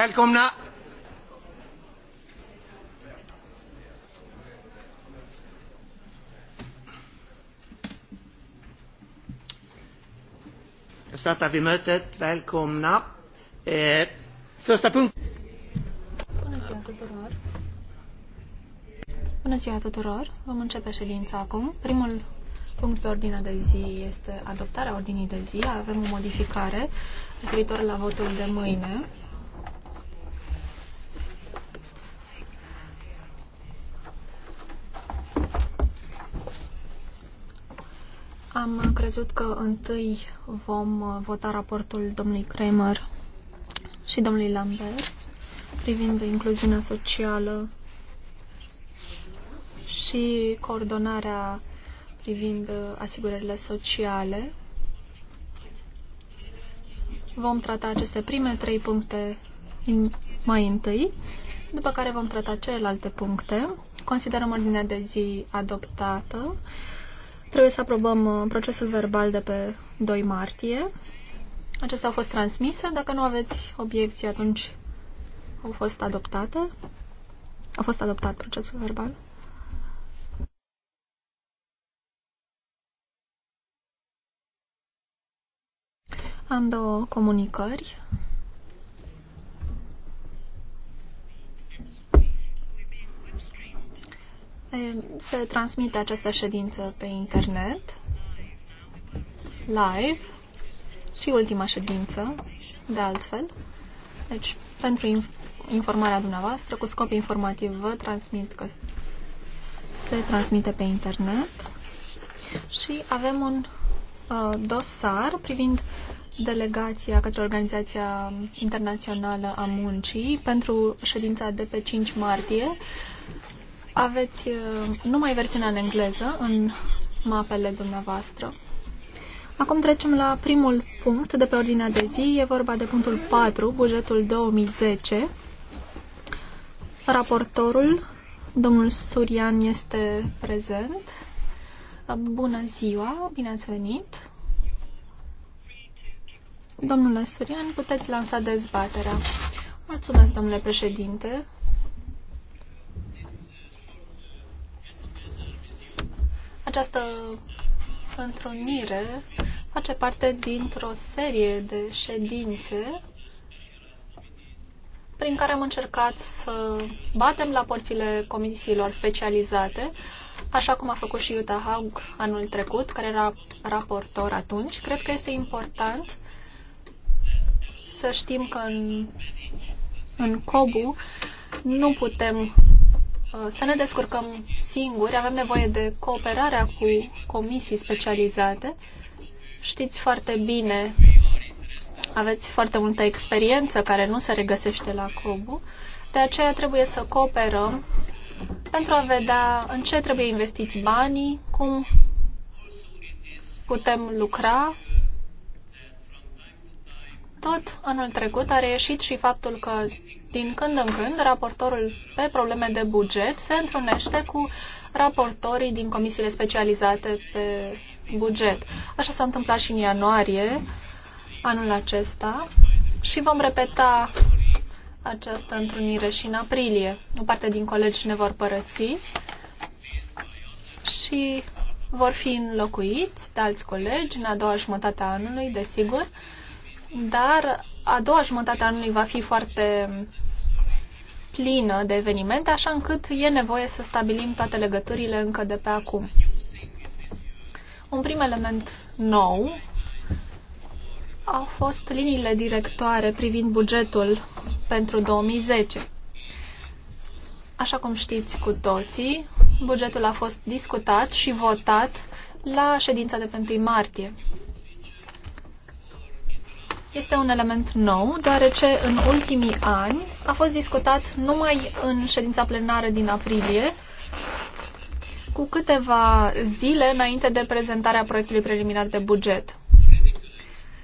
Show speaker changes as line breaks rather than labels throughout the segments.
Välkomna! Då startar vi mötet. Välkomna! Eh, första punkten.
Bună ziua tuturor! Bună ziua tuturor! Vom începe ședința acum. Primul punct pe ordinea de zi este adoptarea ordinii de zi. Avem o modificare referitor la votul de mâine. crezut că întâi vom uh, vota raportul domnului Kramer și domnului Lambert privind incluziunea socială și coordonarea privind uh, asigurările sociale. Vom trata aceste prime trei puncte mai întâi, după care vom trata celelalte puncte. Considerăm ordinea de zi adoptată. Trebuie să aprobăm uh, procesul verbal de pe 2 martie. Acestea au fost transmise. Dacă nu aveți obiecții, atunci au fost adoptate.
A fost adoptat procesul verbal. Am două comunicări.
Se transmite această ședință pe internet, live și ultima ședință, de altfel. Deci, pentru informarea dumneavoastră, cu scop informativ, vă transmit că se transmite pe internet și avem un uh, dosar privind delegația către Organizația Internațională a Muncii pentru ședința de pe 5 martie. Uh, aveți uh, numai versiunea în engleză în mapele dumneavoastră. Acum trecem la primul punct de pe ordinea de zi. E vorba de punctul 4, bugetul 2010. Raportorul, domnul Surian, este prezent. Uh, bună ziua, bine ați venit! Domnule Surian, puteți lansa dezbaterea. Mulțumesc, domnule președinte. Această întrunire face parte dintr-o serie de ședințe prin care am încercat să batem la porțile comisiilor specializate, așa cum a făcut și Utah Haug anul trecut, care era raportor atunci. Cred că este important să știm că în, în COBU nu putem Uh, să ne descurcăm singuri, avem nevoie de cooperarea cu comisii specializate. Știți foarte bine, aveți foarte multă experiență care nu se regăsește la COBU, de aceea trebuie să cooperăm pentru a vedea în ce trebuie investiți banii, cum putem lucra. Tot anul trecut a reieșit și faptul că din când în când, raportorul pe probleme de buget se întrunește cu raportorii din comisiile specializate pe buget. Așa s-a întâmplat și în ianuarie anul acesta și vom repeta această întrunire și în aprilie. O parte din colegi ne vor părăsi și vor fi înlocuiți de alți colegi în a doua jumătate a anului, desigur, dar a doua jumătate a anului va fi foarte plină de evenimente, așa încât e nevoie să stabilim toate legăturile încă de pe acum. Un prim element nou au fost liniile directoare privind bugetul pentru 2010. Așa cum știți cu toții, bugetul a fost discutat și votat la ședința de 1 martie este un element nou, deoarece în ultimii ani a fost discutat numai în ședința plenară din aprilie, cu câteva zile înainte de prezentarea proiectului preliminar de buget.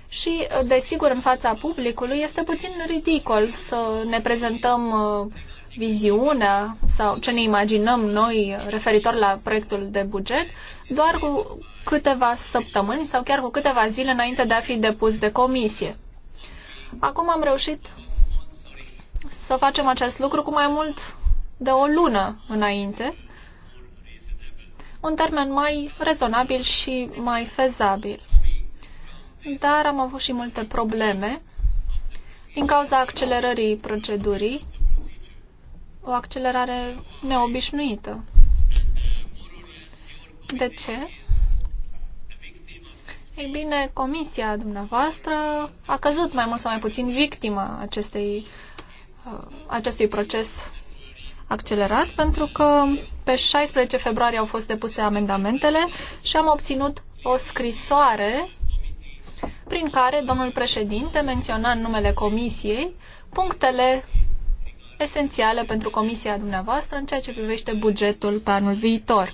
Și, desigur, în fața publicului este puțin ridicol să ne prezentăm uh, viziunea sau ce ne imaginăm noi referitor la proiectul de buget doar cu câteva săptămâni sau chiar cu câteva zile înainte de a fi depus de comisie. Acum am reușit să facem acest lucru cu mai mult de o lună înainte, un termen mai rezonabil și mai fezabil. Dar am avut și multe probleme din cauza accelerării procedurii, o accelerare neobișnuită. De ce? Ei bine, comisia dumneavoastră a căzut mai mult sau mai puțin victima acestei, uh, acestui proces accelerat, pentru că pe 16 februarie au fost depuse amendamentele și am obținut o scrisoare prin care domnul președinte menționa în numele comisiei punctele esențiale pentru comisia dumneavoastră în ceea ce privește bugetul pe anul viitor.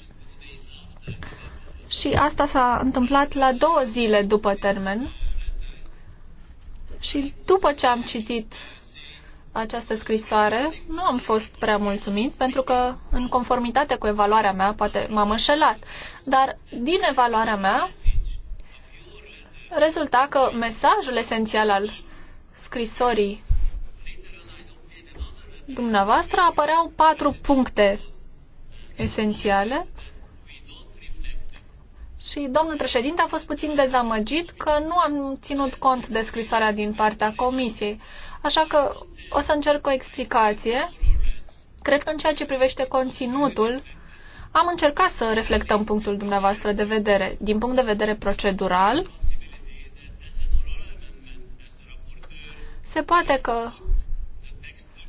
Și asta s-a întâmplat la două zile după termen. Și după ce am citit această scrisoare, nu am fost prea mulțumit, pentru că, în conformitate cu evaluarea mea, poate m-am înșelat, dar din evaluarea mea rezulta că mesajul esențial al scrisorii dumneavoastră apăreau patru puncte esențiale și domnul președinte a fost puțin dezamăgit că nu am ținut cont de scrisoarea din partea comisiei. Așa că o să încerc o explicație. Cred că în ceea ce privește conținutul, am încercat să reflectăm punctul dumneavoastră de vedere. Din punct de vedere procedural, se poate că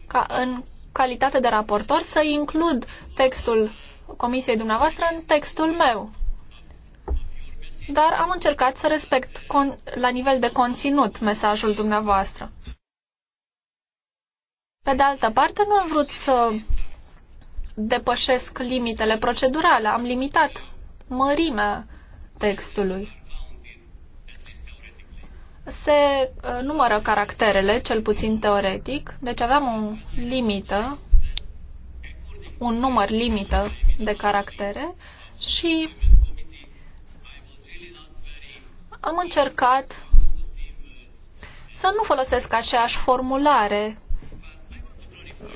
ca în calitate de raportor să includ textul comisiei dumneavoastră în textul meu dar am încercat să respect la nivel de conținut mesajul dumneavoastră. Pe de altă parte, nu am vrut să depășesc limitele procedurale, am limitat mărimea textului. Se uh, numără caracterele, cel puțin teoretic, deci aveam o limită, un număr limită de caractere și am încercat să nu folosesc aceeași formulare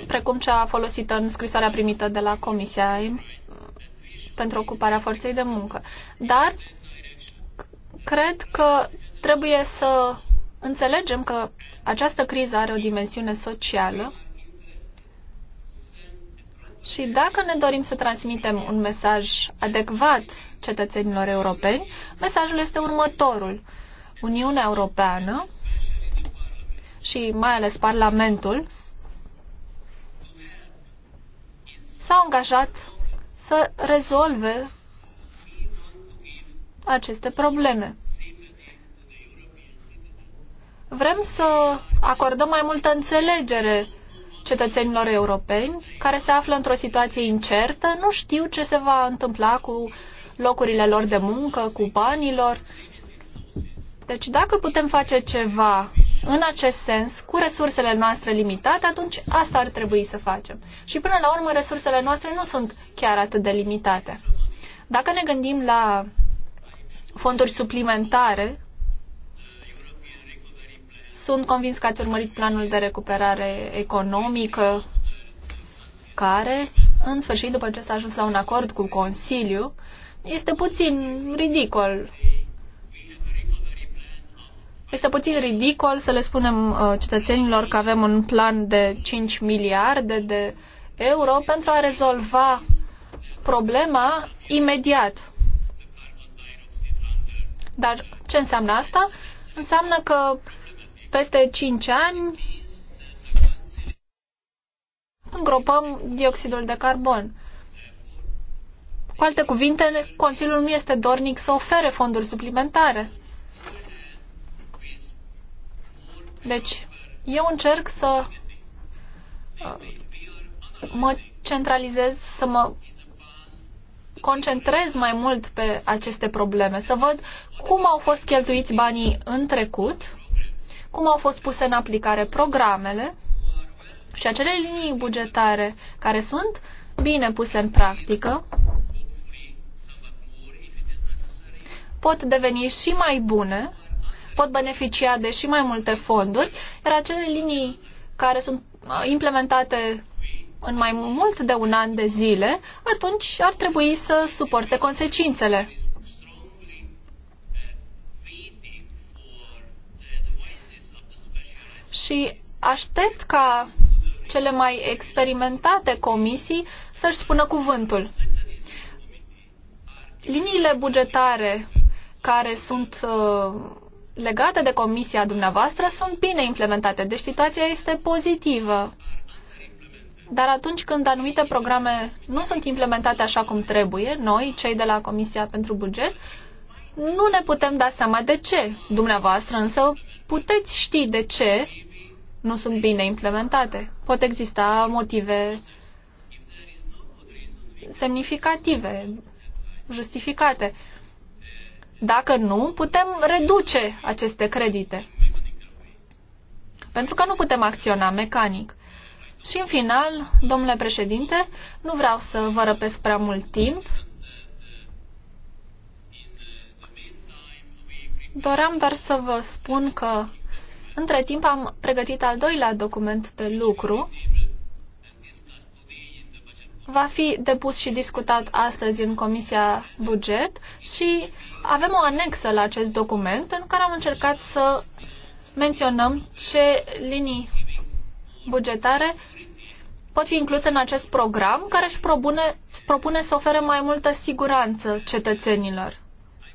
precum cea folosită în scrisoarea primită de la Comisia pentru ocuparea forței de muncă. Dar cred că trebuie să înțelegem că această criză are o dimensiune socială și dacă ne dorim să transmitem un mesaj adecvat cetățenilor europeni, mesajul este următorul. Uniunea Europeană și mai ales Parlamentul s-au angajat să rezolve aceste probleme. Vrem să acordăm mai multă înțelegere cetățenilor europeni care se află într-o situație incertă, nu știu ce se va întâmpla cu locurile lor de muncă, cu banilor. Deci dacă putem face ceva în acest sens, cu resursele noastre limitate, atunci asta ar trebui să facem. Și până la urmă, resursele noastre nu sunt chiar atât de limitate. Dacă ne gândim la fonduri suplimentare sunt convins că ați urmărit planul de recuperare economică care, în sfârșit, după ce s-a ajuns la un acord cu Consiliu, este puțin ridicol. Este puțin ridicol să le spunem uh, cetățenilor că avem un plan de 5 miliarde de euro pentru a rezolva problema imediat. Dar ce înseamnă asta? Înseamnă că peste 5 ani îngropăm dioxidul de carbon. Cu alte cuvinte, Consiliul nu este dornic să ofere fonduri suplimentare. Deci, eu încerc să uh, mă centralizez, să mă concentrez mai mult pe aceste probleme, să văd cum au fost cheltuiți banii în trecut cum au fost puse în aplicare programele și acele linii bugetare care sunt bine puse în practică pot deveni și mai bune, pot beneficia de și mai multe fonduri, iar acele linii care sunt uh, implementate în mai mult de un an de zile, atunci ar trebui să suporte consecințele. și aștept ca cele mai experimentate comisii să-și spună cuvântul. Liniile bugetare care sunt uh, legate de comisia dumneavoastră sunt bine implementate, deci situația este pozitivă. Dar atunci când anumite programe nu sunt implementate așa cum trebuie, noi, cei de la Comisia pentru Buget, nu ne putem da seama de ce. Dumneavoastră însă puteți ști de ce nu sunt bine implementate. Pot exista motive semnificative, justificate. Dacă nu, putem reduce aceste credite. Pentru că nu putem acționa mecanic. Și în final, domnule președinte, nu vreau să vă răpesc prea mult timp. Doream doar să vă spun că între timp am pregătit al doilea document de lucru. Va fi depus și discutat astăzi în Comisia Buget și avem o anexă la acest document în care am încercat să menționăm ce linii bugetare pot fi incluse în acest program care își propune, propune să ofere mai multă siguranță cetățenilor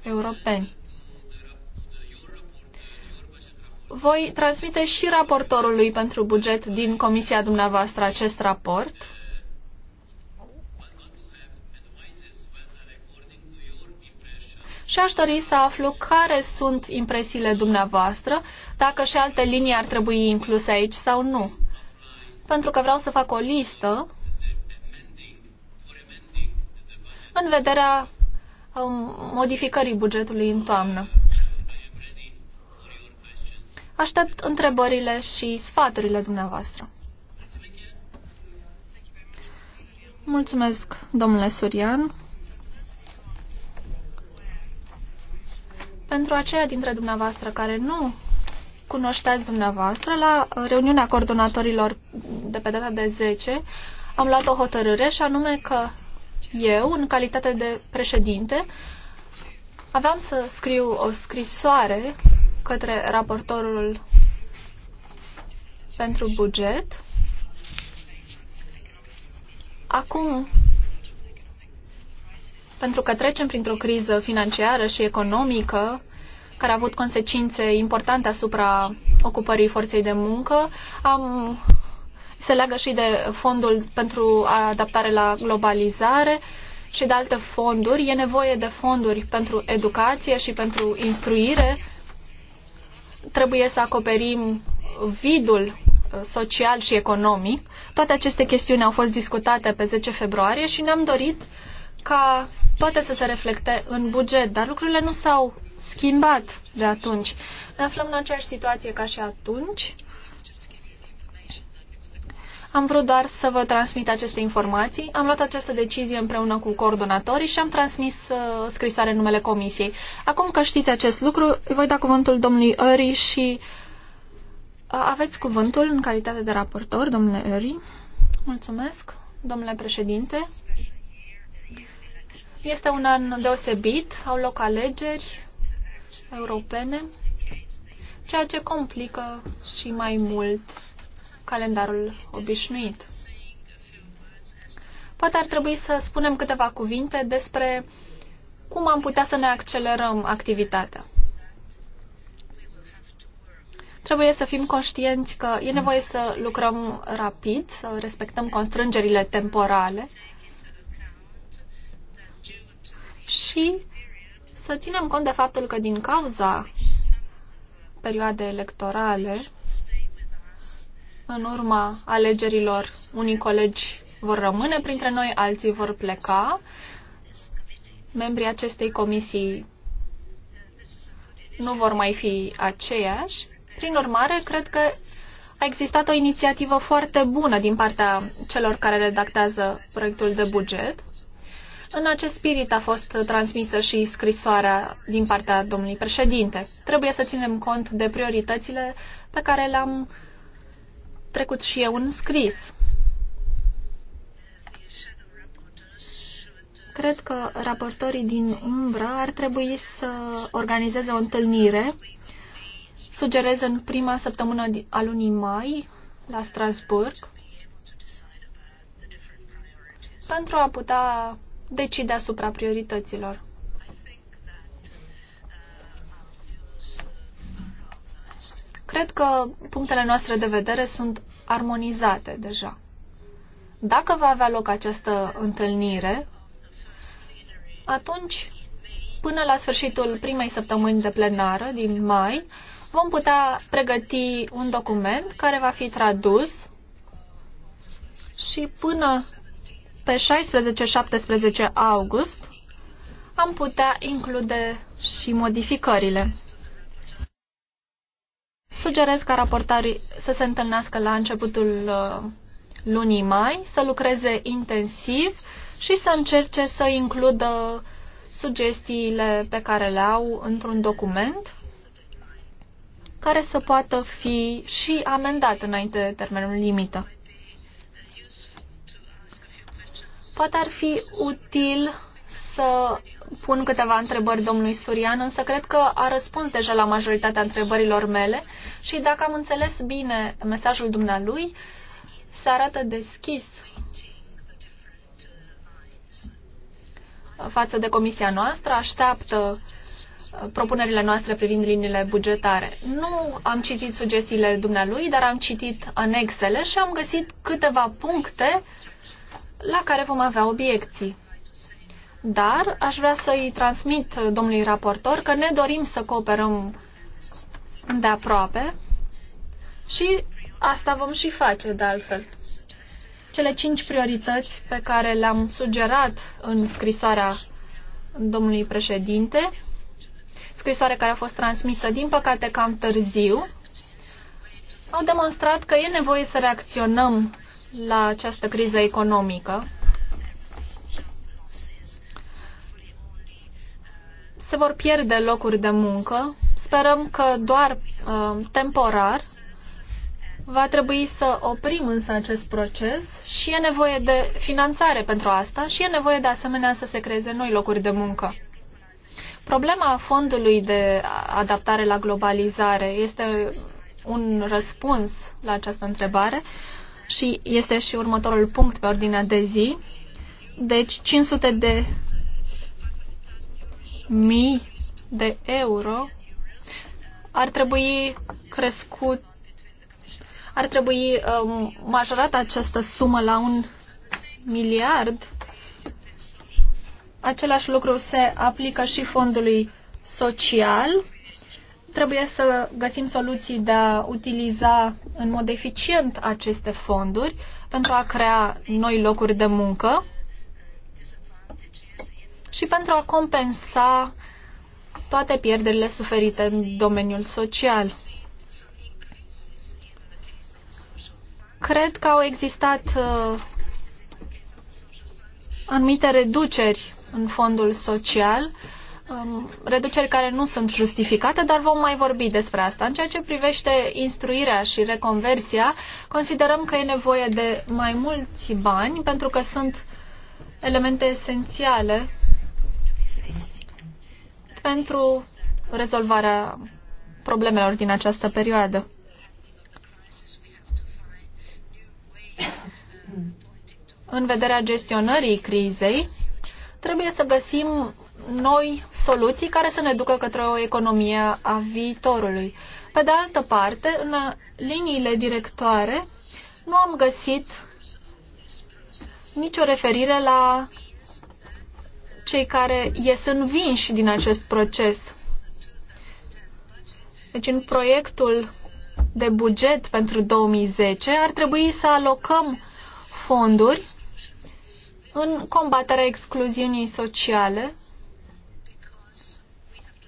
europeni. voi transmite și raportorului pentru buget din comisia dumneavoastră acest raport. Și aș dori să aflu care sunt impresiile dumneavoastră, dacă și alte linii ar trebui incluse aici sau nu. Pentru că vreau să fac o listă în vederea um, modificării bugetului în toamnă. Aștept întrebările și sfaturile dumneavoastră. Mulțumesc, domnule Surian. Pentru aceia dintre dumneavoastră care nu cunoșteați dumneavoastră, la reuniunea coordonatorilor de pe data de 10 am luat o hotărâre și anume că eu, în calitate de președinte, aveam să scriu o scrisoare către raportorul pentru buget. Acum, pentru că trecem printr-o criză financiară și economică, care a avut consecințe importante asupra ocupării forței de muncă, am, se leagă și de fondul pentru adaptare la globalizare și de alte fonduri. E nevoie de fonduri pentru educație și pentru instruire trebuie să acoperim vidul uh, social și economic. Toate aceste chestiuni au fost discutate pe 10 februarie și ne-am dorit ca toate să se reflecte în buget, dar lucrurile nu s-au schimbat de atunci. Ne aflăm în aceeași situație ca și atunci am vrut doar să vă transmit aceste informații. Am luat această decizie împreună cu coordonatorii și am transmis uh, scrisare în numele comisiei. Acum că știți acest lucru, voi da cuvântul domnului Ori și uh, aveți cuvântul în calitate de raportor, domnule Ori. Mulțumesc, domnule președinte. Este un an deosebit, au loc alegeri europene, ceea ce complică și mai mult calendarul obișnuit. Poate ar trebui să spunem câteva cuvinte despre cum am putea să ne accelerăm activitatea. Trebuie să fim conștienți că e nevoie să lucrăm rapid, să respectăm constrângerile temporale și să ținem cont de faptul că din cauza perioadei electorale, în urma alegerilor, unii colegi vor rămâne printre noi, alții vor pleca. Membrii acestei comisii nu vor mai fi aceiași. Prin urmare, cred că a existat o inițiativă foarte bună din partea celor care redactează proiectul de buget. În acest spirit a fost transmisă și scrisoarea din partea domnului președinte. Trebuie să ținem cont de prioritățile pe care le-am uh, trecut și eu un scris. Cred că raportorii din Umbra ar trebui să organizeze o întâlnire. Sugerez în prima săptămână a lunii mai la Strasburg pentru a putea decide asupra priorităților. Cred că punctele noastre de vedere sunt armonizate deja. Dacă va avea loc această întâlnire, atunci, până la sfârșitul primei săptămâni de plenară din mai, vom putea pregăti un document care va fi tradus și până pe 16-17 august am putea include și modificările. Sugerez ca raportarii să se întâlnească la începutul uh, lunii mai, să lucreze intensiv și să încerce să includă sugestiile pe care le au într-un document care să poată fi și amendat înainte de termenul limită. Poate ar fi util să pun câteva întrebări domnului Surian, însă cred că a răspuns deja la majoritatea întrebărilor mele și dacă am înțeles bine mesajul dumnealui, se arată deschis față de comisia noastră, așteaptă uh, propunerile noastre privind liniile bugetare. Nu am citit sugestiile dumnealui, dar am citit anexele și am găsit câteva puncte la care vom avea obiecții dar aș vrea să-i transmit domnului raportor că ne dorim să cooperăm de aproape și asta vom și face de altfel. Cele cinci priorități pe care le-am sugerat în scrisoarea domnului președinte, scrisoare care a fost transmisă din păcate cam târziu, au demonstrat că e nevoie să reacționăm la această criză economică se vor pierde locuri de muncă. Sperăm că doar uh, temporar va trebui să oprim însă acest proces și e nevoie de finanțare pentru asta și e nevoie de asemenea să se creeze noi locuri de muncă. Problema fondului de adaptare la globalizare este un răspuns la această întrebare și este și următorul punct pe ordinea de zi. Deci 500 de mii de euro ar trebui crescut, ar trebui um, majorat această sumă la un miliard. Același lucru se aplică și fondului social. Trebuie să găsim soluții de a utiliza în mod eficient aceste fonduri pentru a crea noi locuri de muncă și pentru a compensa toate pierderile suferite în domeniul social. Cred că au existat uh, anumite reduceri în fondul social, um, reduceri care nu sunt justificate, dar vom mai vorbi despre asta. În ceea ce privește instruirea și reconversia, considerăm că e nevoie de mai mulți bani pentru că sunt elemente esențiale pentru rezolvarea problemelor din această perioadă. În vederea gestionării crizei, trebuie să găsim noi soluții care să ne ducă către o economie a viitorului. Pe de altă parte, în liniile directoare, nu am găsit nicio referire la cei care ies învinși din acest proces. Deci în proiectul de buget pentru 2010 ar trebui să alocăm fonduri în combaterea excluziunii sociale.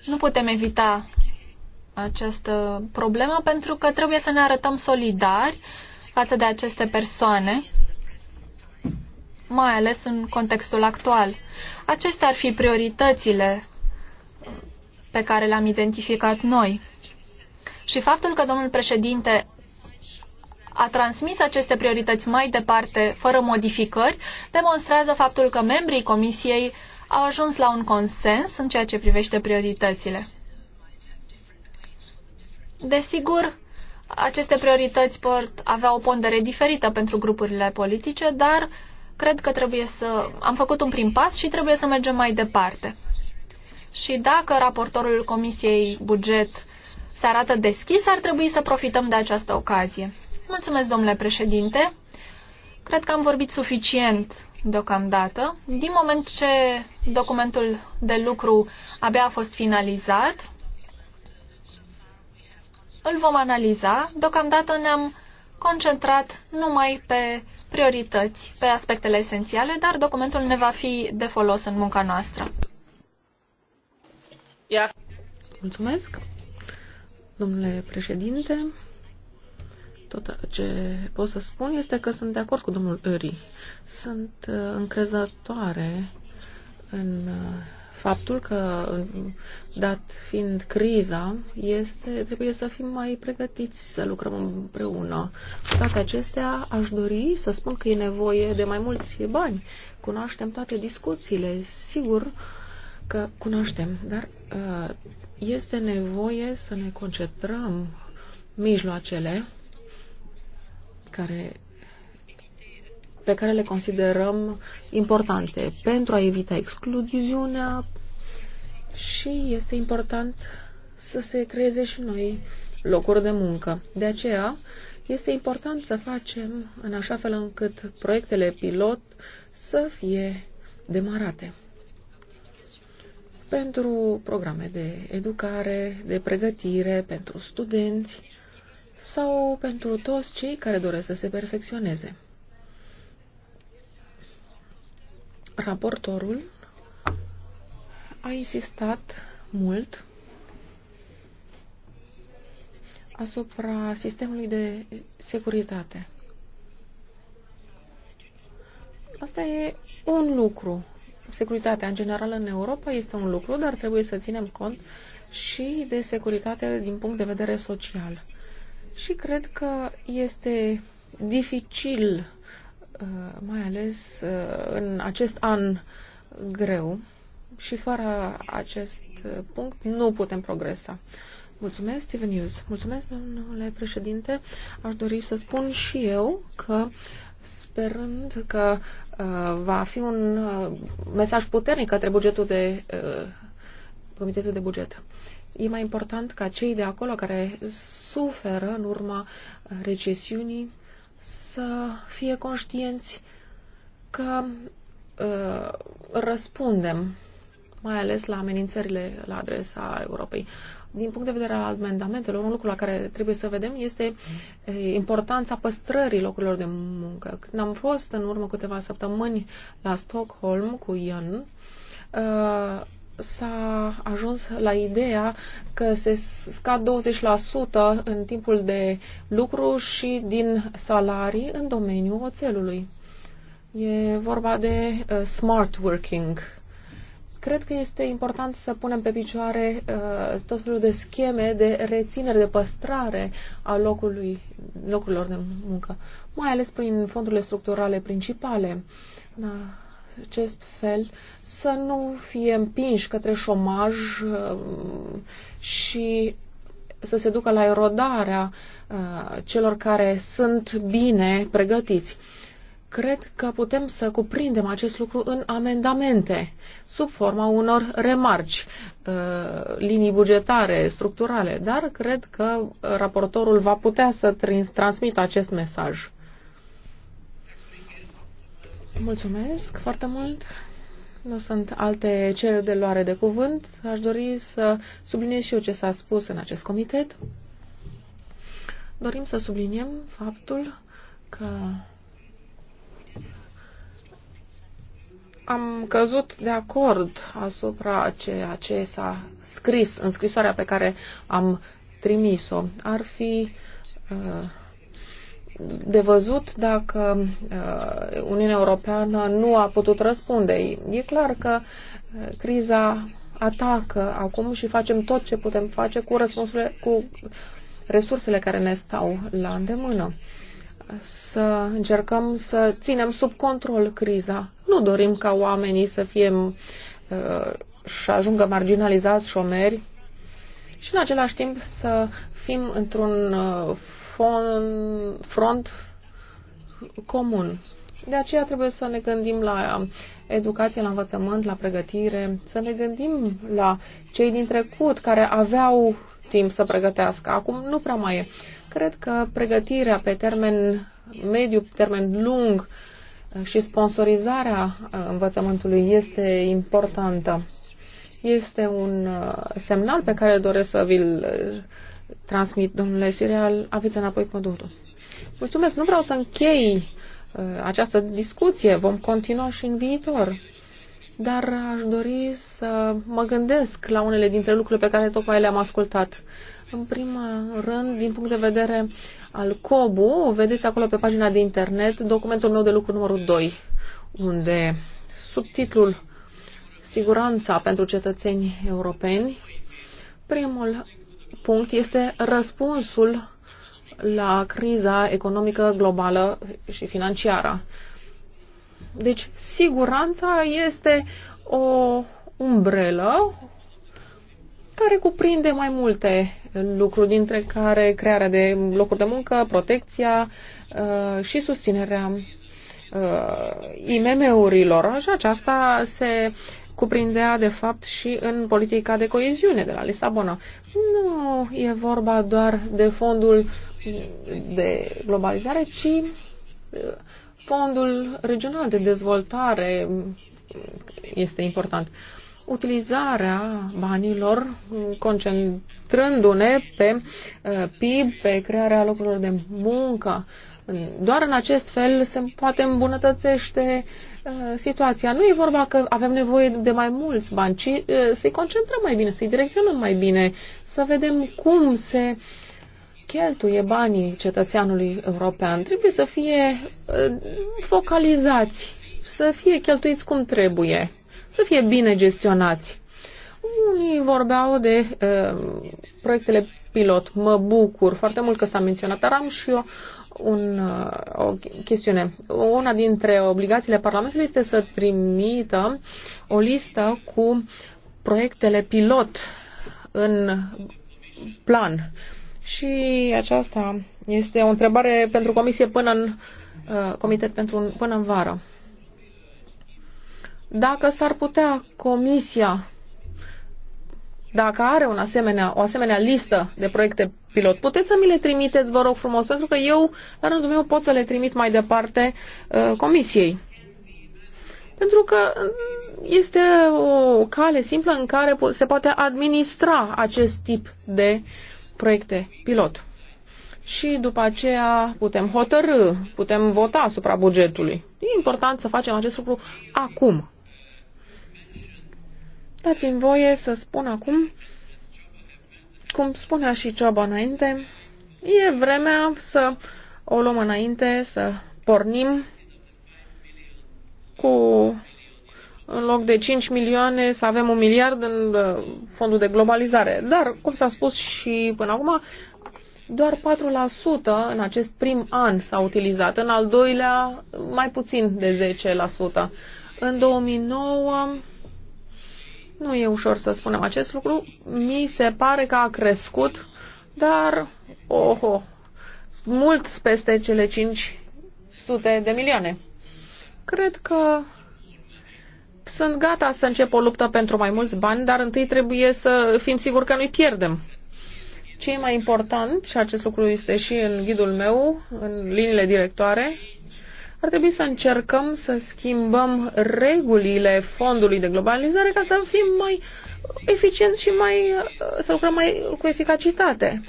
Nu putem evita această problemă pentru că trebuie să ne arătăm solidari față de aceste persoane, mai ales în contextul actual. Acestea ar fi prioritățile pe care le-am identificat noi. Și faptul că domnul președinte a transmis aceste priorități mai departe, fără modificări, demonstrează faptul că membrii Comisiei au ajuns la un consens în ceea ce privește prioritățile. Desigur, aceste priorități pot avea o pondere diferită pentru grupurile politice, dar Cred că trebuie să... Am făcut un prim pas și trebuie să mergem mai departe. Și dacă raportorul Comisiei Buget se arată deschis, ar trebui să profităm de această ocazie. Mulțumesc, domnule președinte. Cred că am vorbit suficient deocamdată. Din moment ce documentul de lucru abia a fost finalizat, îl vom analiza. Deocamdată ne-am concentrat numai pe priorități, pe aspectele esențiale, dar documentul ne va fi de folos în munca noastră.
Mulțumesc, domnule președinte. Tot ce pot să spun este că sunt de acord cu domnul Uri. Sunt uh, încrezătoare în uh, faptul că, dat fiind criza, este, trebuie să fim mai pregătiți să lucrăm împreună. Cu toate acestea, aș dori să spun că e nevoie de mai mulți bani. Cunoaștem toate discuțiile, sigur că cunoaștem, dar uh, este nevoie să ne concentrăm mijloacele care pe care le considerăm importante pentru a evita excluziunea și este important să se creeze și noi locuri de muncă. De aceea este important să facem în așa fel încât proiectele pilot să fie demarate pentru programe de educare, de pregătire, pentru studenți sau pentru toți cei care doresc să se perfecționeze. Raportorul a insistat mult asupra sistemului de securitate. Asta e un lucru. Securitatea în general în Europa este un lucru, dar trebuie să ținem cont și de securitate din punct de vedere social. Și cred că este dificil Uh, mai ales uh, în acest an greu și fără acest uh, punct nu putem progresa. Mulțumesc, Steven News. Mulțumesc, domnule președinte. Aș dori să spun și eu că sperând că uh, va fi un uh, mesaj puternic către bugetul de uh, Comitetul de Buget. E mai important ca cei de acolo care suferă în urma recesiunii să fie conștienți că uh, răspundem mai ales la amenințările la adresa Europei. Din punct de vedere al amendamentelor, un lucru la care trebuie să vedem este uh, importanța păstrării locurilor de muncă. Când am fost în urmă câteva săptămâni la Stockholm cu Ian, uh, s-a ajuns la ideea că se scad 20% în timpul de lucru și din salarii în domeniul oțelului. E vorba de uh, smart working. Cred că este important să punem pe picioare uh, tot felul de scheme de reținere, de păstrare a locului, locurilor de muncă, mai ales prin fondurile structurale principale. Da acest fel să nu fie împinși către șomaj uh, și să se ducă la erodarea uh, celor care sunt bine pregătiți. Cred că putem să cuprindem acest lucru în amendamente, sub forma unor remarci, uh, linii bugetare, structurale, dar cred că raportorul va putea să transmită acest mesaj. Mulțumesc foarte mult. Nu sunt alte cereri de luare de cuvânt. Aș dori să subliniez și eu ce s-a spus în acest comitet. Dorim să subliniem faptul că am căzut de acord asupra ceea ce s-a scris în scrisoarea pe care am trimis-o. Ar fi uh, de văzut dacă uh, Uniunea Europeană nu a putut răspunde. E clar că uh, criza atacă acum și facem tot ce putem face cu răspunsurile, cu resursele care ne stau la îndemână. Să încercăm să ținem sub control criza. Nu dorim ca oamenii să fie și uh, ajungă marginalizați, șomeri și în același timp să fim într-un front comun. De aceea trebuie să ne gândim la um, educație, la învățământ, la pregătire, să ne gândim la cei din trecut care aveau timp să pregătească. Acum nu prea mai e. Cred că pregătirea pe termen mediu, pe termen lung uh, și sponsorizarea uh, învățământului este importantă. Este un uh, semnal pe care doresc să vi-l transmit, domnule Sireal, aveți înapoi cuvântul. Mulțumesc, nu vreau să închei uh, această discuție, vom continua și în viitor, dar aș dori să mă gândesc la unele dintre lucrurile pe care tocmai le-am ascultat. În primul rând, din punct de vedere al COBU, vedeți acolo pe pagina de internet documentul meu de lucru numărul 2, unde subtitlul Siguranța pentru cetățeni europeni, primul punct este răspunsul la criza economică globală și financiară. Deci, siguranța este o umbrelă care cuprinde mai multe lucruri, dintre care crearea de locuri de muncă, protecția uh, și susținerea uh, IMM-urilor. Și aceasta se cuprindea, de fapt, și în politica de coeziune de la Lisabona. Nu e vorba doar de fondul de globalizare, ci uh, fondul regional de dezvoltare este important. Utilizarea banilor, concentrându-ne pe uh, PIB, pe crearea locurilor de muncă, doar în acest fel se poate îmbunătățește uh, Uh, situația. Nu e vorba că avem nevoie de mai mulți bani, ci uh, să-i concentrăm mai bine, să-i direcționăm mai bine, să vedem cum se cheltuie banii cetățeanului european. Trebuie să fie uh, focalizați, să fie cheltuiți cum trebuie, să fie bine gestionați. Unii vorbeau de uh, proiectele pilot. Mă bucur foarte mult că s-a menționat, dar am și eu un, uh, o chestiune. Una dintre obligațiile Parlamentului este să trimită o listă cu proiectele pilot în plan. Și aceasta este o întrebare pentru comisie până în uh, comitet pentru până în vară. Dacă s-ar putea comisia dacă are un asemenea, o asemenea listă de proiecte pilot, puteți să mi le trimiteți, vă rog frumos, pentru că eu, la rândul meu, pot să le trimit mai departe uh, comisiei. Pentru că uh, este o cale simplă în care se poate administra acest tip de proiecte pilot. Și după aceea putem hotărâ, putem vota asupra bugetului. E important să facem acest lucru acum, Dați-mi voie să spun acum, cum spunea și Cioba înainte, e vremea să o luăm înainte, să pornim cu în loc de 5 milioane să avem un miliard în uh, fondul de globalizare. Dar, cum s-a spus și până acum, doar 4% în acest prim an s-a utilizat, în al doilea mai puțin de 10%. În 2009 nu e ușor să spunem acest lucru. Mi se pare că a crescut, dar, oho, mult peste cele 500 de milioane. Cred că sunt gata să încep o luptă pentru mai mulți bani, dar întâi trebuie să fim siguri că nu-i pierdem. Ce e mai important, și acest lucru este și în ghidul meu, în liniile directoare, ar trebui să încercăm să schimbăm regulile fondului de globalizare ca să fim mai eficienți și mai, să lucrăm mai cu eficacitate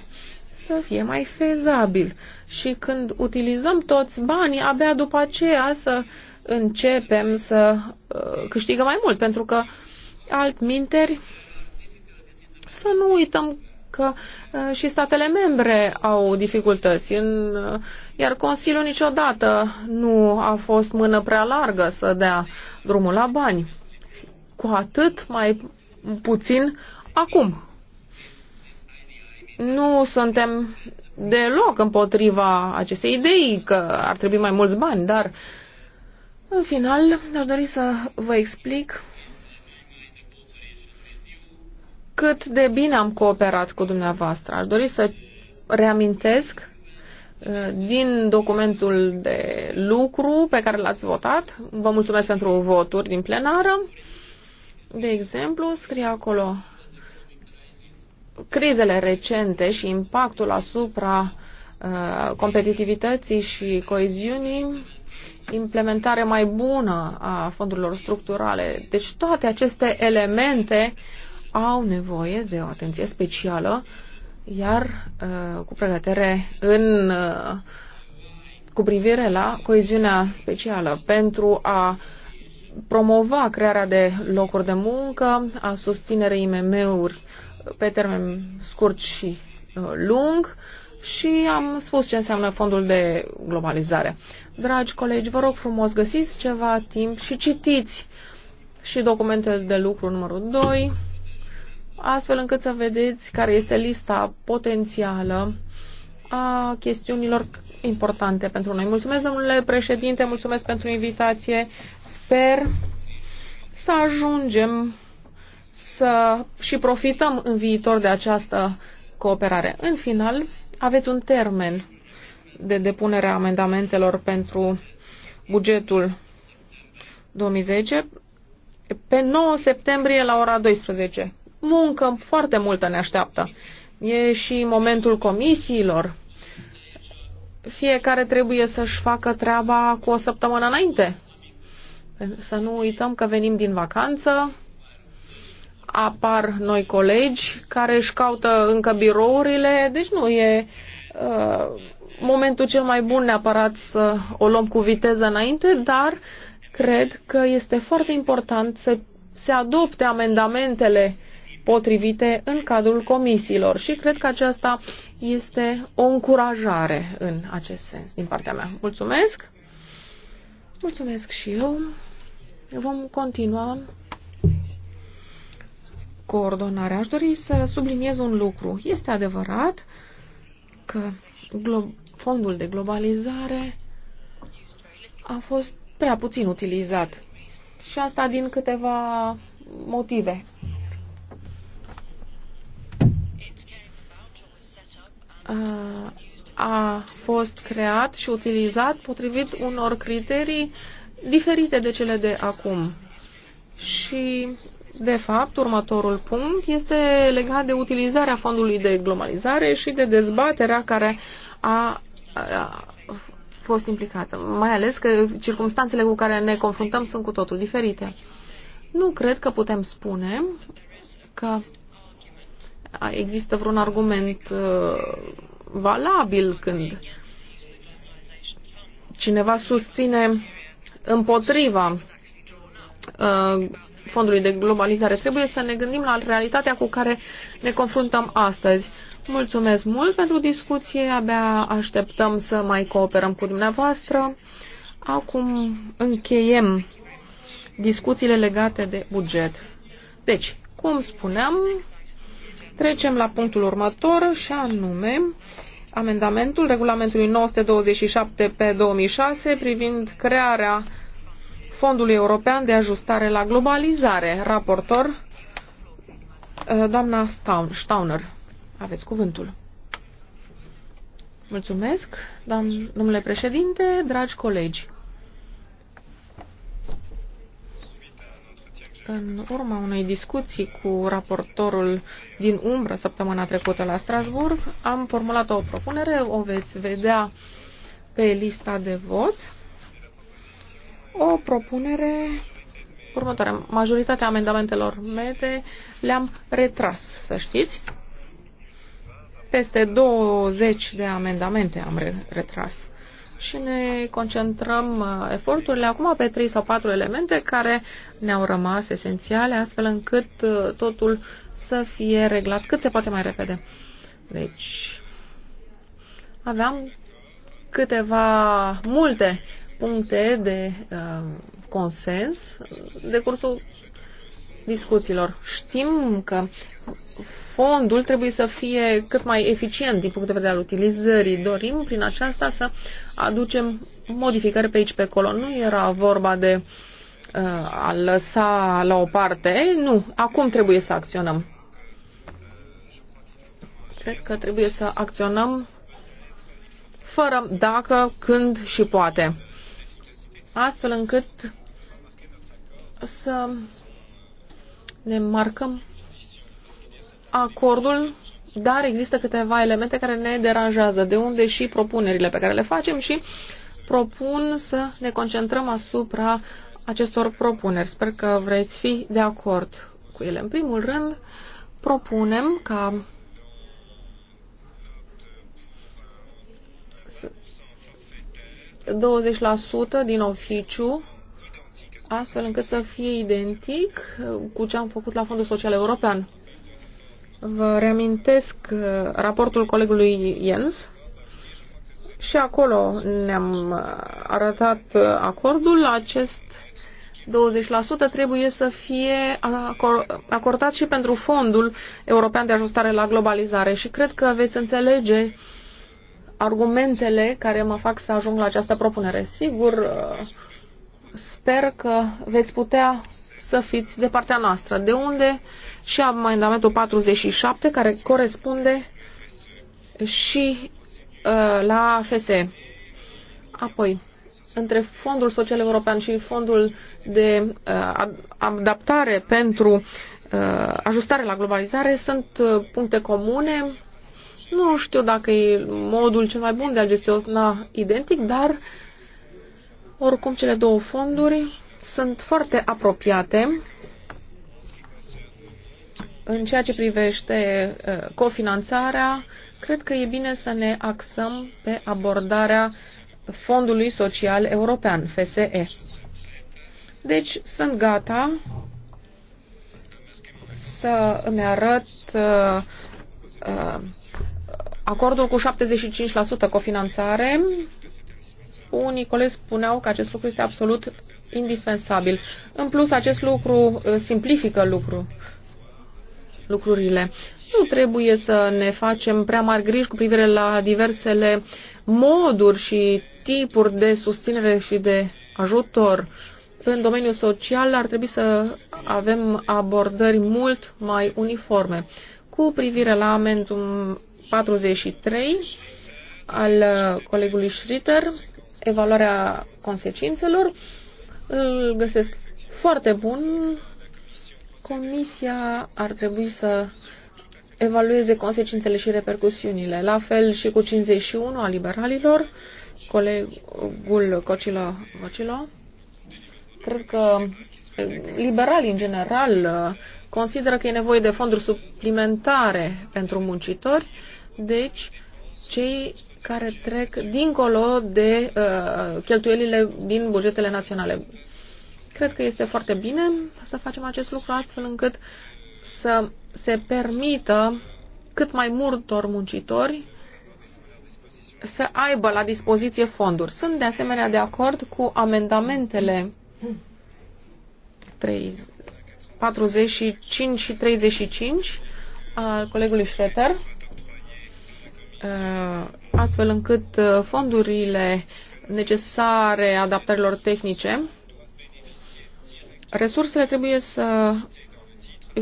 să fie mai fezabil și când utilizăm toți banii, abia după aceea să începem să uh, câștigăm mai mult, pentru că altminteri să nu uităm că și statele membre au dificultăți, în, iar Consiliul niciodată nu a fost mână prea largă să dea drumul la bani. Cu atât mai puțin acum. Nu suntem deloc împotriva acestei idei că ar trebui mai mulți bani, dar în final aș dori să vă explic cât de bine am cooperat cu dumneavoastră. Aș dori să reamintesc uh, din documentul de lucru pe care l-ați votat. Vă mulțumesc pentru voturi din plenară. De exemplu, scrie acolo crizele recente și impactul asupra uh, competitivității și coeziunii, implementare mai bună a fondurilor structurale. Deci toate aceste elemente uh, au nevoie de o atenție specială, iar uh, cu pregătere în uh, cu privire la coeziunea specială pentru a promova crearea de locuri de muncă, a susținere IMM-uri pe termen scurt și uh, lung și am spus ce înseamnă fondul de globalizare. Dragi colegi, vă rog frumos, găsiți ceva timp și citiți și documentele de lucru numărul 2, astfel încât să vedeți care este lista potențială a chestiunilor importante pentru noi. Mulțumesc, domnule președinte, mulțumesc pentru invitație. Sper să ajungem să și profităm în viitor de această cooperare. În final, aveți un termen de depunere a amendamentelor pentru bugetul 2010 pe 9 septembrie la ora 12 muncă foarte multă ne așteaptă. E și momentul comisiilor. Fiecare trebuie să-și facă treaba cu o săptămână înainte. Să nu uităm că venim din vacanță, apar noi colegi care își caută încă birourile, deci nu e uh, momentul cel mai bun neapărat să o luăm cu viteză înainte, dar cred că este foarte important să se adopte amendamentele potrivite în cadrul comisiilor și cred că aceasta este o încurajare în acest sens din partea mea. Mulțumesc! Mulțumesc și eu! Vom continua coordonarea. Aș dori să subliniez un lucru. Este adevărat că fondul de globalizare a fost prea puțin utilizat. Și asta din câteva motive. a fost creat și utilizat potrivit unor criterii diferite de cele de acum. Și, de fapt, următorul punct este legat de utilizarea fondului de globalizare și de dezbaterea care a, a fost implicată. Mai ales că circumstanțele cu care ne confruntăm sunt cu totul diferite. Nu cred că putem spune că există vreun argument uh, valabil când cineva susține împotriva uh, fondului de globalizare. Trebuie să ne gândim la realitatea cu care ne confruntăm astăzi. Mulțumesc mult pentru discuție, abia așteptăm să mai cooperăm cu dumneavoastră. Acum încheiem discuțiile legate de buget. Deci, cum spuneam, Trecem la punctul următor și anume amendamentul regulamentului 927 pe 2006 privind crearea Fondului European de Ajustare la Globalizare. Raportor, eh, doamna Stauner, aveți cuvântul. Mulțumesc, domnule președinte, dragi colegi. În urma unei discuții cu raportorul din umbră săptămâna trecută la Strasburg, am formulat o propunere, o veți vedea pe lista de vot. O propunere următoare. Majoritatea amendamentelor mele le-am retras, să știți. Peste 20 de amendamente am retras și ne concentrăm uh, eforturile acum pe trei sau patru elemente care ne-au rămas esențiale, astfel încât uh, totul să fie reglat cât se poate mai repede. Deci, aveam câteva multe puncte de uh, consens de cursul discuțiilor. Știm că fondul trebuie să fie cât mai eficient din punct de vedere al utilizării. Dorim prin aceasta să aducem modificări pe aici, pe acolo. Nu era vorba de uh, a lăsa la o parte. Nu, acum trebuie să acționăm. Cred că trebuie să acționăm fără dacă, când și poate. Astfel încât să ne marcăm acordul, dar există câteva elemente care ne deranjează, de unde și propunerile pe care le facem și propun să ne concentrăm asupra acestor propuneri. Sper că vreți fi de acord cu ele. În primul rând, propunem ca ...20% din oficiu astfel încât să fie identic cu ce am făcut la Fondul Social European. Vă reamintesc uh, raportul colegului Jens și acolo ne-am uh, arătat uh, acordul. Acest 20% trebuie să fie acordat și pentru Fondul European de Ajustare la Globalizare și cred că veți înțelege argumentele care mă fac să ajung la această propunere. Sigur, sper că veți putea să fiți de partea noastră, de unde și amendamentul 47, care corespunde și uh, la FSE. Apoi, între Fondul Social European și Fondul de uh, Adaptare pentru uh, Ajustare la Globalizare sunt uh, puncte comune. Nu știu dacă e modul cel mai bun de a gestiona identic, dar uh, oricum, cele două fonduri sunt foarte apropiate în ceea ce privește uh, cofinanțarea. Cred că e bine să ne axăm pe abordarea Fondului Social European, FSE. Deci sunt gata să îmi arăt uh, uh, acordul cu 75% cofinanțare unii colegi spuneau că acest lucru este absolut indispensabil. În plus, acest lucru uh, simplifică lucru, lucrurile. Nu trebuie să ne facem prea mari griji cu privire la diversele moduri și tipuri de susținere și de ajutor. În domeniul social ar trebui să avem abordări mult mai uniforme. Cu privire la amendul 43 al colegului Schritter, evaluarea consecințelor. Îl găsesc foarte bun. Comisia ar trebui să evalueze consecințele și repercusiunile. La fel și cu 51 a liberalilor, colegul Cocilo, Cocilo. Cred că liberalii în general uh, consideră că e nevoie de fonduri suplimentare pentru muncitori, deci cei care trec dincolo de uh, cheltuielile din bugetele naționale. Cred că este foarte bine să facem acest lucru astfel încât să se permită cât mai multor muncitori să aibă la dispoziție fonduri. Sunt de asemenea de acord cu amendamentele 3, 45 și 35 al colegului Schroeter uh, astfel încât uh, fondurile necesare adaptărilor tehnice, resursele trebuie să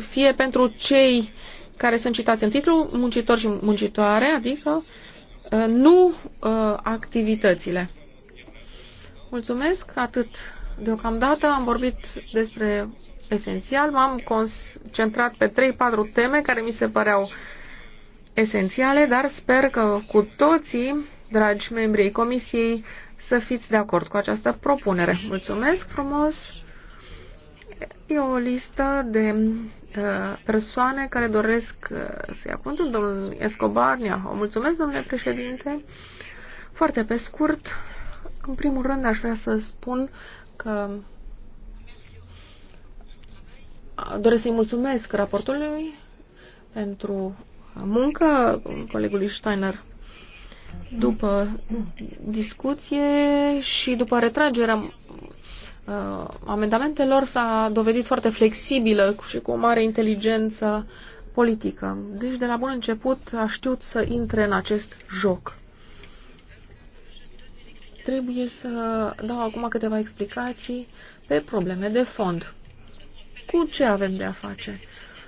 fie pentru cei care sunt citați în titlu, muncitori și muncitoare, adică uh, nu uh, activitățile. Mulțumesc, atât deocamdată am vorbit despre esențial, m-am concentrat pe 3-4 teme care mi se păreau esențiale, dar sper că cu toții, dragi membrii Comisiei, să fiți de acord cu această propunere. Mulțumesc frumos! E o listă de uh, persoane care doresc uh, să ia cuvântul. Domnul Escobar, o mulțumesc, domnule președinte. Foarte pe scurt, în primul rând aș vrea să spun că doresc să-i mulțumesc raportului pentru muncă colegului Steiner după discuție și după retragerea uh, amendamentelor s-a dovedit foarte flexibilă și cu o mare inteligență politică. Deci de la bun început a știut să intre în acest joc. Trebuie să dau acum câteva explicații pe probleme de fond. Cu ce avem de a face?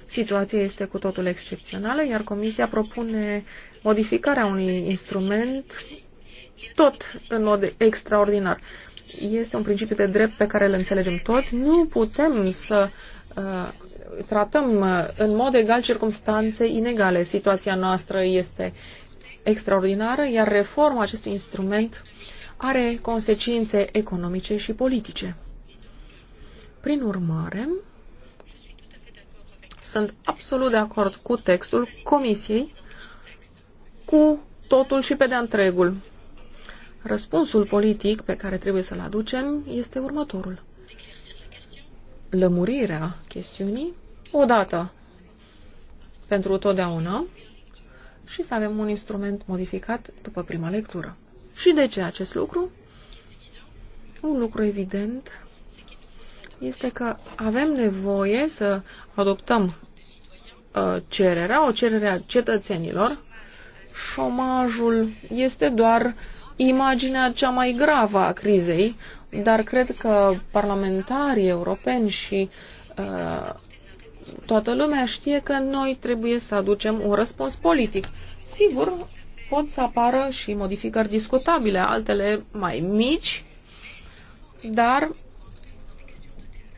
situația este cu totul excepțională, iar Comisia propune modificarea unui instrument tot în mod extraordinar. Este un principiu de drept pe care îl înțelegem toți. Nu putem să uh, tratăm uh, în mod egal circumstanțe inegale. Situația noastră este extraordinară, iar reforma acestui instrument are consecințe economice și politice. Prin urmare, sunt absolut de acord cu textul Comisiei, cu totul și pe de întregul. Răspunsul politic pe care trebuie să-l aducem este următorul. Lămurirea chestiunii odată pentru totdeauna și să avem un instrument modificat după prima lectură. Și de ce acest lucru? Un lucru evident este că avem nevoie să adoptăm uh, cererea, o cerere a cetățenilor. Șomajul este doar imaginea cea mai gravă a crizei, dar cred că parlamentarii europeni și uh, toată lumea știe că noi trebuie să aducem un răspuns politic. Sigur, pot să apară și modificări discutabile, altele mai mici, dar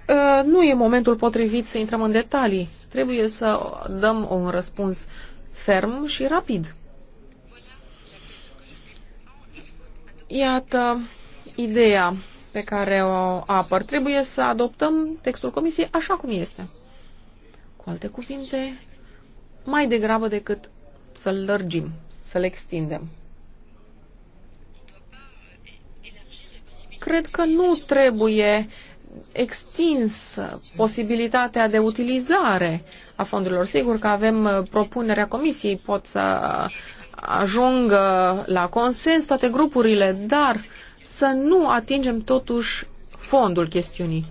Uh, nu e momentul potrivit să intrăm în detalii. Trebuie să dăm un răspuns ferm și rapid. Iată ideea pe care o apăr. Trebuie să adoptăm textul comisiei așa cum este. Cu alte cuvinte, mai degrabă decât să-l lărgim, să-l extindem. Cred că nu trebuie extins posibilitatea de utilizare a fondurilor. Sigur că avem uh, propunerea comisiei, pot să uh, ajungă uh, la consens toate grupurile, dar să nu atingem totuși fondul chestiunii.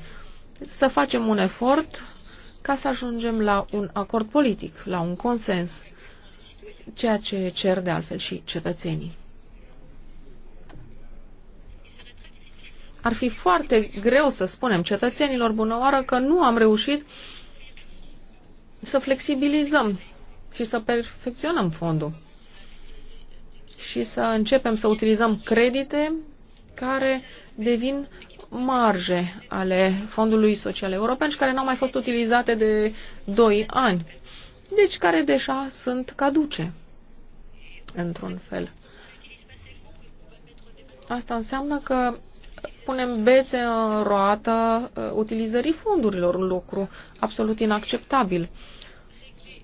Să facem un efort ca să ajungem la un acord politic, la un consens, ceea ce cer de altfel și cetățenii. ar fi foarte greu să spunem cetățenilor bunăoară că nu am reușit să flexibilizăm și să perfecționăm fondul și să începem să utilizăm credite care devin marge ale Fondului Social European și care n-au mai fost utilizate de 2 ani, deci care deja sunt caduce, într-un fel. Asta înseamnă că punem bețe în roată uh, utilizării fondurilor, un lucru absolut inacceptabil.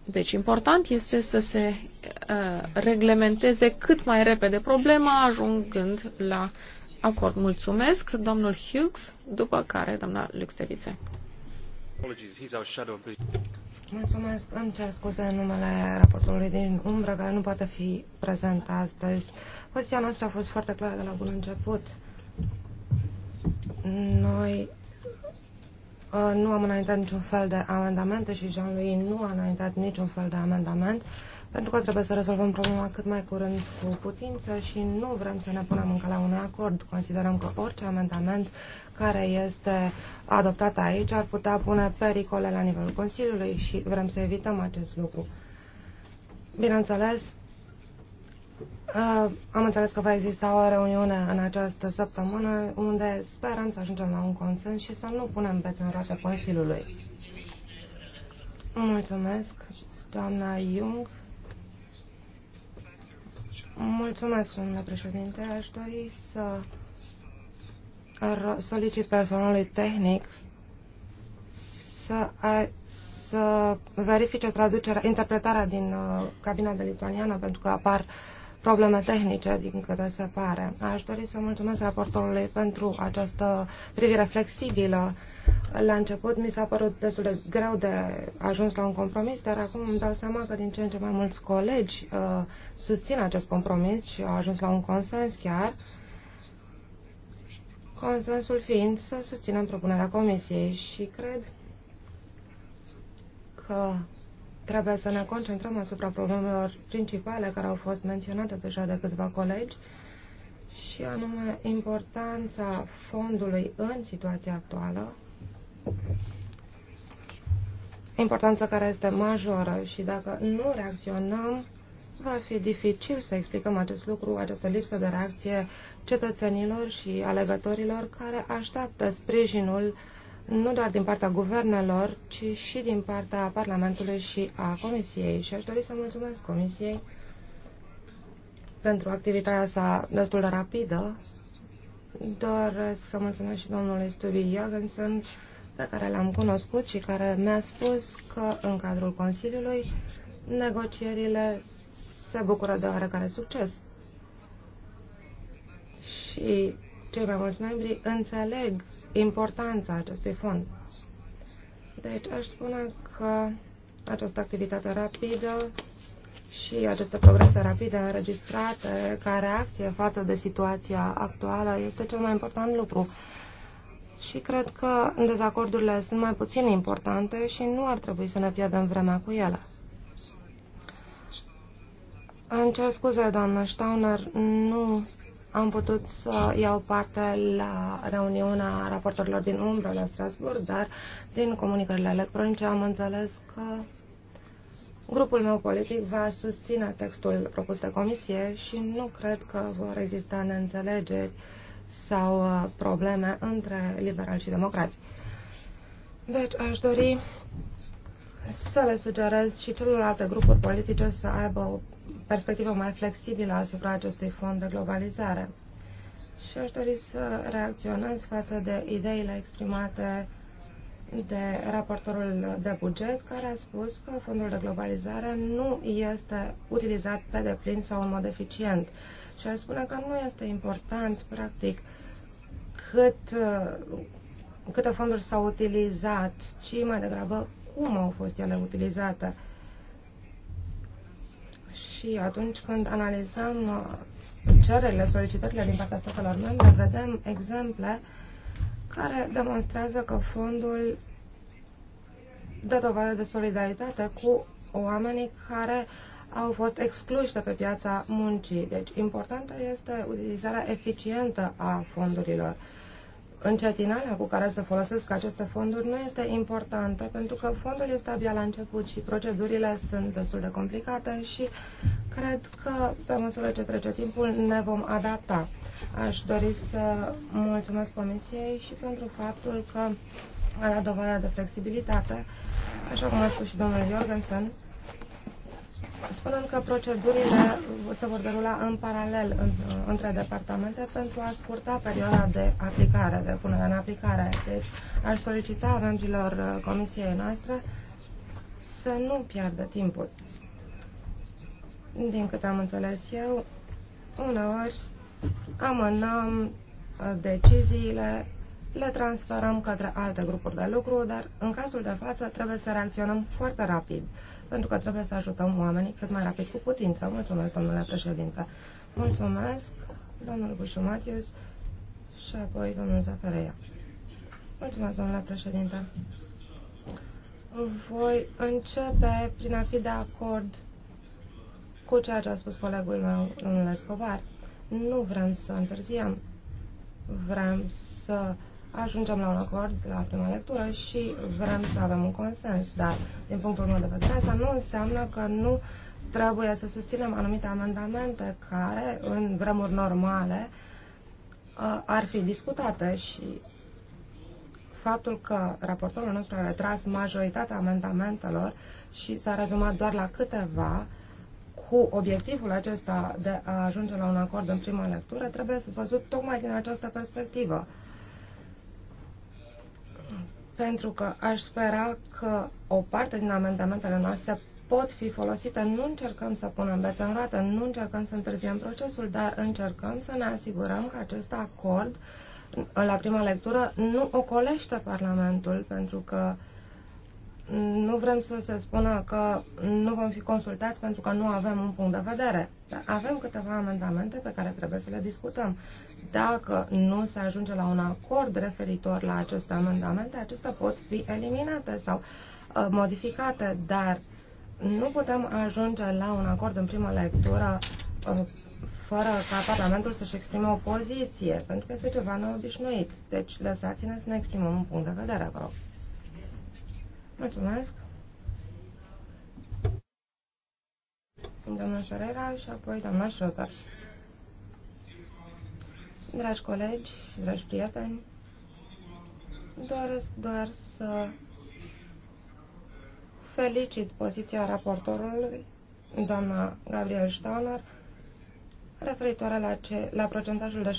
Deci important este să se uh, reglementeze cât mai repede problema, ajungând la acord. Mulțumesc, domnul Hughes, după care doamna Luxtevițe.
Mulțumesc, îmi cer scuze în numele raportului din umbră, care nu poate fi prezent astăzi. Poziția noastră a fost foarte clară de la bun început. Noi uh, nu am înaintat niciun fel de amendamente și Jean-Louis nu a înaintat niciun fel de amendament, pentru că trebuie să rezolvăm problema cât mai curând cu putință și nu vrem să ne punem în calea unui acord. Considerăm că orice amendament care este adoptat aici ar putea pune pericole la nivelul Consiliului și vrem să evităm acest lucru. Bineînțeles, Uh, am înțeles că va exista o reuniune în această săptămână unde sperăm să ajungem la un consens și să nu punem bețe în roate Consiliului. Mulțumesc, doamna Jung. Mulțumesc, domnule președinte. Aș dori să solicit personalului tehnic să, a, să verifice traducerea, interpretarea din uh, cabina de lituaniană, pentru că apar uh, probleme tehnice, din câte se pare. Aș dori să mulțumesc raportorului pentru această privire flexibilă. La început mi s-a părut destul de greu de ajuns la un compromis, dar acum îmi dau seama că din ce în ce mai mulți colegi uh, susțin acest compromis și au ajuns la un consens chiar. Consensul fiind să susținem propunerea Comisiei și cred că Trebuie să ne concentrăm asupra problemelor principale care au fost menționate deja de câțiva colegi și anume importanța fondului în situația actuală, importanța care este majoră și dacă nu reacționăm, va fi dificil să explicăm acest lucru, această lipsă de reacție cetățenilor și alegătorilor care așteaptă sprijinul uh, nu doar din partea guvernelor, ci și din partea Parlamentului și a Comisiei. Și aș dori să mulțumesc Comisiei pentru activitatea sa destul de rapidă. Doresc să mulțumesc și domnului Stubi Jorgensen, pe care l-am cunoscut și care mi-a spus că în cadrul Consiliului negocierile se bucură de oarecare succes. Și cei mai mulți membri înțeleg importanța acestui fond. Deci aș spune că această activitate rapidă și aceste progrese rapide înregistrate ca reacție față de situația actuală este cel mai important lucru. Și cred că dezacordurile sunt mai puțin importante și nu ar trebui să ne pierdem vremea cu ele. Îmi cer scuze, doamnă Stauner, nu am putut să iau parte la reuniunea raportorilor din umbră la Strasburg, dar din comunicările electronice am înțeles că grupul meu politic va susține textul propus de comisie și nu cred că vor exista neînțelegeri sau uh, probleme între liberali și democrați. Deci aș dori să le sugerez și celorlalte grupuri politice să aibă o perspectivă mai flexibilă asupra acestui fond de globalizare. Și aș dori să reacționez față de ideile exprimate de raportorul de buget, care a spus că fondul de globalizare nu este utilizat pe deplin sau în mod eficient. Și ar spune că nu este important, practic, cât, câte fonduri s-au utilizat, ci mai degrabă cum au fost ele utilizate și atunci când analizăm uh, cererile, solicitările din partea statelor membre, vedem exemple care demonstrează că fondul dă dovadă de solidaritate cu oamenii care au fost excluși de pe piața muncii. Deci, importantă este utilizarea eficientă a fondurilor încetinarea cu care se folosesc aceste fonduri nu este importantă, pentru că fondul este abia la început și procedurile sunt destul de complicate și cred că, pe măsură ce trece timpul, ne vom adapta. Aș dori să mulțumesc Comisiei și pentru faptul că a dat dovadă de flexibilitate, așa cum a spus și domnul Jorgensen, spunem că procedurile se vor derula în paralel în, între departamente pentru a scurta perioada de aplicare, de punere în aplicare. Deci aș solicita membrilor uh, comisiei noastre să nu piardă timpul. Din câte am înțeles eu, uneori amânăm uh, deciziile, le transferăm către alte grupuri de lucru, dar în cazul de față trebuie să reacționăm foarte rapid pentru că trebuie să ajutăm oamenii cât mai rapid cu putință. Mulțumesc, domnule președinte. Mulțumesc, domnul Bușu Matius și apoi domnul Zafereia. Mulțumesc, domnule președinte. Voi începe prin a fi de acord cu ceea ce a spus colegul meu, domnul Escobar. Nu vrem să întârziem. Vrem să ajungem la un acord la prima lectură și vrem să avem un consens, dar din punctul meu de vedere asta nu înseamnă că nu trebuie să susținem anumite amendamente care în vremuri normale ar fi discutate și faptul că raportorul nostru a retras majoritatea amendamentelor și s-a rezumat doar la câteva cu obiectivul acesta de a ajunge la un acord în prima lectură trebuie să văzut tocmai din această perspectivă pentru că aș spera că o parte din amendamentele noastre pot fi folosite. Nu încercăm să punem bețe în roată, nu încercăm să întârziem procesul, dar încercăm să ne asigurăm că acest acord la prima lectură nu ocolește Parlamentul, pentru că nu vrem să se spună că nu vom fi consultați pentru că nu avem un punct de vedere. Avem câteva amendamente pe care trebuie să le discutăm. Dacă nu se ajunge la un acord referitor la aceste amendamente, acestea pot fi eliminate sau uh, modificate, dar nu putem ajunge la un acord în primă lectură uh, fără ca Parlamentul să-și exprime o poziție, pentru că este ceva neobișnuit. Deci lăsați-ne să ne exprimăm un punct de vedere, vă rog. Mulțumesc! doamna Șorera și apoi doamna Schroeder. Dragi colegi, dragi prieteni, doresc doar să felicit poziția raportorului, doamna Gabriel Stauner, referitoare la, ce, la procentajul de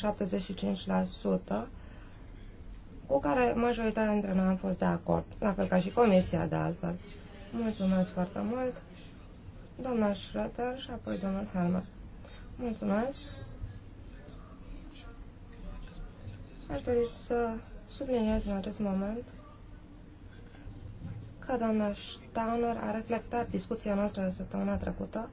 75%, cu care majoritatea dintre noi am fost de acord, la fel ca și comisia de altfel. Mulțumesc foarte mult! doamna Schroeder și apoi domnul Helmer. Mulțumesc. Aș dori să subliniez în acest moment că doamna Steiner a reflectat discuția noastră de săptămâna trecută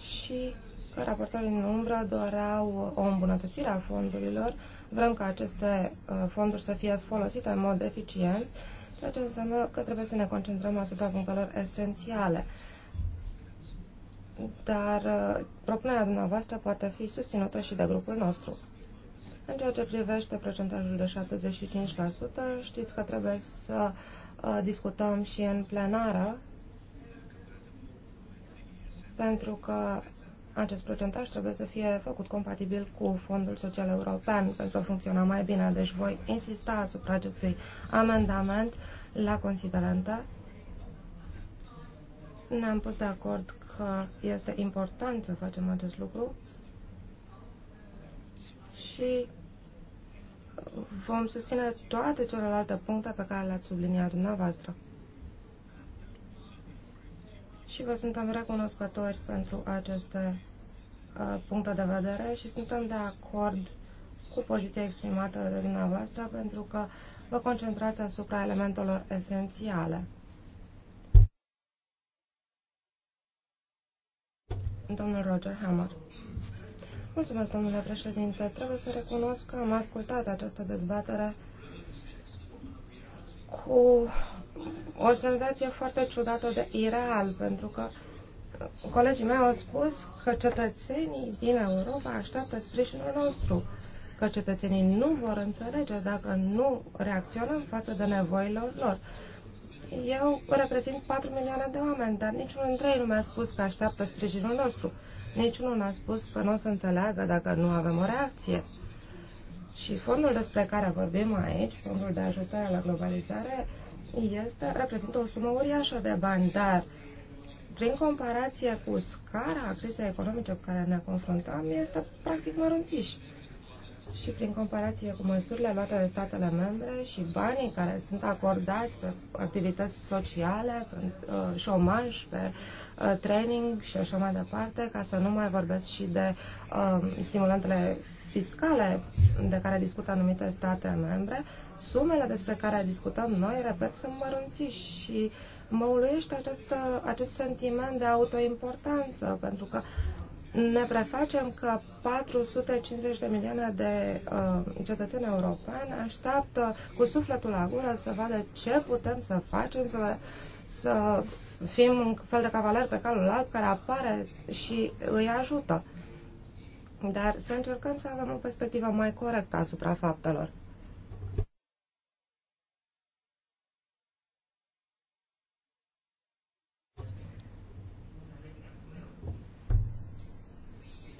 și că raportorii în umbră doreau o îmbunătățire a fondurilor. Vrem ca aceste uh, fonduri să fie folosite în mod eficient ceea ce înseamnă că trebuie să ne concentrăm asupra punctelor esențiale. Dar uh, propunerea dumneavoastră poate fi susținută și de grupul nostru. În ceea ce privește procentajul de 75%, știți că trebuie să uh, discutăm și în plenară, pentru că acest procentaj trebuie să fie făcut compatibil cu Fondul Social European pentru a funcționa mai bine. Deci voi insista asupra acestui amendament la considerentă. Ne-am pus de acord că este important să facem acest lucru și vom susține toate celelalte puncte pe care le-ați subliniat dumneavoastră și vă suntem recunoscători pentru aceste uh, puncte de vedere și suntem de acord cu poziția exprimată de dumneavoastră pentru că vă concentrați asupra elementelor esențiale. Domnul Roger Hammer. Mulțumesc, domnule președinte. Trebuie să recunosc că am ascultat această dezbatere cu o senzație foarte ciudată de ireal, pentru că colegii mei au spus că cetățenii din Europa așteaptă sprijinul nostru, că cetățenii nu vor înțelege dacă nu reacționăm față de nevoilor lor. Eu reprezint 4 milioane de oameni, dar niciunul dintre ei nu mi-a spus că așteaptă sprijinul nostru. Niciunul n-a spus că nu o să înțeleagă dacă nu avem o reacție. Și fondul despre care vorbim aici, fondul de ajutare la globalizare, este, reprezintă o sumă uriașă de bani, dar prin comparație cu scara crizei economice cu care ne confruntăm, este practic mărunțiș. Și prin comparație cu măsurile luate de statele membre și banii care sunt acordați pe activități sociale, pe uh, șomaj, pe uh, training și așa mai departe, ca să nu mai vorbesc și de uh, stimulantele fiscale de care discută anumite state membre, uh, sumele despre care discutăm noi, repet, sunt mărunțiși și mă uluiește acest, acest sentiment de autoimportanță, pentru că ne prefacem că 450 de milioane de uh, cetățeni europeni așteaptă cu sufletul la gură să vadă ce putem să facem, să, să fim un fel de cavaler pe calul alb care apare și îi ajută. Dar să încercăm să avem o perspectivă mai corectă asupra faptelor.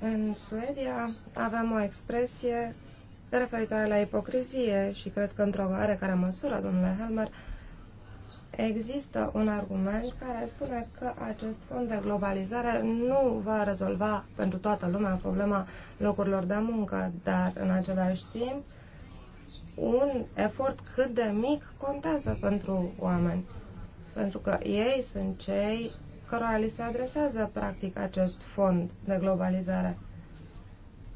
În Suedia aveam o expresie referitoare la ipocrizie și cred că într-o oarecare măsură, domnule Helmer, există un argument care spune că acest fond de globalizare nu va rezolva pentru toată lumea problema locurilor de muncă, dar în același timp un efort cât de mic contează pentru oameni, pentru că ei sunt cei cărora li se adresează practic acest fond de globalizare.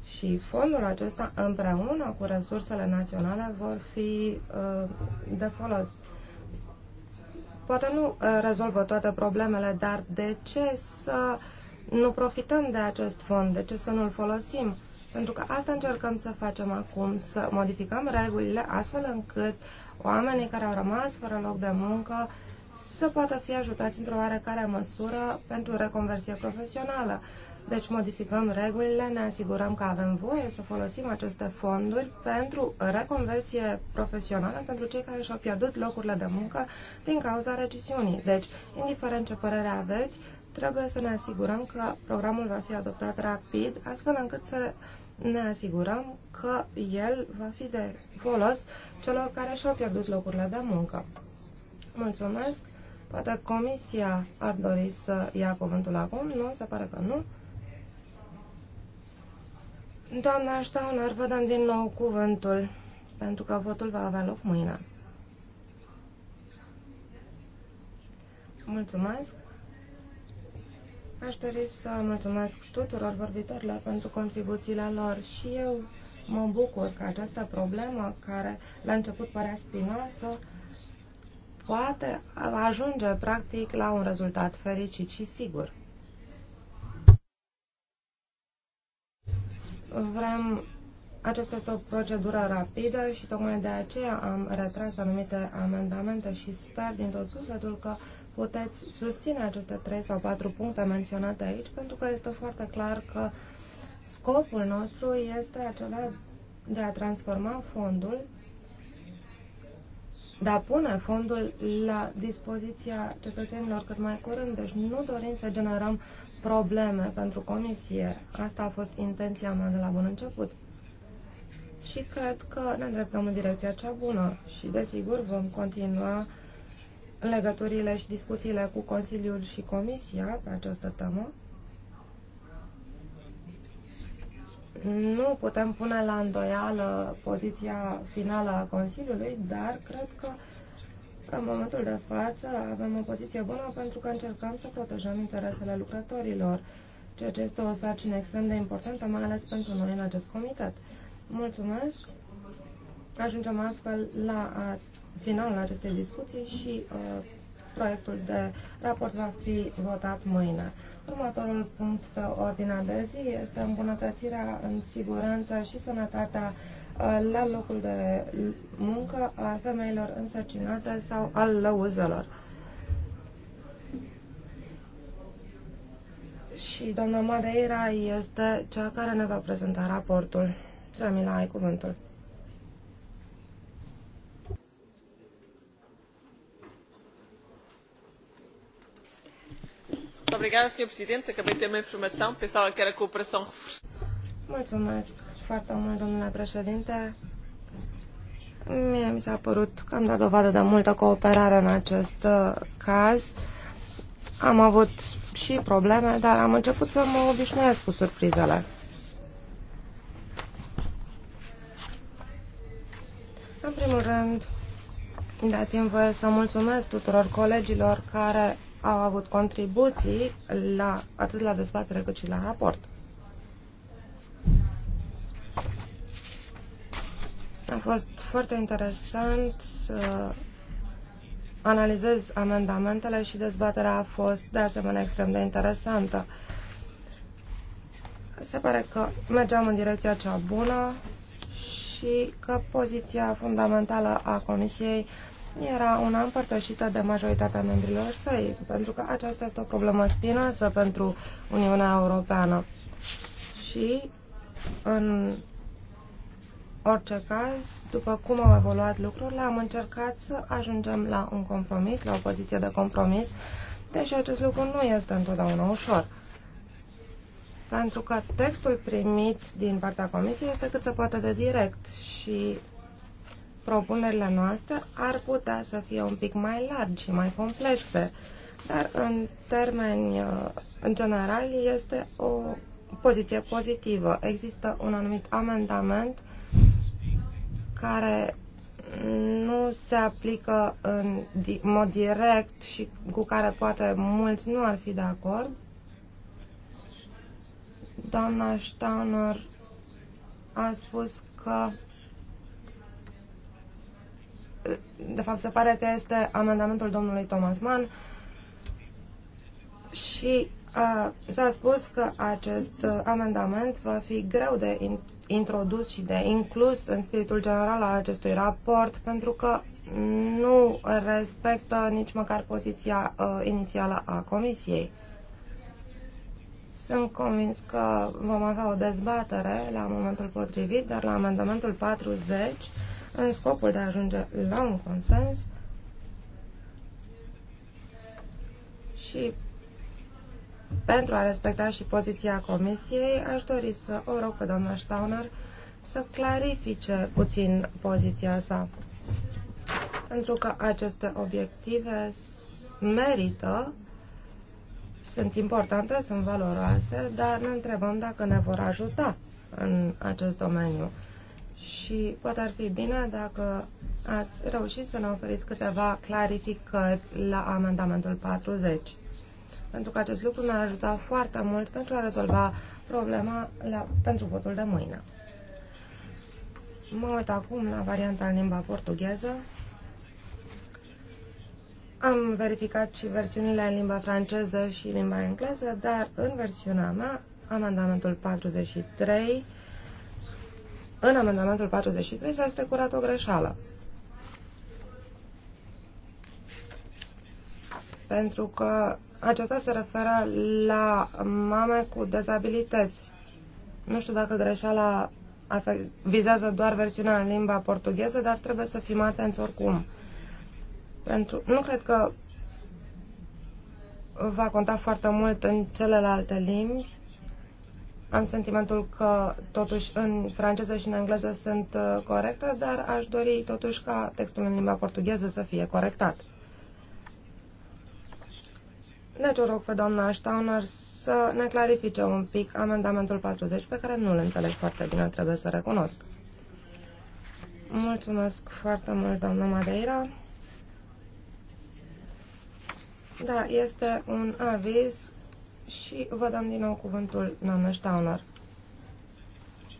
Și fondul acesta împreună cu resursele naționale vor fi uh, de folos. Poate nu uh, rezolvă toate problemele, dar de ce să nu profităm de acest fond? De ce să nu-l folosim? Pentru că asta încercăm să facem acum, să modificăm regulile astfel încât oamenii care au rămas fără loc de muncă să poată fi ajutați într-o oarecare măsură pentru reconversie profesională. Deci modificăm regulile, ne asigurăm că avem voie să folosim aceste fonduri pentru reconversie profesională pentru cei care și-au pierdut locurile de muncă din cauza recesiunii. Deci, indiferent ce părere aveți, trebuie să ne asigurăm că programul va fi adoptat rapid, astfel încât să ne asigurăm că el va fi de folos celor care și-au pierdut locurile de muncă. Mulțumesc. Poate Comisia ar dori să ia cuvântul acum. Nu, se pare că nu. Doamna Stauner, vă dăm din nou cuvântul, pentru că votul va avea loc mâine. Mulțumesc. Aș dori să mulțumesc tuturor vorbitorilor pentru contribuțiile lor și eu mă bucur că această problemă, care la început părea spinoasă, poate ajunge practic la un rezultat fericit și sigur. Vrem, aceasta este o procedură rapidă și tocmai de aceea am retras anumite amendamente și sper din tot sufletul că puteți susține aceste trei sau patru puncte menționate aici, pentru că este foarte clar că scopul nostru este acela de a transforma fondul de a pune fondul la dispoziția cetățenilor cât mai curând. Deci nu dorim să generăm probleme pentru comisie. Asta a fost intenția mea de la bun început. Și cred că ne îndreptăm în direcția cea bună și, desigur, vom continua legăturile și discuțiile cu Consiliul și Comisia pe această temă nu putem pune la îndoială poziția finală a Consiliului, dar cred că în momentul de față avem o poziție bună pentru că încercăm să protejăm interesele lucrătorilor, ceea ce este o sarcină extrem de importantă, mai ales pentru noi în acest comitet. Mulțumesc! Ajungem astfel la finalul acestei discuții și uh, proiectul de raport va fi votat mâine. Următorul punct pe ordinea de zi este îmbunătățirea în siguranța și sănătatea uh, la locul de muncă a femeilor însărcinate sau al lăuzelor. Și doamna Madeira este cea care ne va prezenta raportul. Jamila, ai cuvântul.
Obrigada, Sr. Presidente. Acabei de ter uma informação. Pensava que era cooperação reforçada.
Mulțumesc foarte mult, domnule președinte. Mie mi s-a părut că am dat dovadă de multă cooperare în acest uh, caz. Am avut și probleme, dar am început să mă obișnuiesc cu surprizele. În primul rând, dați-mi voie să mulțumesc tuturor colegilor care au avut contribuții la, atât la dezbatere cât și la raport. A fost foarte interesant să analizez amendamentele și dezbaterea a fost de asemenea extrem de interesantă. Se pare că mergeam în direcția cea bună și că poziția fundamentală a Comisiei era una împărtășită de majoritatea membrilor săi, pentru că aceasta este o problemă spinoasă pentru Uniunea Europeană. Și, în orice caz, după cum au evoluat lucrurile, am încercat să ajungem la un compromis, la o poziție de compromis, deși acest lucru nu este întotdeauna ușor. Pentru că textul primit din partea Comisiei este cât se poate de direct și propunerile noastre ar putea să fie un pic mai largi și mai complexe, dar în termeni, uh, în general, este o poziție pozitivă. Există un anumit amendament care nu se aplică în mod direct și cu care poate mulți nu ar fi de acord. Doamna Steiner a spus că de fapt se pare că este amendamentul domnului Thomas Mann și s-a spus că acest uh, amendament va fi greu de introdus și de inclus în spiritul general al acestui raport pentru că nu respectă nici măcar poziția uh, inițială a Comisiei. Sunt convins că vom avea o dezbatere la momentul potrivit, dar la amendamentul 40 în scopul de a ajunge la un consens și pentru a respecta și poziția Comisiei, aș dori să o rog pe doamna Stauner să clarifice puțin poziția sa, pentru că aceste obiective merită, sunt importante, sunt valoroase, dar ne întrebăm dacă ne vor ajuta în acest domeniu și poate ar fi bine dacă ați reușit să ne oferiți câteva clarificări la amendamentul 40, pentru că acest lucru ne-ar ajuta foarte mult pentru a rezolva problema la, pentru votul de mâine. Mă uit acum la varianta în limba portugheză. Am verificat și versiunile în limba franceză și limba engleză, dar în versiunea mea, amendamentul 43 în amendamentul 43 s-a strecurat o greșeală. Pentru că aceasta se referă la mame cu dezabilități. Nu știu dacă greșeala vizează doar versiunea în limba portugheză, dar trebuie să fim atenți oricum. Pentru, nu cred că va conta foarte mult în celelalte limbi, am sentimentul că, totuși, în franceză și în engleză sunt uh, corecte, dar aș dori, totuși, ca textul în limba portugheză să fie corectat. Deci o rog pe doamna Stauner să ne clarifice un pic amendamentul 40, pe care nu-l înțeleg foarte bine, trebuie să recunosc. Mulțumesc foarte mult, doamna Madeira. Da, este un aviz și vă dăm din nou cuvântul doamnă Stauner.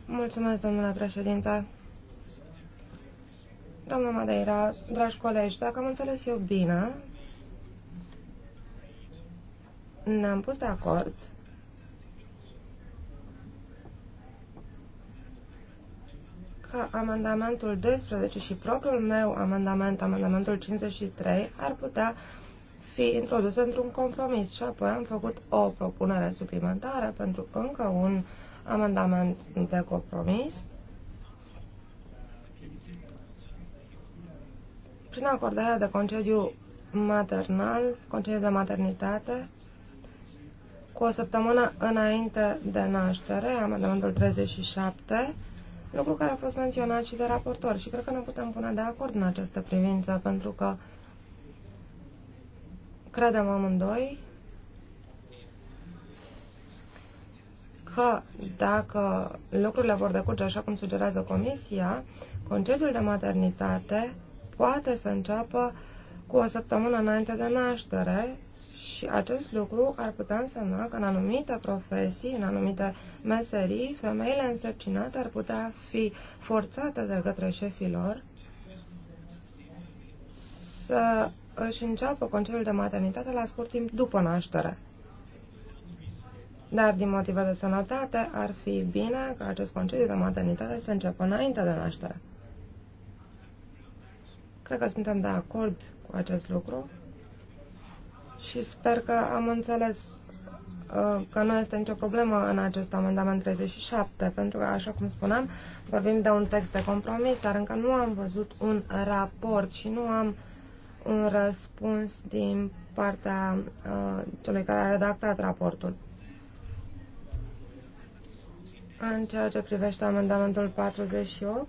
Mulțumesc, domnule președinte. domnul Madeira, dragi colegi, dacă am înțeles eu bine, ne-am pus de acord că amendamentul 12 și propriul meu amendament, amendamentul 53, ar putea fi introdus într-un compromis și apoi am făcut o propunere suplimentară pentru încă un amendament de compromis prin acordarea de concediu maternal, concediu de maternitate, cu o săptămână înainte de naștere, amendamentul 37, lucru care a fost menționat și de raportor și cred că ne putem pune de acord în această privință, pentru că credem amândoi că dacă lucrurile vor decurge așa cum sugerează Comisia, concediul de maternitate poate să înceapă cu o săptămână înainte de naștere și acest lucru ar putea însemna că în anumite profesii, în anumite meserii, femeile însărcinate ar putea fi forțate de către șefilor să își înceapă concediul de maternitate la scurt timp după naștere. Dar din motive de sănătate ar fi bine ca acest concediu de maternitate să înceapă înainte de naștere. Cred că suntem de acord cu acest lucru și sper că am înțeles uh, că nu este nicio problemă în acest amendament 37, pentru că, așa cum spuneam, vorbim de un text de compromis, dar încă nu am văzut un raport și nu am uh, un răspuns din partea uh, celui care a redactat raportul. În ceea ce privește amendamentul 48,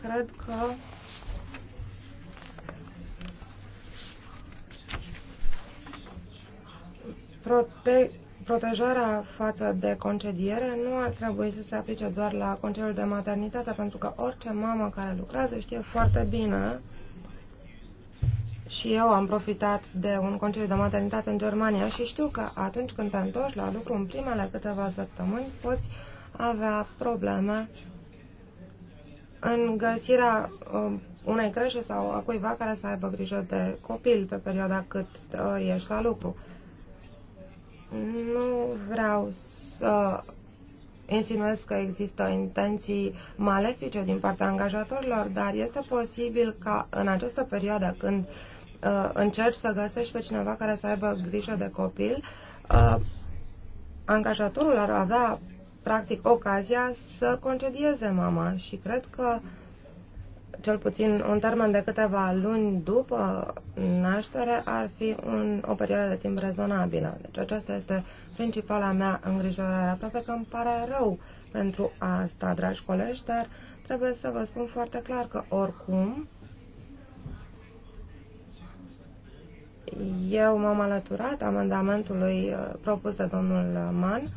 cred că prote protejarea față de concediere nu ar trebui să se aplice doar la concediul de maternitate, pentru că orice mamă care lucrează știe foarte bine și eu am profitat de un concediu de maternitate în Germania și știu că atunci când te întorci la lucru în primele câteva săptămâni poți avea probleme în găsirea um, unei creșe sau a cuiva care să aibă grijă de copil pe perioada cât uh, ești la lucru. Nu vreau să insinuez că există intenții malefice din partea angajatorilor, dar este posibil ca în această perioadă când uh, uh, încerci să găsești pe cineva care să aibă grijă de copil, uh, angajatorul ar avea practic ocazia să concedieze mama și cred că cel puțin un termen de câteva luni după naștere ar fi un, o perioadă de timp rezonabilă. Deci aceasta este principala mea îngrijorare. Aproape că îmi pare rău pentru asta, dragi colegi, dar trebuie să vă spun foarte clar că oricum Eu m-am alăturat amendamentului uh, propus de domnul uh, Mann,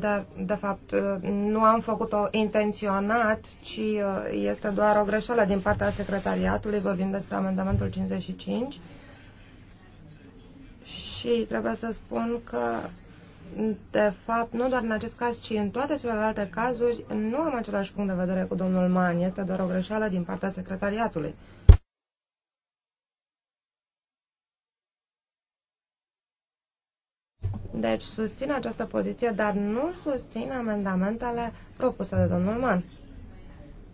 dar, de fapt, uh, nu am făcut-o intenționat, ci este doar o greșeală din partea secretariatului, vorbind despre amendamentul 55. Și trebuie să spun că, de fapt, nu doar în acest caz, ci în toate celelalte cazuri, nu am același punct de vedere cu domnul Man. Este doar o greșeală din partea secretariatului. Deci susțin această poziție, dar nu susțin amendamentele propuse de domnul Mann.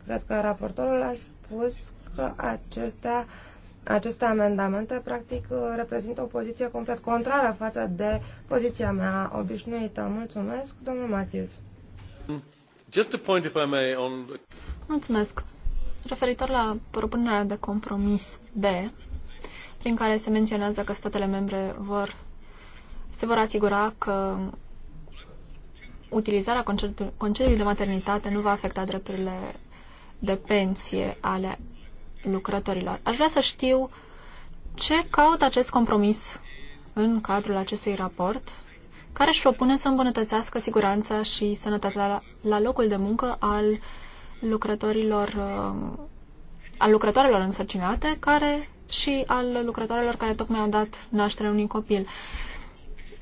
Cred că raportorul a spus că acestea, aceste amendamente practic reprezintă o poziție complet contrară față de poziția mea obișnuită. Mulțumesc, domnul Matthews.
Just a point, if I may, on...
Mulțumesc. Referitor la propunerea de compromis B, prin care se menționează că statele membre vor se vor asigura că utilizarea concediului de maternitate nu va afecta drepturile de pensie ale lucrătorilor. Aș vrea să știu ce caută acest compromis în cadrul acestui raport, care își propune să îmbunătățească siguranța și sănătatea la locul de muncă al lucrătorilor, uh, al lucrătoarelor însărcinate, care și al lucrătoarelor care tocmai au dat naștere unui copil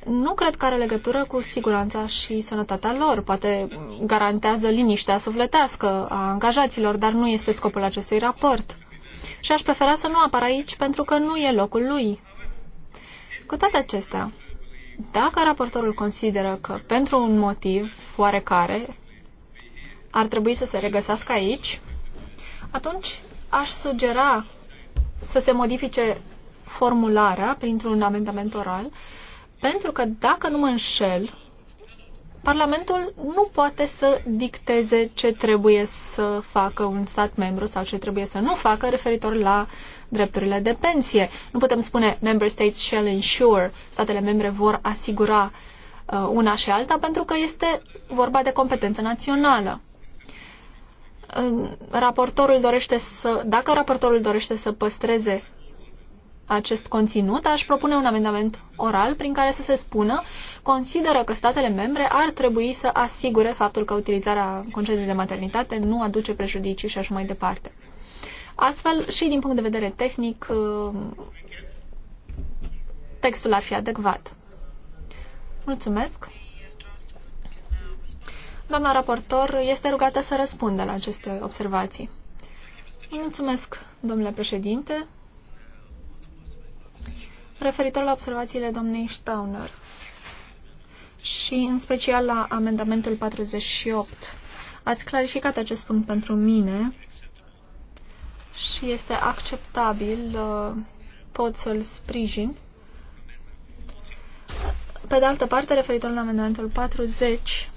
nu cred că are legătură cu siguranța și sănătatea lor. Poate garantează liniștea sufletească a angajaților, dar nu este scopul acestui raport. Și aș prefera să nu apar aici pentru că nu e locul lui. Cu toate acestea, dacă raportorul consideră că pentru un motiv oarecare ar trebui să se regăsească aici, atunci aș sugera să se modifice formularea printr-un amendament oral pentru că, dacă nu mă înșel, Parlamentul nu poate să dicteze ce trebuie să facă un stat membru sau ce trebuie să nu facă referitor la drepturile de pensie. Nu putem spune member states shall ensure, statele membre vor asigura uh, una și alta, pentru că este vorba de competență națională. Uh, raportorul dorește să, dacă raportorul dorește să păstreze acest conținut, aș propune un amendament oral prin care să se spună consideră că statele membre ar trebui să asigure faptul că utilizarea concediului de maternitate nu aduce prejudicii și așa mai departe. Astfel, și din punct de vedere tehnic, ă, textul ar fi adecvat. Mulțumesc. Doamna raportor este rugată să răspundă la aceste observații. Mulțumesc, domnule președinte referitor la observațiile domnei Stauner și în special la amendamentul 48. Ați clarificat acest punct pentru mine și este acceptabil, uh, pot să-l sprijin. Pe de altă parte, referitor la amendamentul 40,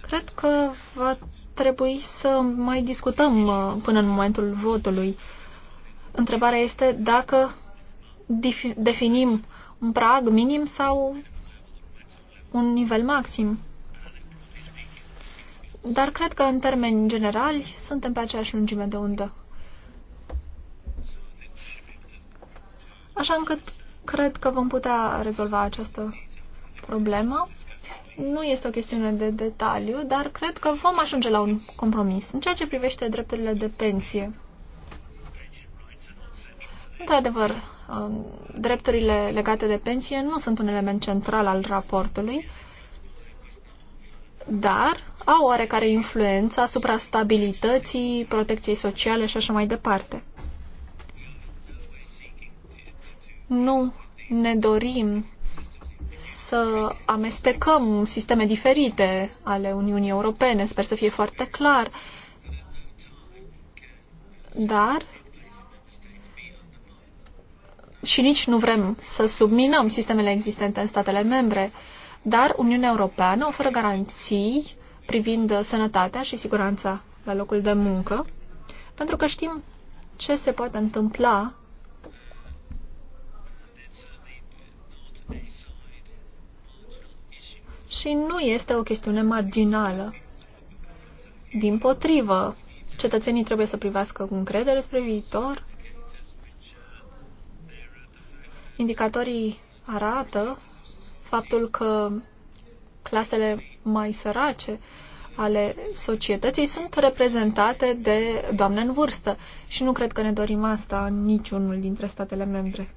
cred că va trebui să mai discutăm uh, până în momentul votului. Întrebarea este dacă definim un prag minim sau un nivel maxim. Dar cred că, în termeni generali, suntem pe aceeași lungime de undă. Așa încât cred că vom putea rezolva această problemă. Nu este o chestiune de detaliu, dar cred că vom ajunge la un compromis în ceea ce privește drepturile de pensie. Într-adevăr, Um, drepturile legate de pensie nu sunt un element central al raportului, dar au oarecare influență asupra stabilității, protecției sociale și așa mai departe. Nu ne dorim să amestecăm sisteme diferite ale Uniunii Europene, sper să fie foarte clar, dar și nici nu vrem să subminăm sistemele existente în statele membre, dar Uniunea Europeană oferă garanții privind sănătatea și siguranța la locul de muncă, pentru că știm ce se poate întâmpla și nu este o chestiune marginală. Din potrivă, cetățenii trebuie să privească cu încredere spre viitor Indicatorii arată faptul că clasele mai sărace ale societății sunt reprezentate de doamne în vârstă și nu cred că ne dorim asta în niciunul dintre statele membre.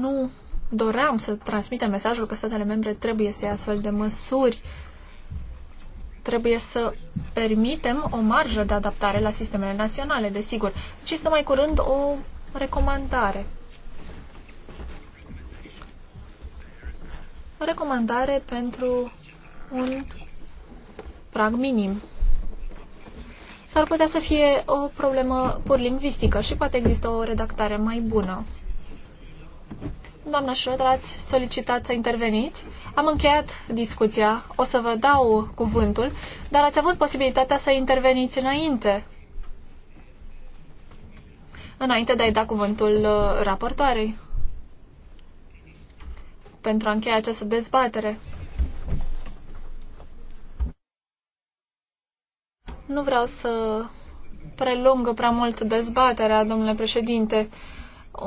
Nu doream să transmitem mesajul că statele membre trebuie să ia astfel de măsuri. Trebuie să permitem o marjă de adaptare la sistemele naționale, desigur. Deci este mai curând o recomandare. O recomandare pentru un prag minim. S-ar putea să fie o problemă pur lingvistică și poate există o redactare mai bună. Doamna Schroeder, ați solicitat să interveniți. Am încheiat discuția, o să vă dau cuvântul, dar ați avut posibilitatea să interveniți înainte. Înainte de a-i da cuvântul uh, raportoarei. Pentru a încheia această dezbatere. Nu vreau să prelungă prea mult dezbaterea, domnule președinte.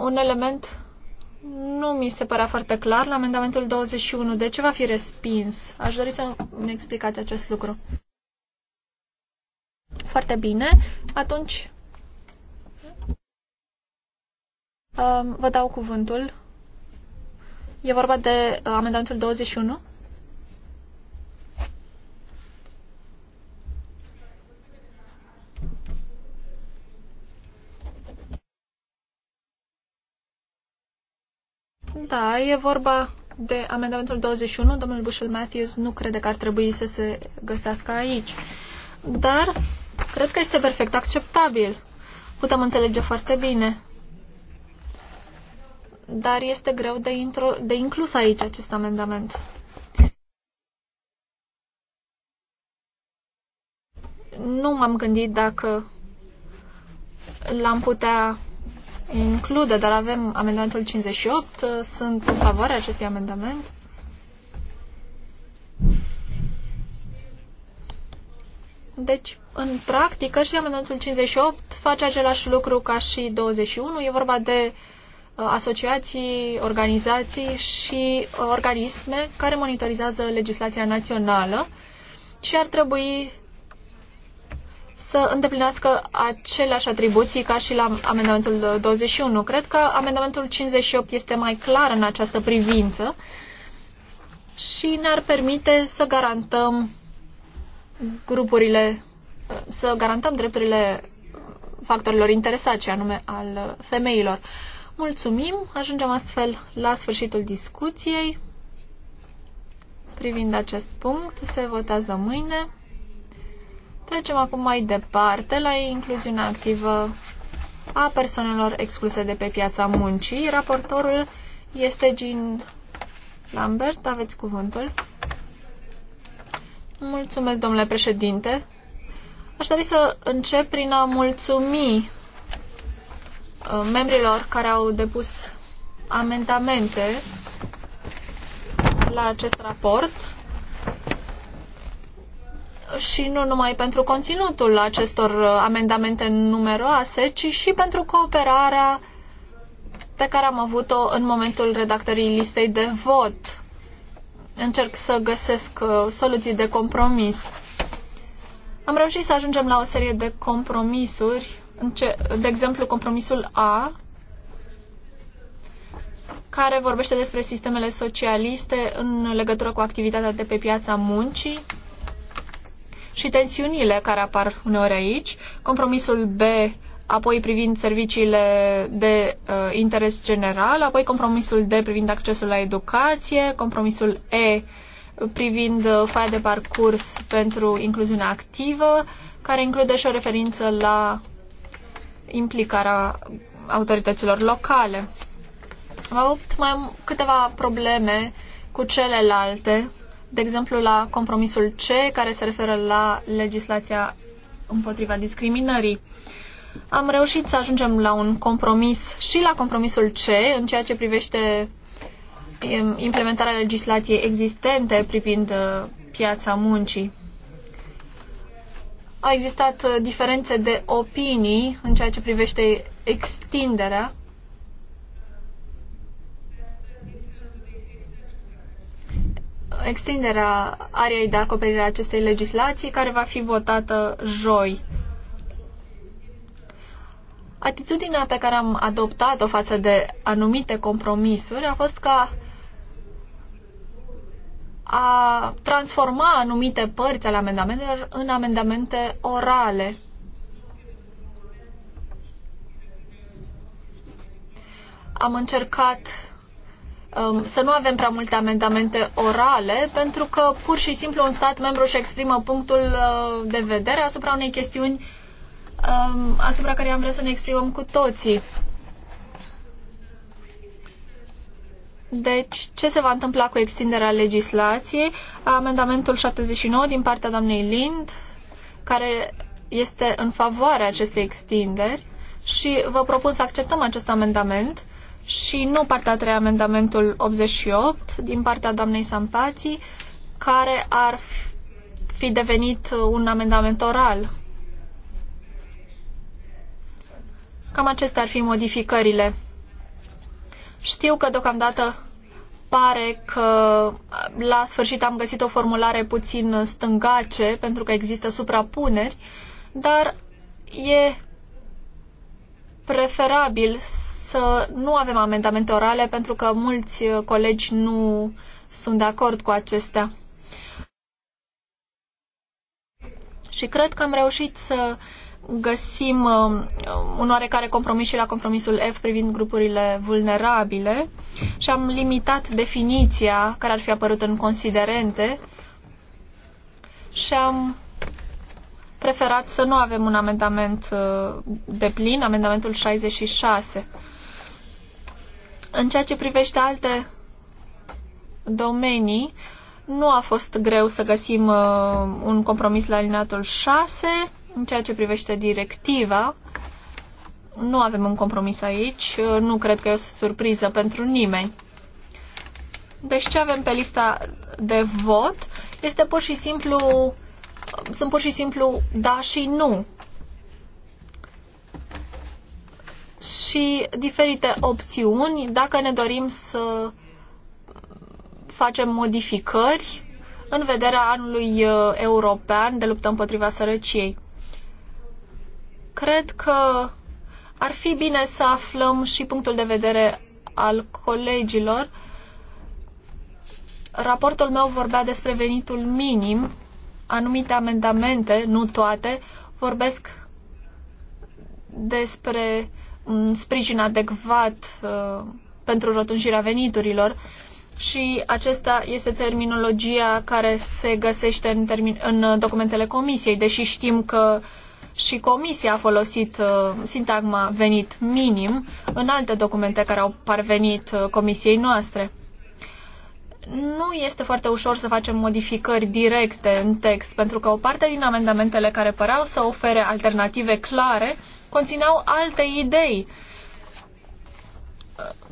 Un element nu mi se părea foarte clar la amendamentul 21. De ce va fi respins? Aș dori să mi explicați acest lucru. Foarte bine. Atunci um, vă dau cuvântul. E vorba de uh, amendamentul 21. Da, e vorba de amendamentul 21. Domnul Bushel Matthews nu crede că ar trebui să se găsească aici. Dar cred că este perfect acceptabil. Putem înțelege foarte bine. Dar este greu de, intro, de inclus aici acest amendament. Nu m-am gândit dacă l-am putea include, dar avem amendamentul 58. Sunt în favoarea acestui amendament. Deci, în practică, și amendamentul 58 face același lucru ca și 21. E vorba de uh, asociații, organizații și uh, organisme care monitorizează legislația națională și ar trebui să îndeplinească aceleași atribuții ca și la amendamentul 21. Cred că amendamentul 58 este mai clar în această privință și ne-ar permite să garantăm grupurile, să garantăm drepturile factorilor interesați, anume al femeilor. Mulțumim, ajungem astfel la sfârșitul discuției privind acest punct. Se votează mâine. Trecem acum mai departe la incluziunea activă a persoanelor excluse de pe piața muncii. Raportorul este Jean Lambert. Aveți cuvântul. Mulțumesc, domnule președinte. Aș dori să încep prin a mulțumi uh, membrilor care au depus amendamente la acest raport și nu numai pentru conținutul acestor uh, amendamente numeroase, ci și pentru cooperarea pe care am avut-o în momentul redactării listei de vot. Încerc să găsesc uh, soluții de compromis. Am reușit să ajungem la o serie de compromisuri, de exemplu compromisul A, care vorbește despre sistemele socialiste în legătură cu activitatea de pe piața muncii și tensiunile care apar uneori aici, compromisul B apoi privind serviciile de uh, interes general, apoi compromisul D privind accesul la educație, compromisul E privind uh, faia de parcurs pentru incluziunea activă, care include și o referință la implicarea autorităților locale. Am avut mai câteva probleme cu celelalte de exemplu, la compromisul C, care se referă la legislația împotriva discriminării. Am reușit să ajungem la un compromis și la compromisul C, în ceea ce privește implementarea legislației existente privind uh, piața muncii. Au existat uh, diferențe de opinii în ceea ce privește extinderea extinderea ariei de acoperire a acestei legislații, care va fi votată joi. Atitudinea pe care am adoptat-o față de anumite compromisuri a fost ca a transforma anumite părți ale amendamentelor în amendamente orale. Am încercat Um, să nu avem prea multe amendamente orale, pentru că pur și simplu un stat membru își exprimă punctul uh, de vedere asupra unei chestiuni um, asupra care am vrea să ne exprimăm cu toții. Deci, ce se va întâmpla cu extinderea legislației? Amendamentul 79 din partea doamnei Lind, care este în favoarea acestei extinderi și vă propun să acceptăm acest amendament și nu partea a treia, amendamentul 88 din partea doamnei Sampații, care ar fi devenit un amendament oral. Cam acestea ar fi modificările. Știu că deocamdată pare că la sfârșit am găsit o formulare puțin stângace, pentru că există suprapuneri, dar e preferabil să nu avem amendamente orale pentru că mulți colegi nu sunt de acord cu acestea. Și cred că am reușit să găsim um, un oarecare compromis și la compromisul F privind grupurile vulnerabile și am limitat definiția care ar fi apărut în considerente și am preferat să nu avem un amendament uh, de plin, amendamentul 66. În ceea ce privește alte domenii, nu a fost greu să găsim uh, un compromis la alineatul 6 în ceea ce privește directiva. Nu avem un compromis aici, uh, nu cred că e o surpriză pentru nimeni. Deci ce avem pe lista de vot este pur și simplu sunt pur și simplu da și nu și diferite opțiuni dacă ne dorim să facem modificări în vederea anului uh, european de luptă împotriva sărăciei. Cred că ar fi bine să aflăm și punctul de vedere al colegilor. Raportul meu vorbea despre venitul minim. Anumite amendamente, nu toate, vorbesc despre un sprijin adecvat uh, pentru rotunjirea veniturilor și acesta este terminologia care se găsește în, termin, în documentele comisiei, deși știm că și comisia a folosit uh, sintagma venit minim în alte documente care au parvenit uh, comisiei noastre. Nu este foarte ușor să facem modificări directe în text, pentru că o parte din amendamentele care păreau să ofere alternative clare uh, conțineau alte idei.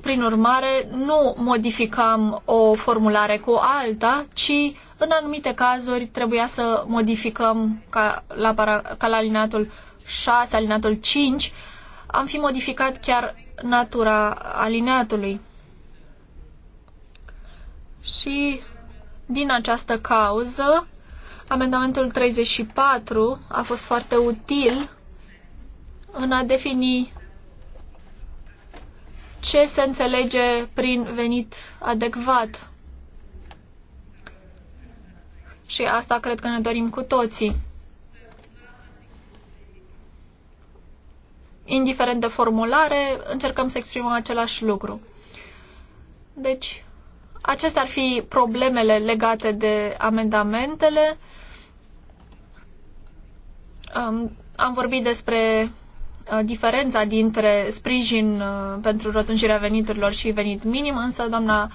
Prin urmare, nu modificam o formulare cu alta, ci în anumite cazuri trebuia să modificăm ca la, para, ca la alinatul 6, alinatul 5, am fi modificat chiar natura alineatului. Și din această cauză, amendamentul 34 a fost foarte util în a defini ce se înțelege prin venit adecvat. Și asta cred că ne dorim cu toții. Indiferent de formulare, încercăm să exprimăm același lucru. Deci, acestea ar fi problemele legate de amendamentele. Am, am vorbit despre Uh, diferența dintre sprijin uh, pentru rotunjirea veniturilor și venit minim, însă doamna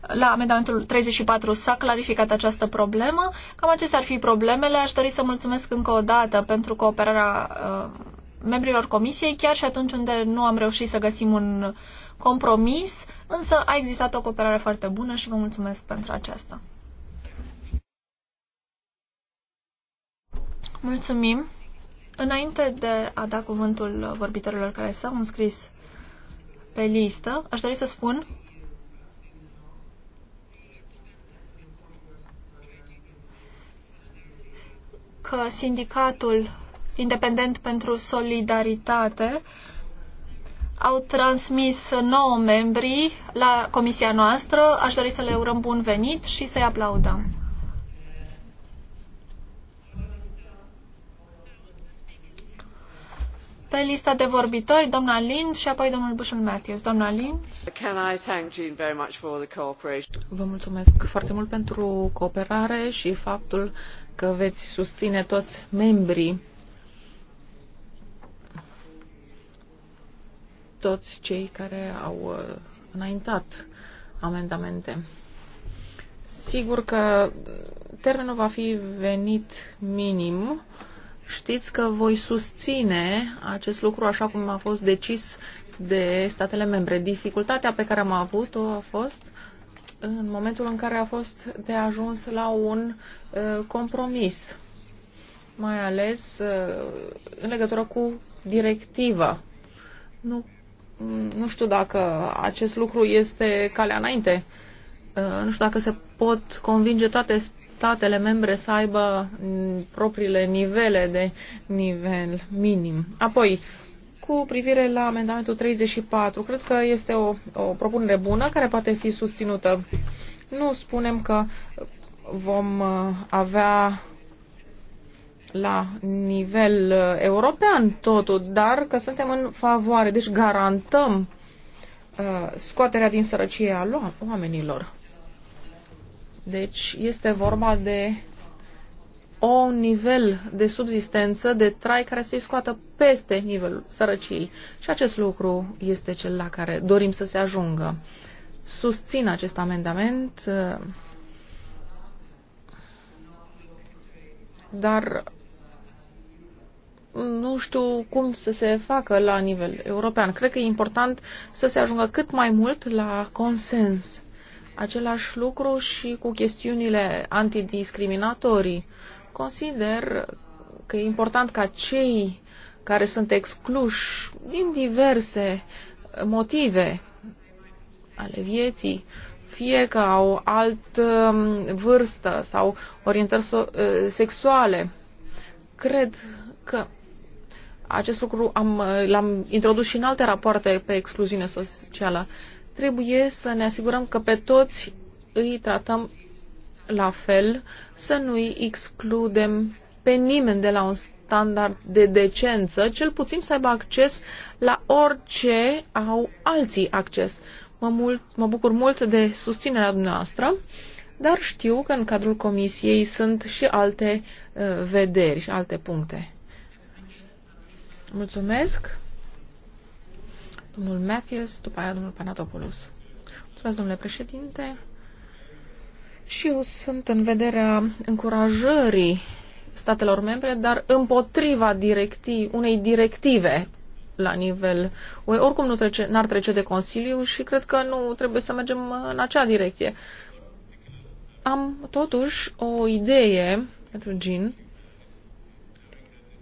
la amendamentul 34 s-a clarificat această problemă. Cam acestea ar fi problemele. Aș dori să mulțumesc încă o dată pentru cooperarea uh, membrilor comisiei, chiar și atunci unde nu am reușit să găsim un compromis, însă a existat o cooperare foarte bună și vă mulțumesc pentru aceasta. Mulțumim! Înainte de a da cuvântul vorbitorilor care s-au înscris pe listă, aș dori să spun că Sindicatul Independent pentru Solidaritate au transmis nouă membri la comisia noastră. Aș dori să le urăm bun venit și să-i aplaudăm. pe lista de vorbitori, doamna Lind și apoi domnul Bushel Matthews. Doamna Lind.
Can I thank Jean very much for the cooperation?
Vă
mulțumesc foarte mult pentru
cooperare și faptul că veți susține toți membrii toți cei care au uh, înaintat amendamente. Sigur că termenul va fi venit minim Știți că voi susține acest lucru așa cum a fost decis de statele membre. Dificultatea pe care am avut-o a fost în momentul în care a fost de ajuns la un uh, compromis, mai ales uh, în legătură cu directiva. Nu, nu știu dacă acest lucru este calea înainte. Uh, nu știu dacă se pot convinge toate statele membre să aibă mm, propriile nivele de nivel minim. Apoi, cu privire la amendamentul 34, cred că este o, o propunere bună care poate fi susținută. Nu spunem că vom uh, avea la nivel uh, european totul, dar că suntem în favoare, deci garantăm uh, scoaterea din sărăcie a oamenilor. Deci este vorba de un nivel de subzistență, de trai care să-i scoată peste nivelul sărăciei. Și acest lucru este cel la care dorim să se ajungă. Susțin acest amendament, dar nu știu cum să se facă la nivel european. Cred că e important să se ajungă cât mai mult la consens același lucru și cu chestiunile antidiscriminatorii. Consider că e important ca cei care sunt excluși din diverse motive ale vieții, fie că au alt um, vârstă sau orientări uh, sexuale, cred că acest lucru am, l-am introdus și în alte rapoarte pe excluziune socială trebuie să ne asigurăm că pe toți îi tratăm la fel, să nu-i excludem pe nimeni de la un standard de decență, cel puțin să aibă acces la orice au alții acces. Mă, mult, mă bucur mult de susținerea dumneavoastră, dar știu că în cadrul comisiei sunt și alte uh, vederi și alte puncte. Mulțumesc! domnul Matthews, după aia domnul Panatopoulos. Mulțumesc, domnule președinte. Și eu sunt în vederea încurajării statelor membre, dar împotriva directiv, unei directive la nivel UE. Oricum nu trece, n-ar trece de Consiliu și cred că nu trebuie să mergem în acea direcție. Am totuși o idee pentru Gin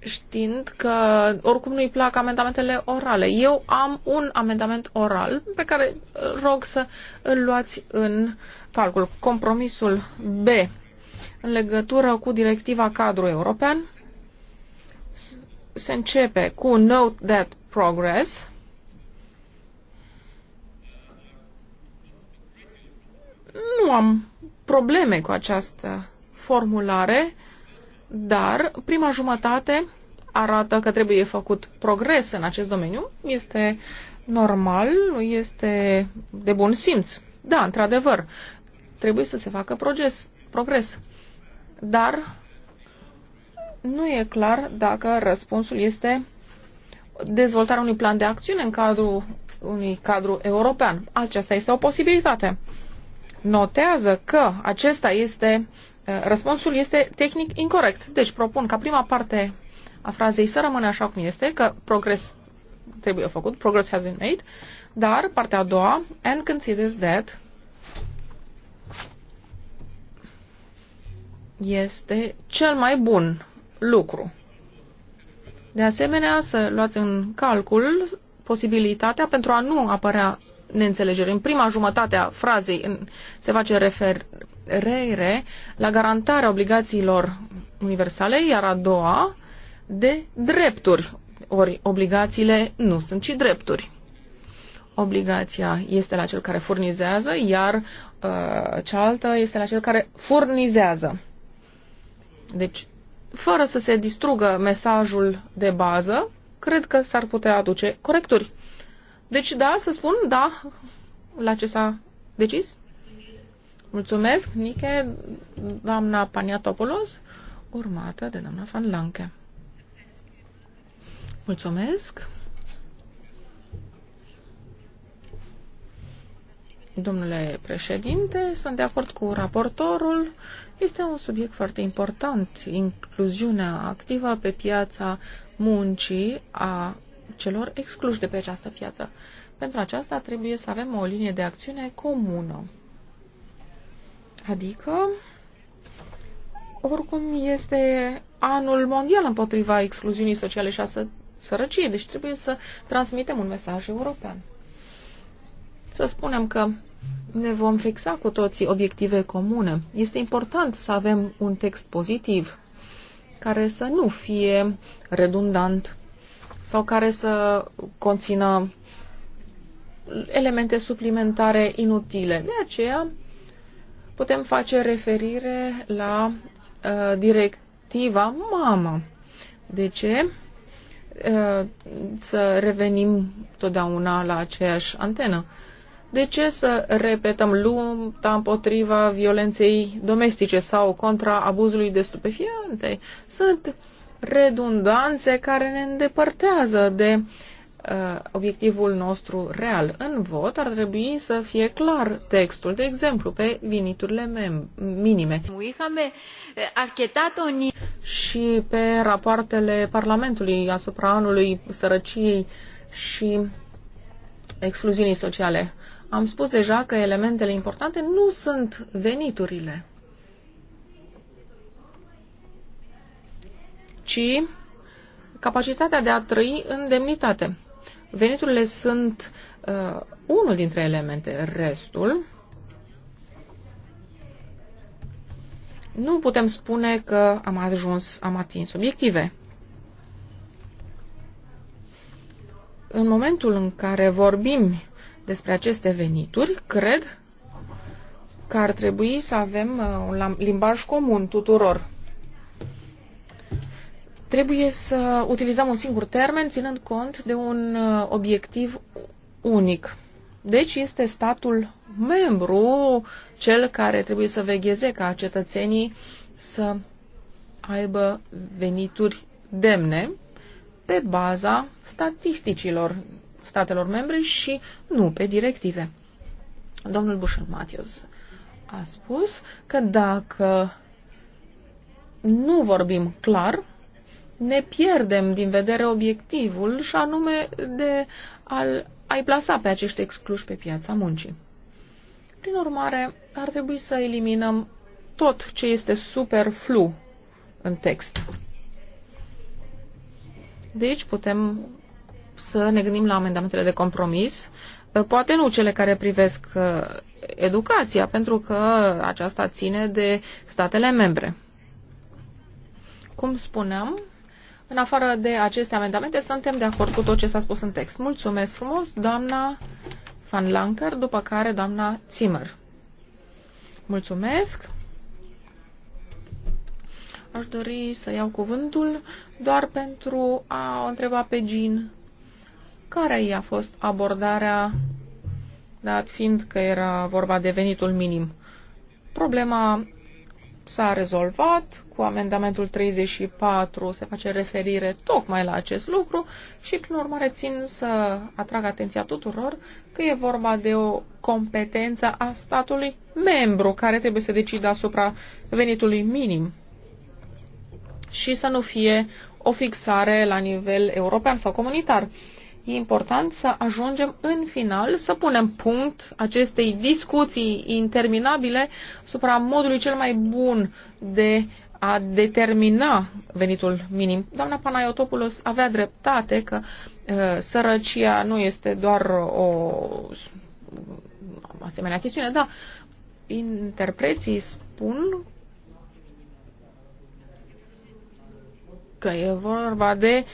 știind că oricum nu-i plac amendamentele orale. Eu am un amendament oral pe care rog să îl luați în calcul. Compromisul B în legătură cu directiva cadru european se începe cu Note that progress nu am probleme cu această formulare dar prima jumătate arată că trebuie făcut progres în acest domeniu. Este normal, este de bun simț. Da, într-adevăr, trebuie să se facă progres, progres. Dar nu e clar dacă răspunsul este dezvoltarea unui plan de acțiune în cadrul unui cadru european. Aceasta este o posibilitate. Notează că acesta este Eh, răspunsul este tehnic incorrect. Deci propun ca prima parte a frazei să rămână așa cum este, că progres trebuie făcut, progress has been made, dar partea a doua, and considers that este cel mai bun lucru. De asemenea, să luați în calcul posibilitatea pentru a nu apărea neînțelegeri. În prima jumătate a frazei se face refer, reire la garantarea obligațiilor universale, iar a doua de drepturi. Ori obligațiile nu sunt ci drepturi. Obligația este la cel care furnizează, iar uh, cealaltă este la cel care furnizează. Deci, fără să se distrugă mesajul de bază, cred că s-ar putea aduce corecturi. Deci, da, să spun, da, la ce s-a decis? Mulțumesc, Nike, doamna Paniatopoulos, urmată de doamna Van Lanke. Mulțumesc. Domnule președinte, sunt de acord cu raportorul. Este un subiect foarte important, incluziunea activă pe piața muncii a celor excluși de pe această piață. Pentru aceasta trebuie să avem o linie de acțiune comună. Adică, oricum, este anul mondial împotriva excluziunii sociale și a sărăciei, deci trebuie să transmitem un mesaj european. Să spunem că ne vom fixa cu toții obiective comune. Este important să avem un text pozitiv care să nu fie redundant sau care să conțină elemente suplimentare inutile. De aceea putem face referire la uh, directiva mamă. De ce? Uh, să revenim totdeauna la aceeași antenă. De ce să repetăm lupta împotriva violenței domestice sau contra abuzului de stupefiante? Sunt redundanțe care ne îndepărtează de uh, Uh, obiectivul nostru real în vot, ar trebui să fie clar textul, de exemplu, pe veniturile minime uh, și pe rapoartele Parlamentului asupra anului sărăciei și excluziunii sociale. Am spus deja că elementele importante nu sunt veniturile, ci capacitatea de a trăi în demnitate. Veniturile sunt uh, unul dintre elemente. Restul nu putem spune că am ajuns, am atins obiective. În momentul în care vorbim despre aceste venituri, cred că ar trebui să avem uh, un limbaj comun tuturor. Trebuie să utilizăm un singur termen, ținând cont de un uh, obiectiv unic. Deci este statul membru cel care trebuie să vegheze ca cetățenii să aibă venituri demne pe baza statisticilor statelor membre și nu pe directive. Domnul Bushel Matthews a spus că dacă nu vorbim clar, ne pierdem din vedere obiectivul și anume de al, a-i plasa pe acești excluși pe piața muncii. Prin urmare, ar trebui să eliminăm tot ce este superflu în text. Deci putem să ne gândim la amendamentele de compromis, poate nu cele care privesc uh, educația, pentru că aceasta ține de statele membre. Cum spuneam, în afară de aceste amendamente, suntem de acord cu tot ce s-a spus în text. Mulțumesc frumos, doamna Van Lanker, după care doamna Zimmer. Mulțumesc. Aș dori să iau cuvântul doar pentru a o întreba pe Jean care i-a fost abordarea, dat fiind că era vorba de venitul minim. Problema s-a rezolvat, cu amendamentul 34 se face referire tocmai la acest lucru și, prin urmare, țin să atrag atenția tuturor că e vorba de o competență a statului membru care trebuie să decidă asupra venitului minim și să nu fie o fixare la nivel european sau comunitar. E important să ajungem în final să punem punct acestei discuții interminabile supra modului cel mai bun de a determina venitul minim. Doamna Panayotopoulos avea dreptate că uh, sărăcia nu este doar o asemenea chestiune, dar interpreții spun că e vorba de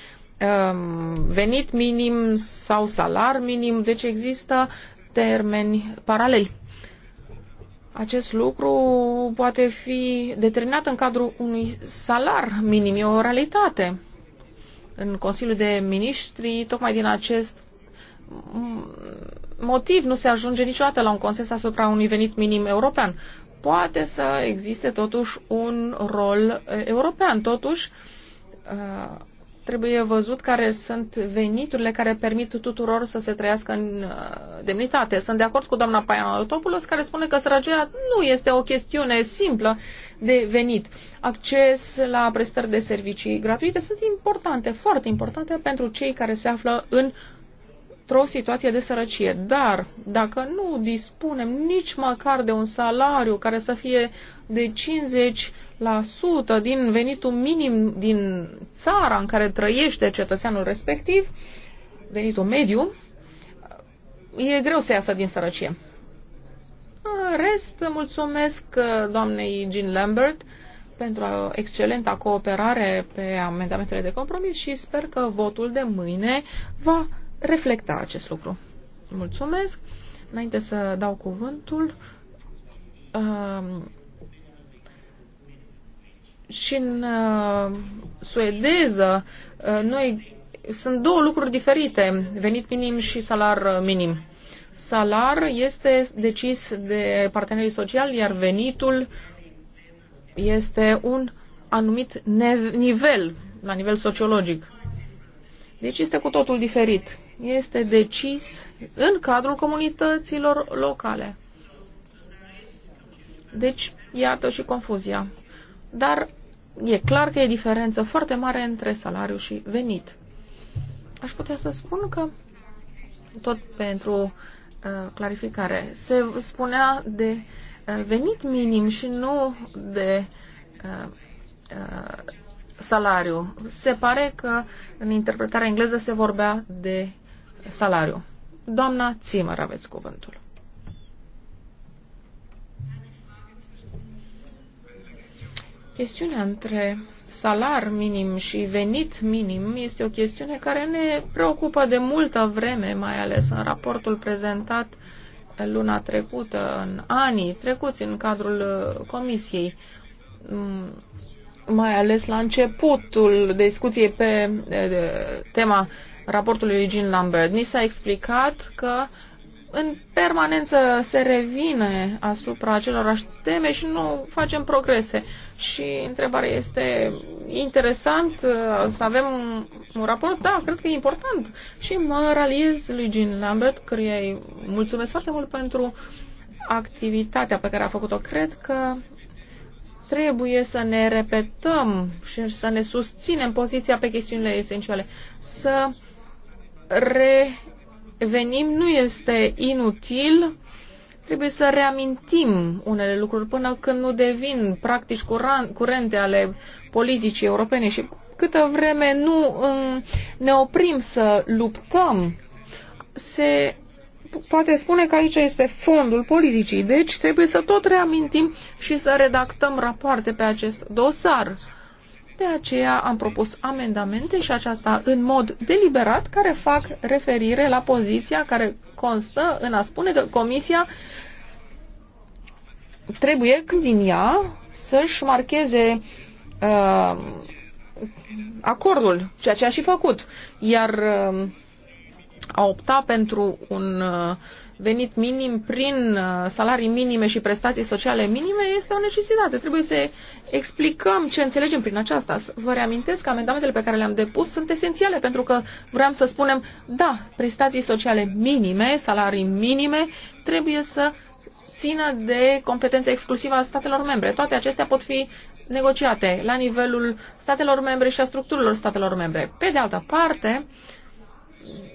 Um, venit minim sau salar minim, deci există termeni paraleli. Acest lucru poate fi determinat în cadrul unui salar minim, e o realitate. În Consiliul de Ministri, tocmai din acest motiv nu se ajunge niciodată la un consens asupra unui venit minim european. Poate să existe totuși un rol eh, european. Totuși, eh, Trebuie văzut care sunt veniturile care permit tuturor să se trăiască în uh, demnitate. Sunt de acord cu doamna Payanotopoulos care spune că săracia nu este o chestiune simplă de venit. Acces la prestări de servicii gratuite sunt importante, foarte importante pentru cei care se află în într-o situație de sărăcie. Dar dacă nu dispunem nici măcar de un salariu care să fie de 50 din venitul minim din țara în care trăiește cetățeanul respectiv, venitul mediu, e greu să iasă din sărăcie. În rest, mulțumesc uh, doamnei Jean Lambert pentru excelenta cooperare pe amendamentele de compromis și sper că votul de mâine va reflecta acest lucru. Mulțumesc. Înainte să dau cuvântul, uh, și în uh, suedeză uh, noi sunt două lucruri diferite, venit minim și salar uh, minim. Salar este decis de partenerii sociali, iar venitul este un anumit nivel, la nivel sociologic. Deci este cu totul diferit. Este decis în cadrul comunităților locale. Deci, iată și confuzia dar e clar că e diferență foarte mare între salariu și venit. Aș putea să spun că, tot pentru uh, clarificare, se spunea de uh, venit minim și nu de uh, uh, salariu. Se pare că în interpretarea engleză se vorbea de salariu. Doamna Țimăr, aveți cuvântul. Chestiunea între salar minim și venit minim este o chestiune care ne preocupă de multă vreme, mai ales în raportul prezentat luna trecută, în anii trecuți în cadrul uh, comisiei, mm, mai ales la începutul discuției pe uh, tema raportului lui Jean Lambert. Ni s-a explicat că în permanență se revine asupra acelorași teme și nu facem progrese. Și întrebarea este interesant uh, să avem un raport? Da, cred că e important. Și mă raliez lui Jean Lambert, căruia îi mulțumesc foarte mult pentru activitatea pe care a făcut-o. Cred că trebuie să ne repetăm și să ne susținem poziția pe chestiunile esențiale. Să re venim nu este inutil. Trebuie să reamintim unele lucruri până când nu devin practici curente ale politicii europene și câtă vreme nu ne oprim să luptăm, se poate spune că aici este fondul politicii, deci trebuie să tot reamintim și să redactăm rapoarte pe acest dosar. De aceea am propus amendamente și aceasta în mod deliberat care fac referire la poziția care constă în a spune că Comisia trebuie când din ea să-și marcheze uh, acordul, ceea ce a și făcut. Iar uh, a opta pentru un uh, venit minim prin uh, salarii minime și prestații sociale minime este o necesitate. Trebuie să explicăm ce înțelegem prin aceasta. Vă reamintesc că amendamentele pe care le-am depus sunt esențiale pentru că vreau să spunem, da, prestații sociale minime, salarii minime trebuie să țină de competența exclusivă a statelor membre. Toate acestea pot fi negociate la nivelul statelor membre și a structurilor statelor membre. Pe de altă parte, uh,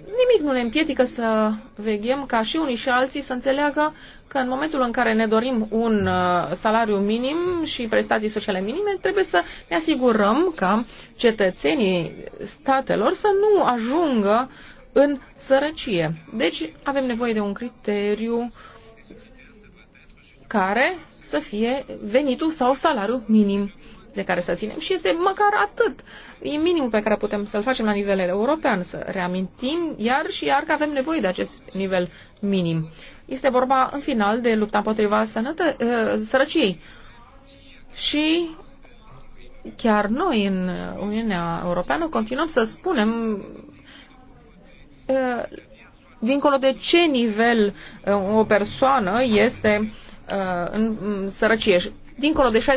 nimic nu ne împiedică să veghem ca și unii și alții să înțeleagă că în momentul în care ne dorim un uh, salariu minim și prestații sociale minime, trebuie să ne asigurăm ca cetățenii statelor să nu ajungă în sărăcie. Deci avem nevoie de un criteriu care să fie venitul sau salariul minim de care să ținem și este măcar atât. E minimul pe care putem să-l facem la nivel european, să reamintim iar și iar că avem nevoie de acest nivel minim. Este vorba, în final, de lupta împotriva sănătă, uh, sărăciei. Și chiar noi, în Uniunea Europeană, continuăm să spunem uh, dincolo de ce nivel uh, o persoană este în sărăcie dincolo de 60%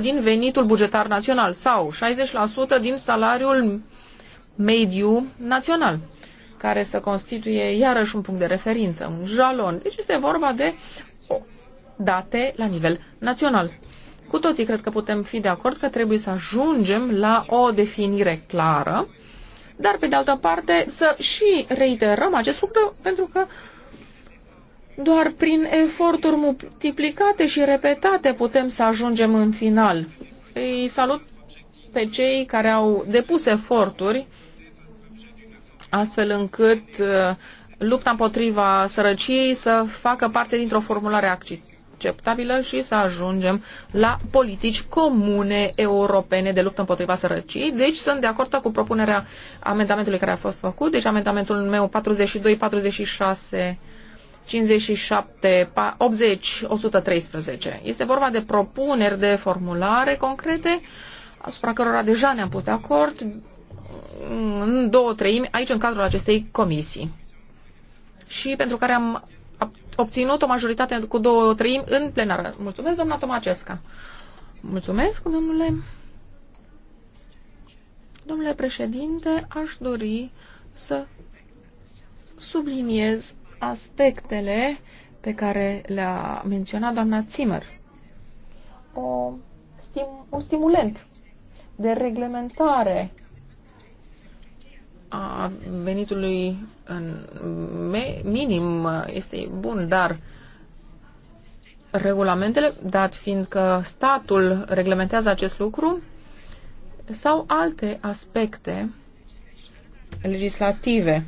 din venitul bugetar național sau 60% din salariul mediu național care să constituie iarăși un punct de referință, un jalon. Deci este vorba de date la nivel național. Cu toții cred că putem fi de acord că trebuie să ajungem la o definire clară, dar pe de altă parte să și reiterăm acest lucru pentru că doar prin eforturi multiplicate și repetate putem să ajungem în final. Îi salut pe cei care au depus eforturi astfel încât uh, lupta împotriva sărăciei să facă parte dintr-o formulare acceptabilă și să ajungem la politici comune europene de luptă împotriva sărăciei. Deci sunt de acord cu propunerea amendamentului care a fost făcut, deci amendamentul meu 42-46 57, 80, 113. Este vorba de propuneri de formulare concrete asupra cărora deja ne-am pus de acord în două treimi aici în cadrul acestei comisii și pentru care am obținut o majoritate cu două treimi în plenară. Mulțumesc, doamna Tomacesca. Mulțumesc, domnule. Domnule președinte, aș dori să subliniez aspectele pe care le-a menționat doamna Zimmer.
O stim,
un stimulent de reglementare a venitului în minim este bun, dar regulamentele, dat fiind că statul reglementează acest lucru, sau alte aspecte legislative.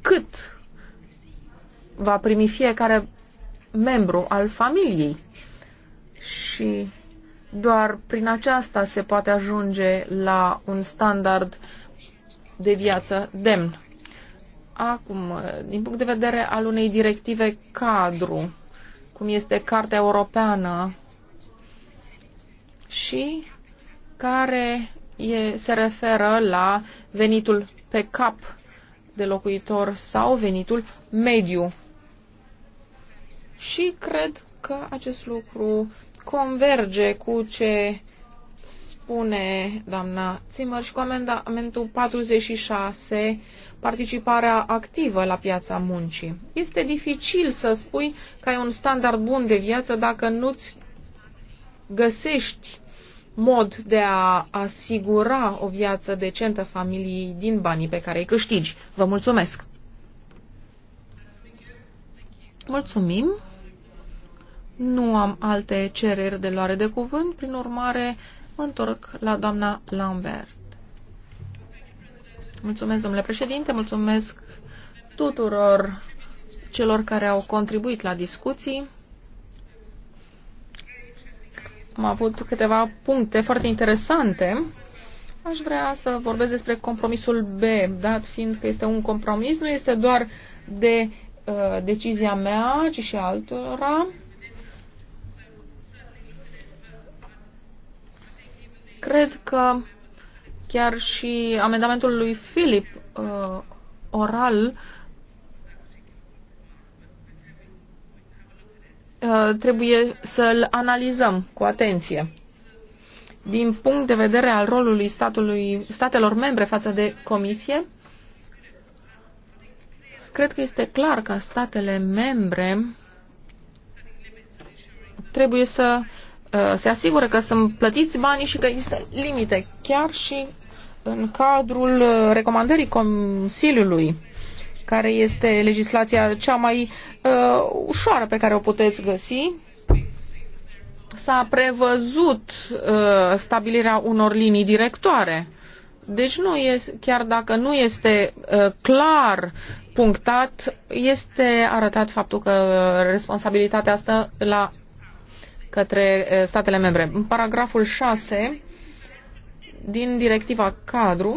Cât va primi fiecare membru al familiei. Și doar prin aceasta se poate ajunge la un standard de viață demn. Acum, din punct de vedere al unei directive cadru, cum este Cartea Europeană și care e, se referă la venitul pe cap de locuitor sau venitul mediu și cred că acest lucru converge cu ce spune doamna Țimăr și cu amendamentul 46, participarea activă la piața muncii. Este dificil să spui că ai un standard bun de viață dacă nu-ți găsești mod de a asigura o viață decentă familiei din banii pe care îi câștigi. Vă mulțumesc! Mulțumim! Nu am alte cereri de luare de cuvânt, prin urmare mă întorc la doamna Lambert. Mulțumesc, domnule președinte, mulțumesc tuturor celor care au contribuit la discuții. Am avut câteva puncte foarte interesante. Aș vrea să vorbesc despre compromisul B, dat fiind că este un compromis, nu este doar de uh, decizia mea, ci și altora. Cred că chiar și amendamentul lui Filip uh, oral uh, trebuie să-l analizăm cu atenție din punct de vedere al rolului statului, statelor membre față de Comisie, cred că este clar că statele membre trebuie să Uh, se asigure că sunt plătiți banii și că există limite, chiar și în cadrul uh, recomandării Consiliului, care este legislația cea mai uh, ușoară pe care o puteți găsi, s-a prevăzut uh, stabilirea unor linii directoare. Deci nu este, chiar dacă nu este uh, clar punctat, este arătat faptul că uh, responsabilitatea asta la către statele membre. În paragraful 6 din directiva cadru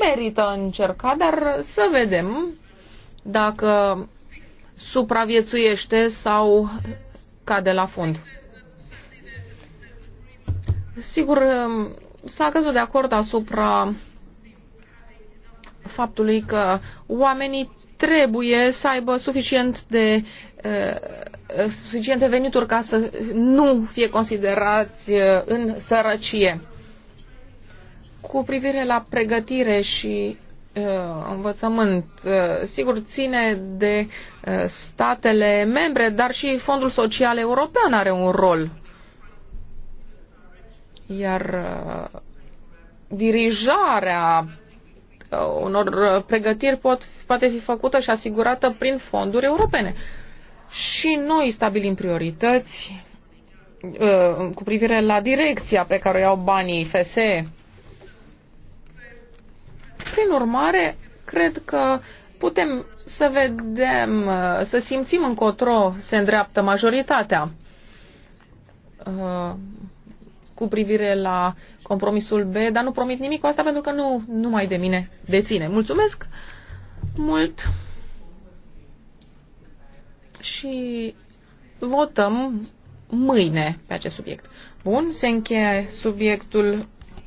merită încercat, dar să vedem dacă supraviețuiește sau cade la fund. Sigur, s-a căzut de acord asupra faptului că oamenii trebuie să aibă suficient de uh, Uh, suficiente venituri ca să nu fie considerați uh, în sărăcie. Cu privire la pregătire și uh, învățământ, uh, sigur ține de uh, statele membre, dar și Fondul Social European are un rol. Iar uh, dirijarea uh, unor pregătiri pot, poate fi făcută și asigurată prin fonduri europene. Uh, și noi stabilim priorități uh, cu privire la direcția pe care o iau banii FSE. Prin urmare, cred că putem să vedem, uh, să simțim încotro se îndreaptă majoritatea uh, cu privire la compromisul B, dar nu promit nimic cu asta pentru că nu, nu mai de mine deține. Mulțumesc mult! și votăm mâine pe acest subiect. Bun, se încheie subiectul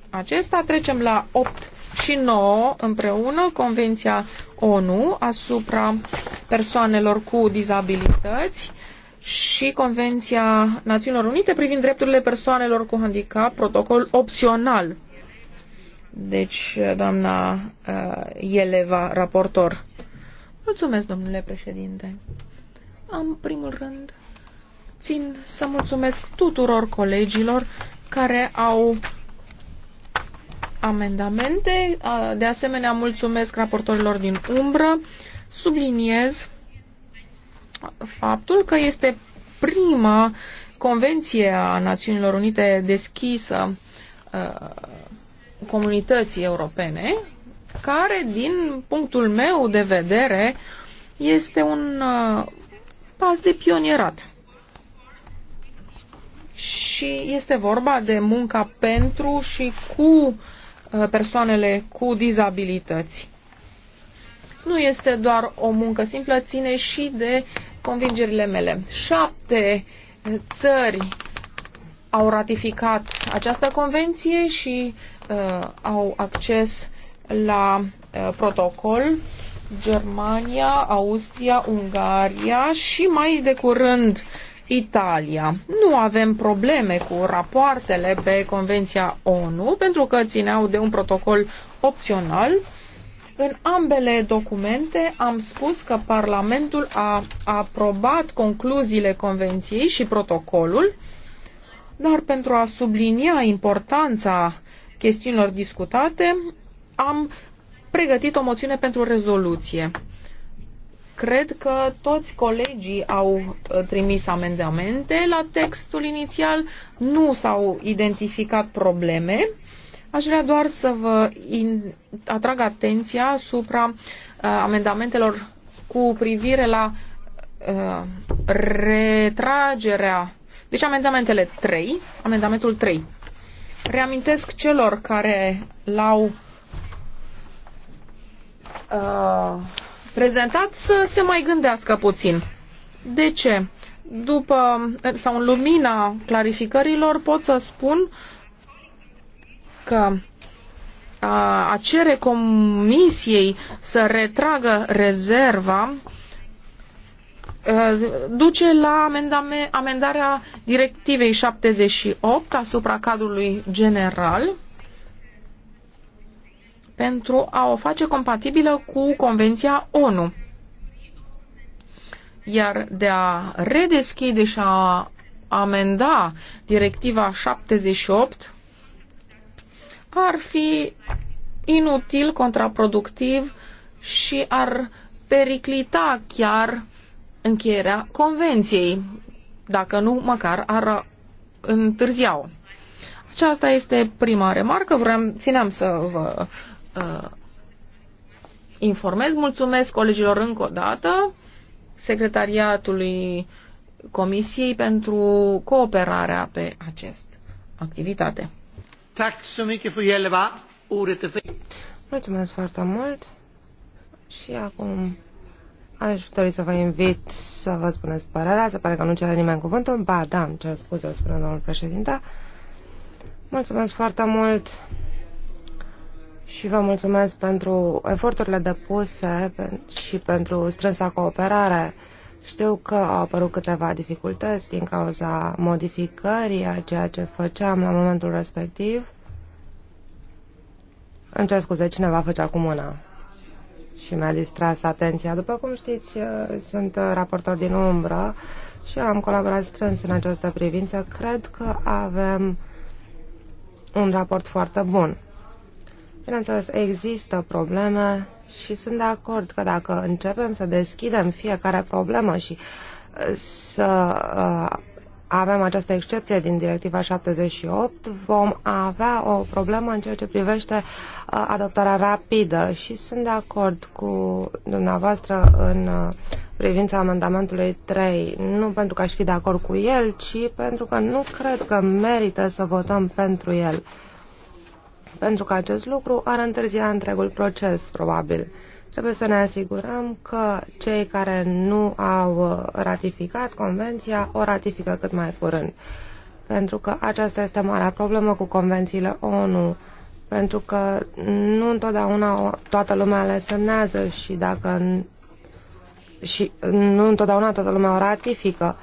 acesta. Trecem la 8 și 9 împreună, Convenția ONU asupra persoanelor cu dizabilități și Convenția Națiunilor Unite privind drepturile persoanelor cu handicap, protocol opțional. Deci, doamna uh, Eleva, raportor. Mulțumesc, domnule președinte. În primul rând, țin să mulțumesc tuturor colegilor care au amendamente. De asemenea, mulțumesc raportorilor din umbră. Subliniez faptul că este prima convenție a Națiunilor Unite deschisă comunității europene, care, din punctul meu de vedere, este un pas de pionierat. Și este vorba de munca pentru și cu uh, persoanele cu dizabilități. Nu este doar o muncă simplă, ține și de convingerile mele. Șapte țări au ratificat această convenție și uh, au acces la uh, protocol. Uh, Germania, Austria, Ungaria și mai de curând Italia. Nu avem probleme cu rapoartele pe Convenția ONU pentru că țineau de un protocol opțional. În ambele documente am spus că Parlamentul a aprobat concluziile Convenției și protocolul, dar pentru a sublinia importanța chestiunilor discutate, am pregătit o moțiune pentru rezoluție. Cred că toți colegii au uh, trimis amendamente la textul inițial, nu s-au identificat probleme. Aș vrea doar să vă in, atrag atenția asupra uh, amendamentelor cu privire la uh, retragerea. Deci amendamentele 3, amendamentul 3. Reamintesc celor care l-au Uh, prezentat să se mai gândească puțin. De ce? După sau în lumina clarificărilor pot să spun că a, uh, a cere comisiei să retragă rezerva uh, duce la amendarea directivei 78 asupra cadrului general pentru a o face compatibilă cu Convenția ONU. Iar de a redeschide și a amenda Directiva 78 ar fi inutil, contraproductiv și ar periclita chiar încheierea convenției, dacă nu măcar ar întârziau. Aceasta este prima remarcă, vreau, țineam să vă uh, informez. Mulțumesc colegilor încă o dată, secretariatului Comisiei pentru cooperarea pe acest activitate.
Mulțumesc foarte mult și acum aș dori să vă invit să vă spuneți părerea, se pare că nu cere nimeni cuvântul, ba da, îmi cer scuze, spune domnul președinte. Mulțumesc foarte mult! și vă mulțumesc pentru eforturile depuse și pentru strânsa cooperare. Știu că au apărut câteva dificultăți din cauza modificării a ceea ce făceam la momentul respectiv. Îmi cer scuze, cineva făcea cu mâna și mi-a distras atenția. După cum știți, sunt raportor din umbră și am colaborat strâns în această privință. Cred că avem un raport foarte bun. Bineînțeles, există probleme și sunt de acord că dacă începem să deschidem fiecare problemă și uh, să uh, avem această excepție din directiva 78, vom avea o problemă în ceea ce privește uh, adoptarea rapidă și sunt de acord cu dumneavoastră în privința amendamentului 3, nu pentru că aș fi de acord cu el, ci pentru că nu cred că merită să votăm pentru el pentru că acest lucru ar întârzia întregul proces, probabil. Trebuie să ne asigurăm că cei care nu au uh, ratificat convenția o ratifică cât mai curând. Pentru că aceasta este marea problemă cu convențiile ONU, pentru că nu întotdeauna toată lumea le semnează și dacă și nu întotdeauna toată lumea o ratifică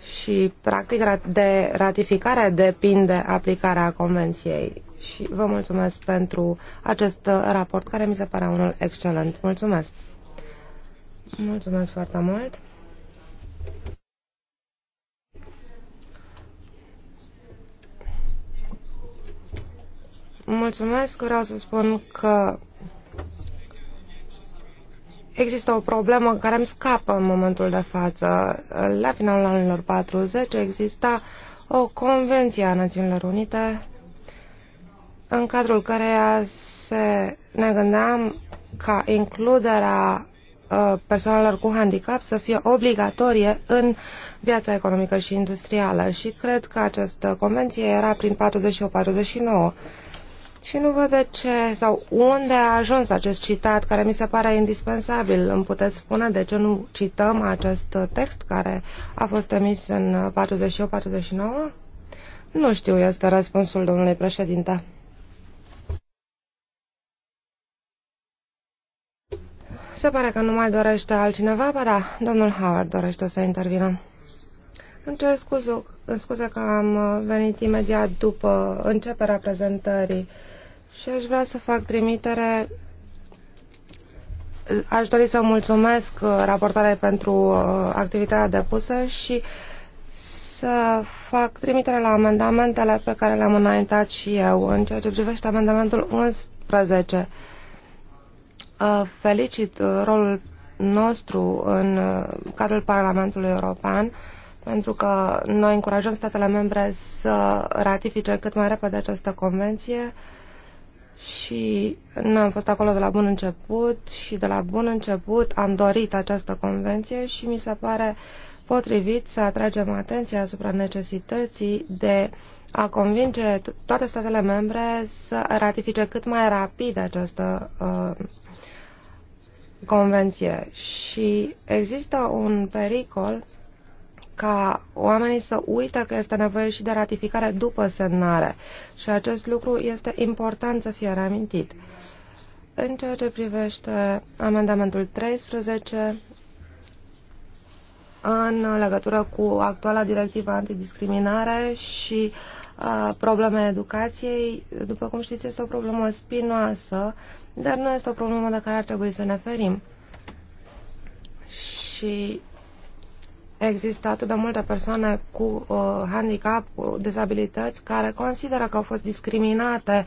și practic de ratificare depinde aplicarea convenției și vă mulțumesc pentru acest raport care mi se pare unul excelent. Mulțumesc! Mulțumesc foarte mult! Mulțumesc, vreau să spun că Există o problemă care îmi scapă în momentul de față. La finalul anilor 40 exista o convenție a Națiunilor Unite în cadrul căreia se, ne gândeam ca includerea ă, persoanelor cu handicap să fie obligatorie în viața economică și industrială și cred că această convenție era prin 48-49 și nu văd de ce sau unde a ajuns acest citat care mi se pare indispensabil. Îmi puteți spune de ce nu cităm acest text care a fost emis în 48-49? Nu știu, este răspunsul domnului președinte. Se pare că nu mai dorește altcineva, dar da, domnul Howard dorește să intervină. Îmi cer scuze, scuze că am uh, venit imediat după începerea prezentării și aș vrea să fac trimitere. Aș dori să mulțumesc uh, raportarea pentru uh, activitatea depusă și să fac trimitere la amendamentele pe care le-am înaintat și eu în ceea ce privește amendamentul 11 Uh, felicit uh, rolul nostru în uh, cadrul Parlamentului European pentru că noi încurajăm statele membre să ratifice cât mai repede această convenție și noi am fost acolo de la bun început și de la bun început am dorit această convenție și mi se pare potrivit să atragem atenția asupra necesității de a convinge toate statele membre să ratifice cât mai rapid această uh, convenție și există un pericol ca oamenii să uite că este nevoie și de ratificare după semnare și acest lucru este important să fie reamintit. În ceea ce privește amendamentul 13, în legătură cu actuala directivă antidiscriminare și uh, probleme educației, după cum știți, este o problemă spinoasă uh, dar nu este o problemă de care ar trebui să ne ferim. Și există atât de multe persoane cu uh, handicap, cu dezabilități, care consideră că au fost discriminate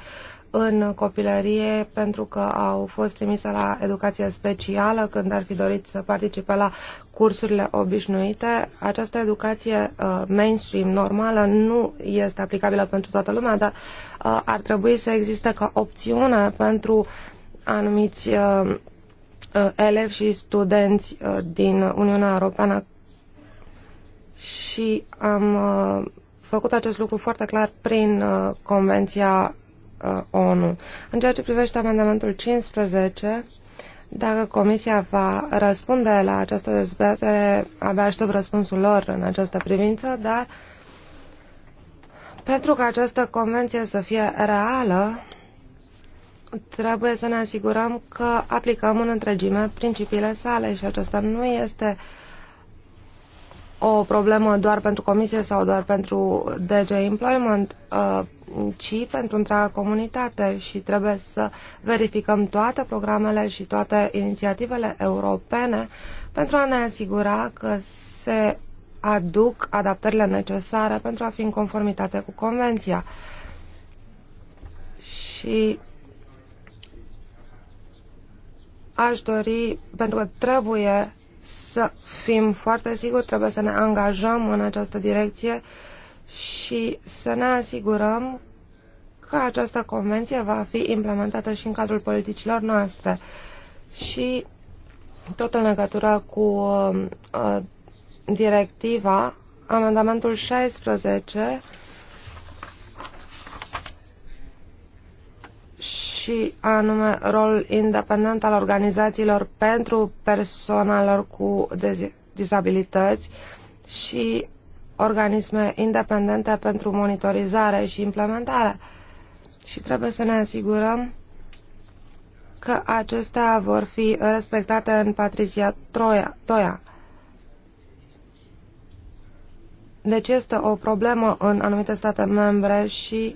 în copilărie pentru că au fost trimise la educație specială când ar fi dorit să participe la cursurile obișnuite. Această educație uh, mainstream, normală, nu este aplicabilă pentru toată lumea, dar uh, ar trebui să existe ca opțiune pentru anumiți uh, uh, elevi și studenți uh, din Uniunea Europeană și am uh, făcut acest lucru foarte clar prin uh, Convenția uh, ONU. În ceea ce privește amendamentul 15, dacă Comisia va răspunde la această dezbatere, abia aștept răspunsul lor în această privință, dar pentru ca această convenție să fie reală, trebuie să ne asigurăm că aplicăm în întregime principiile sale și aceasta nu este o problemă doar pentru comisie sau doar pentru DG Employment, uh, ci pentru întreaga comunitate și trebuie să verificăm toate programele și toate inițiativele europene pentru a ne asigura că se aduc adaptările necesare pentru a fi în conformitate cu convenția. Și aș dori, pentru că trebuie să fim foarte siguri, trebuie să ne angajăm în această direcție și să ne asigurăm că această convenție va fi implementată și în cadrul politicilor noastre. Și tot în legătură cu uh, uh, directiva, amendamentul 16 și și anume rol independent al organizațiilor pentru persoanelor cu dizabilități și organisme independente pentru monitorizare și implementare. Și trebuie să ne asigurăm că acestea vor fi respectate în Patricia Troia, Toia. Deci este o problemă în anumite state membre și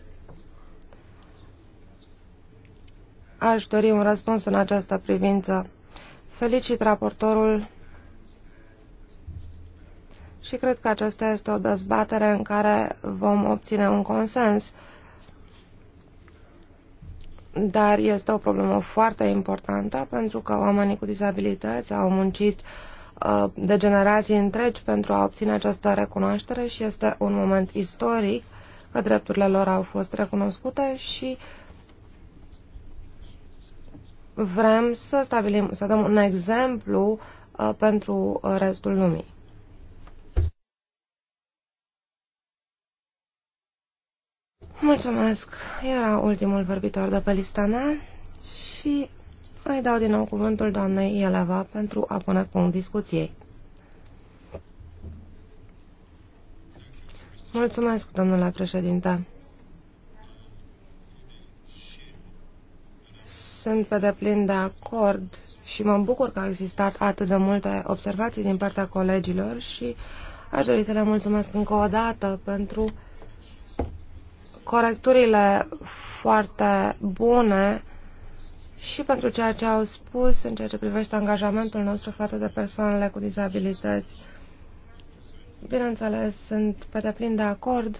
aș dori un răspuns în această privință. Felicit raportorul și cred că aceasta este o dezbatere în care vom obține un consens, dar este o problemă foarte importantă pentru că oamenii cu dizabilități au muncit uh, de generații întregi pentru a obține această recunoaștere și este un moment istoric că drepturile lor au fost recunoscute și uh, vrem să stabilim, să dăm un exemplu uh, pentru uh, restul lumii. Mulțumesc. Era ultimul vorbitor de pe lista mea și îi dau din nou cuvântul doamnei Ieleva pentru a pune punct discuției. Mulțumesc, domnule președinte. Sunt pe deplin de acord și mă bucur că au existat atât de multe observații din partea colegilor și aș dori să le mulțumesc încă o dată pentru corecturile foarte bune și pentru ceea ce au spus în ceea ce privește angajamentul nostru față de persoanele cu dizabilități. Bineînțeles, sunt pe deplin de acord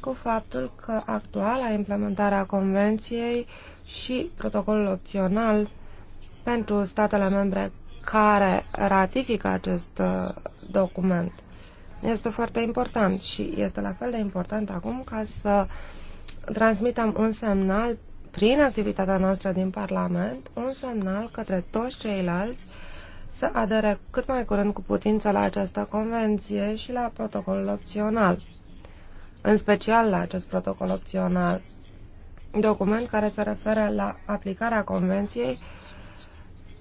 cu faptul că actuala implementare a Convenției uh, și protocolul opțional pentru statele membre care ratifică acest uh, document. Este foarte important și este la fel de important acum ca să transmitem un semnal prin activitatea noastră din Parlament, un semnal către toți ceilalți să adere cât mai curând cu putință la această convenție și la protocolul opțional, în special la acest protocol opțional, document care se referă la aplicarea Convenției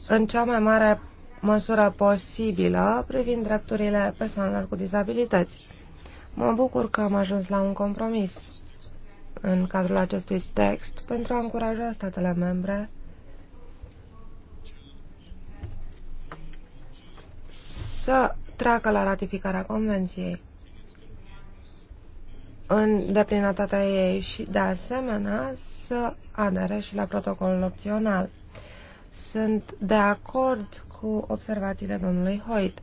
în cea mai mare măsură posibilă privind drepturile persoanelor cu dizabilități. Mă bucur că am ajuns la un compromis în cadrul acestui text pentru a încuraja statele membre să treacă la ratificarea Convenției în deplinătatea ei și, de asemenea, să adere și la protocolul opțional. Sunt de acord cu observațiile domnului Hoyt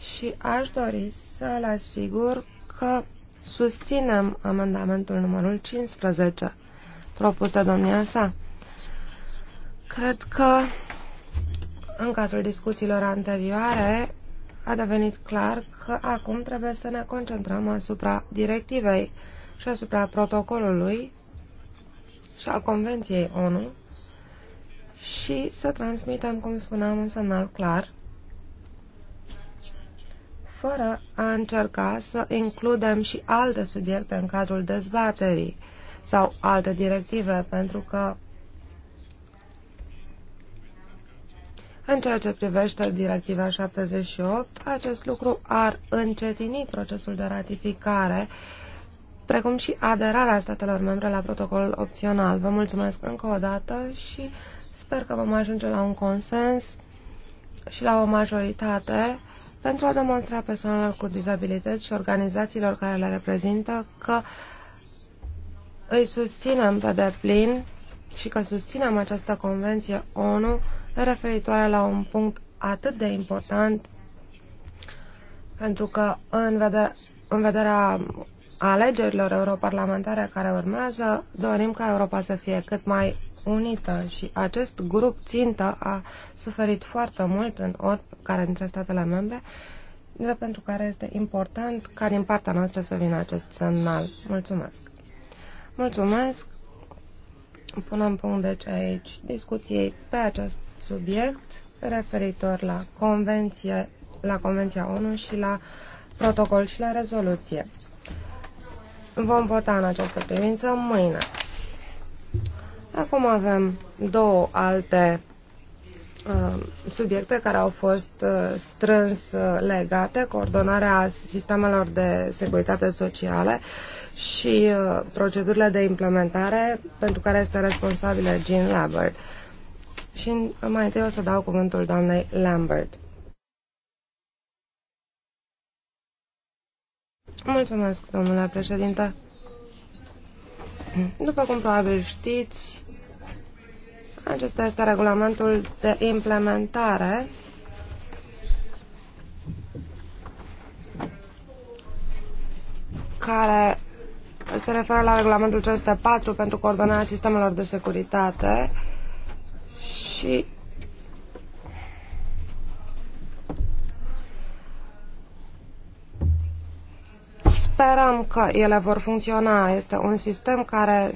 și aș dori să-l asigur că susținem amendamentul numărul 15 propus de domnia sa. Cred că în cadrul discuțiilor anterioare a devenit clar că acum trebuie să ne concentrăm asupra directivei și asupra protocolului și al Convenției ONU și să transmitem, cum spuneam, un semnal clar fără a încerca să includem și alte subiecte în cadrul dezbaterii sau alte directive, pentru că În ceea ce privește Directiva 78, acest lucru ar încetini procesul de ratificare, precum și aderarea statelor membre la protocolul opțional. Vă mulțumesc încă o dată și sper că vom ajunge la un consens și la o majoritate pentru a demonstra persoanelor cu dizabilități și organizațiilor care le reprezintă că îi susținem pe deplin și că susținem această convenție ONU referitoare la un punct atât de important pentru că în, vedere, în vederea alegerilor europarlamentare care urmează, dorim ca Europa să fie cât mai unită și acest grup țintă a suferit foarte mult în oricare dintre statele membre, drept pentru care este important ca din partea noastră să vină acest semnal. Mulțumesc! Mulțumesc! Punem punct deci aici discuției pe acest subiect referitor la, convenție, la Convenția ONU și la protocol și la rezoluție. Vom vota în această privință mâine. Acum avem două alte uh, subiecte care au fost uh, strâns uh, legate, coordonarea sistemelor de securitate sociale și procedurile de implementare pentru care este responsabilă Jean Labert. Și mai întâi o să dau cuvântul doamnei Lambert. Mulțumesc, domnule președinte. După cum probabil știți, acesta este regulamentul de implementare care se referă la regulamentul 304 pentru coordonarea sistemelor de securitate și sperăm că ele vor funcționa. Este un sistem care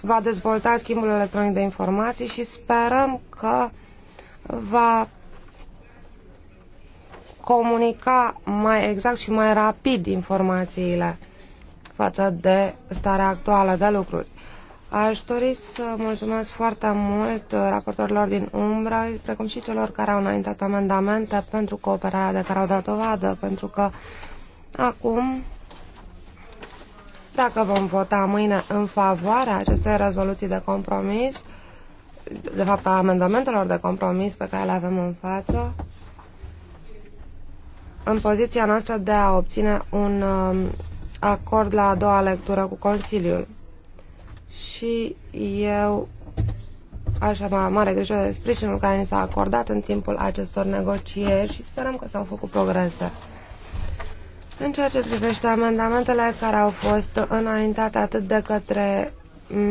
va dezvolta schimbul electronic de informații și sperăm că va comunica mai exact și mai rapid informațiile față de starea actuală de lucruri. Aș dori să mulțumesc foarte mult uh, raportorilor din umbră, precum și celor care au înaintat amendamente pentru cooperarea de care au dat dovadă, pentru că acum, dacă vom vota mâine în favoarea acestei rezoluții de compromis, de fapt a amendamentelor de compromis pe care le avem în față, în poziția noastră de a obține un um, acord la a doua lectură cu Consiliul și eu aș avea mare grijă de sprijinul care ni s-a acordat în timpul acestor negocieri și sperăm că s-au făcut progrese. În ceea ce privește amendamentele care au fost înaintate atât de către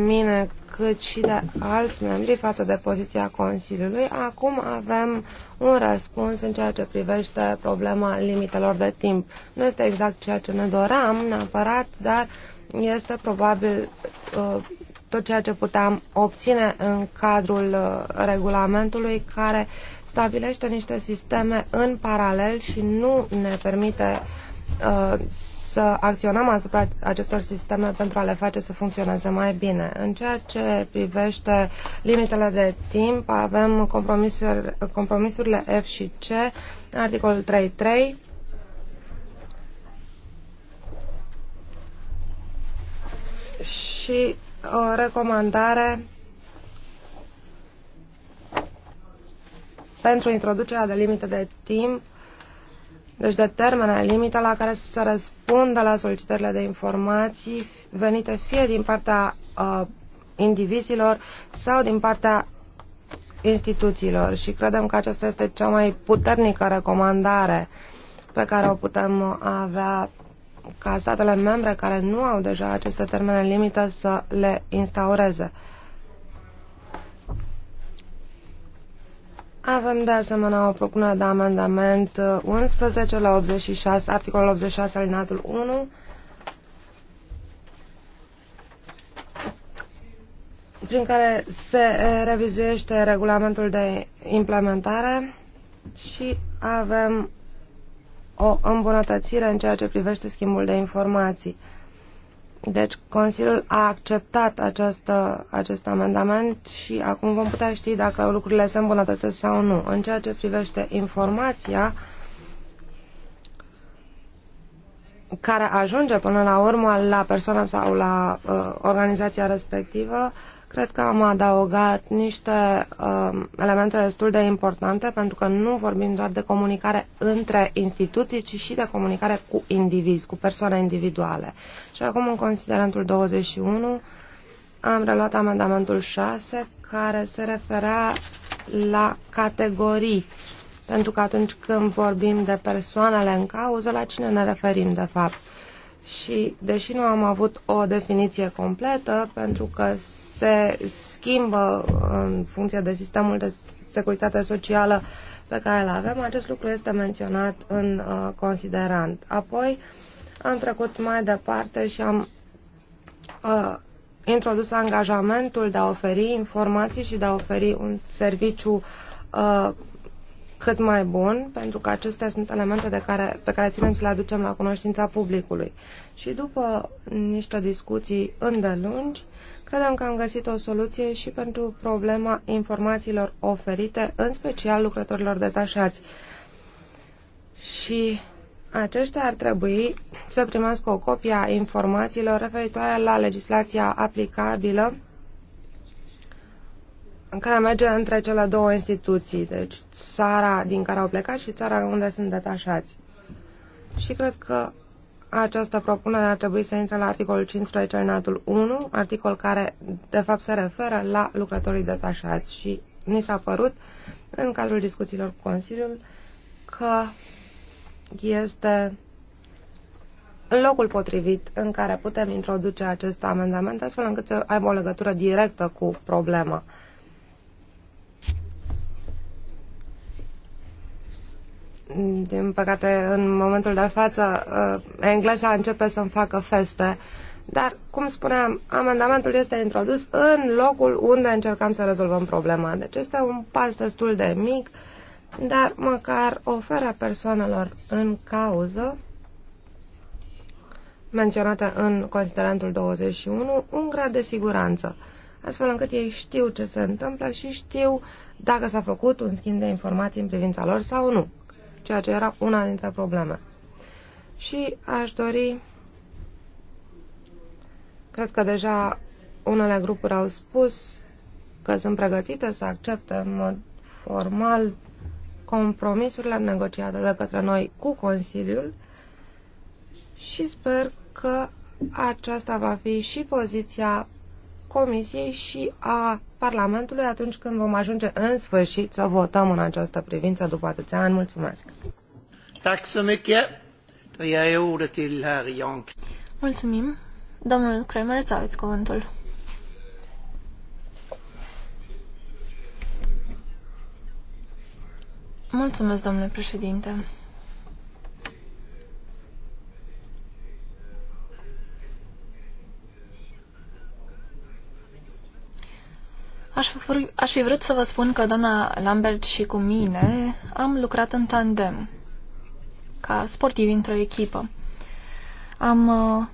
mine cât și de alți membri față de poziția Consiliului, acum avem un răspuns în ceea ce privește problema limitelor de timp. Nu este exact ceea ce ne doream neapărat, dar este probabil uh, tot ceea ce puteam obține în cadrul uh, regulamentului care stabilește niște sisteme în paralel și nu ne permite uh, să acționăm asupra acestor sisteme pentru a le face să funcționeze mai bine. În ceea ce privește limitele de timp, avem compromisurile F și C, articolul 3.3, și o recomandare pentru introducerea de limite de timp, deci de termene limită la care să se răspundă la solicitările de informații venite fie din partea uh, indivizilor sau din partea instituțiilor și credem că aceasta este cea mai puternică recomandare pe care o putem avea ca statele membre care nu au deja aceste termene limită să le instaureze. Avem de asemenea o propunere de amendament 11 uh, la 86, articolul 86 alinatul 1, prin care se uh, revizuiește regulamentul de implementare și avem o îmbunătățire în ceea ce privește schimbul de informații. Deci Consiliul a acceptat această, acest amendament și acum vom putea ști dacă lucrurile se îmbunătățesc sau nu. În ceea ce privește informația care ajunge până la urmă la persoana sau la uh, organizația respectivă, uh, Cred că am adăugat niște uh, elemente destul de importante pentru că nu vorbim doar de comunicare între instituții, ci și de comunicare cu indivizi, cu persoane individuale. Și acum în considerentul 21 am reluat amendamentul 6 care se referea la categorii. Pentru că atunci când vorbim de persoanele în cauză, la cine ne referim de fapt? Și deși nu am avut o definiție completă, pentru că se schimbă în funcție de sistemul de securitate socială pe care îl avem. Acest lucru este menționat în uh, considerant. Apoi am trecut mai departe și am uh, introdus angajamentul de a oferi informații și de a oferi un serviciu uh, cât mai bun, pentru că acestea sunt elemente de care, pe care ținem să le aducem la cunoștința publicului. Și după niște discuții îndelungi, Credem că am găsit o soluție și pentru problema informațiilor oferite, în special lucrătorilor detașați. Și aceștia ar trebui să primească o copie a informațiilor referitoare la legislația aplicabilă în care merge între cele două instituții, deci țara din care au plecat și țara unde sunt detașați. Și cred că această propunere ar trebui să intre la articolul 15 alinatul 1, articol care de fapt se referă la lucrătorii detașați și ni s-a părut în cadrul discuțiilor cu Consiliul că este locul potrivit în care putem introduce acest amendament astfel încât să aibă o legătură directă cu problema. Din păcate, în momentul de față, uh, engleza începe să-mi facă feste. Dar, cum spuneam, amendamentul este introdus în locul unde încercam să rezolvăm problema. Deci este un pas destul de mic, dar măcar oferă persoanelor în cauză menționată în considerantul 21, un grad de siguranță, astfel încât ei știu ce se întâmplă și știu dacă s-a făcut un schimb de informații în privința lor sau nu ceea ce era una dintre probleme. Și aș dori, cred că deja unele grupuri au spus că sunt pregătite să accepte în mod formal compromisurile negociate de către noi cu Consiliul și sper că aceasta va fi și poziția Comisiei și a Parlamentului atunci când vom ajunge în sfârșit să votăm în această privință după atâția ani. Mulțumesc!
Mulțumim! Domnul Kramer, să aveți cuvântul. Mulțumesc, domnule președinte. Aș fi, aș fi vrut să vă spun că doamna Lambert și cu mine am lucrat în tandem, ca sportivi într-o echipă. Am, uh,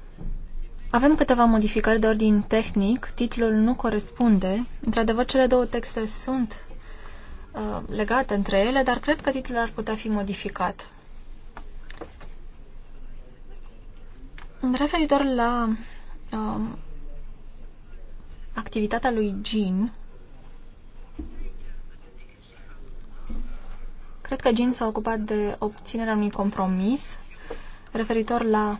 avem câteva modificări de ordin tehnic, titlul nu corespunde. Într-adevăr, cele două texte sunt uh, legate între ele, dar cred că titlul ar putea fi modificat. Referitor la uh, activitatea lui Jean, Cred că Jean s-a ocupat de obținerea unui compromis referitor la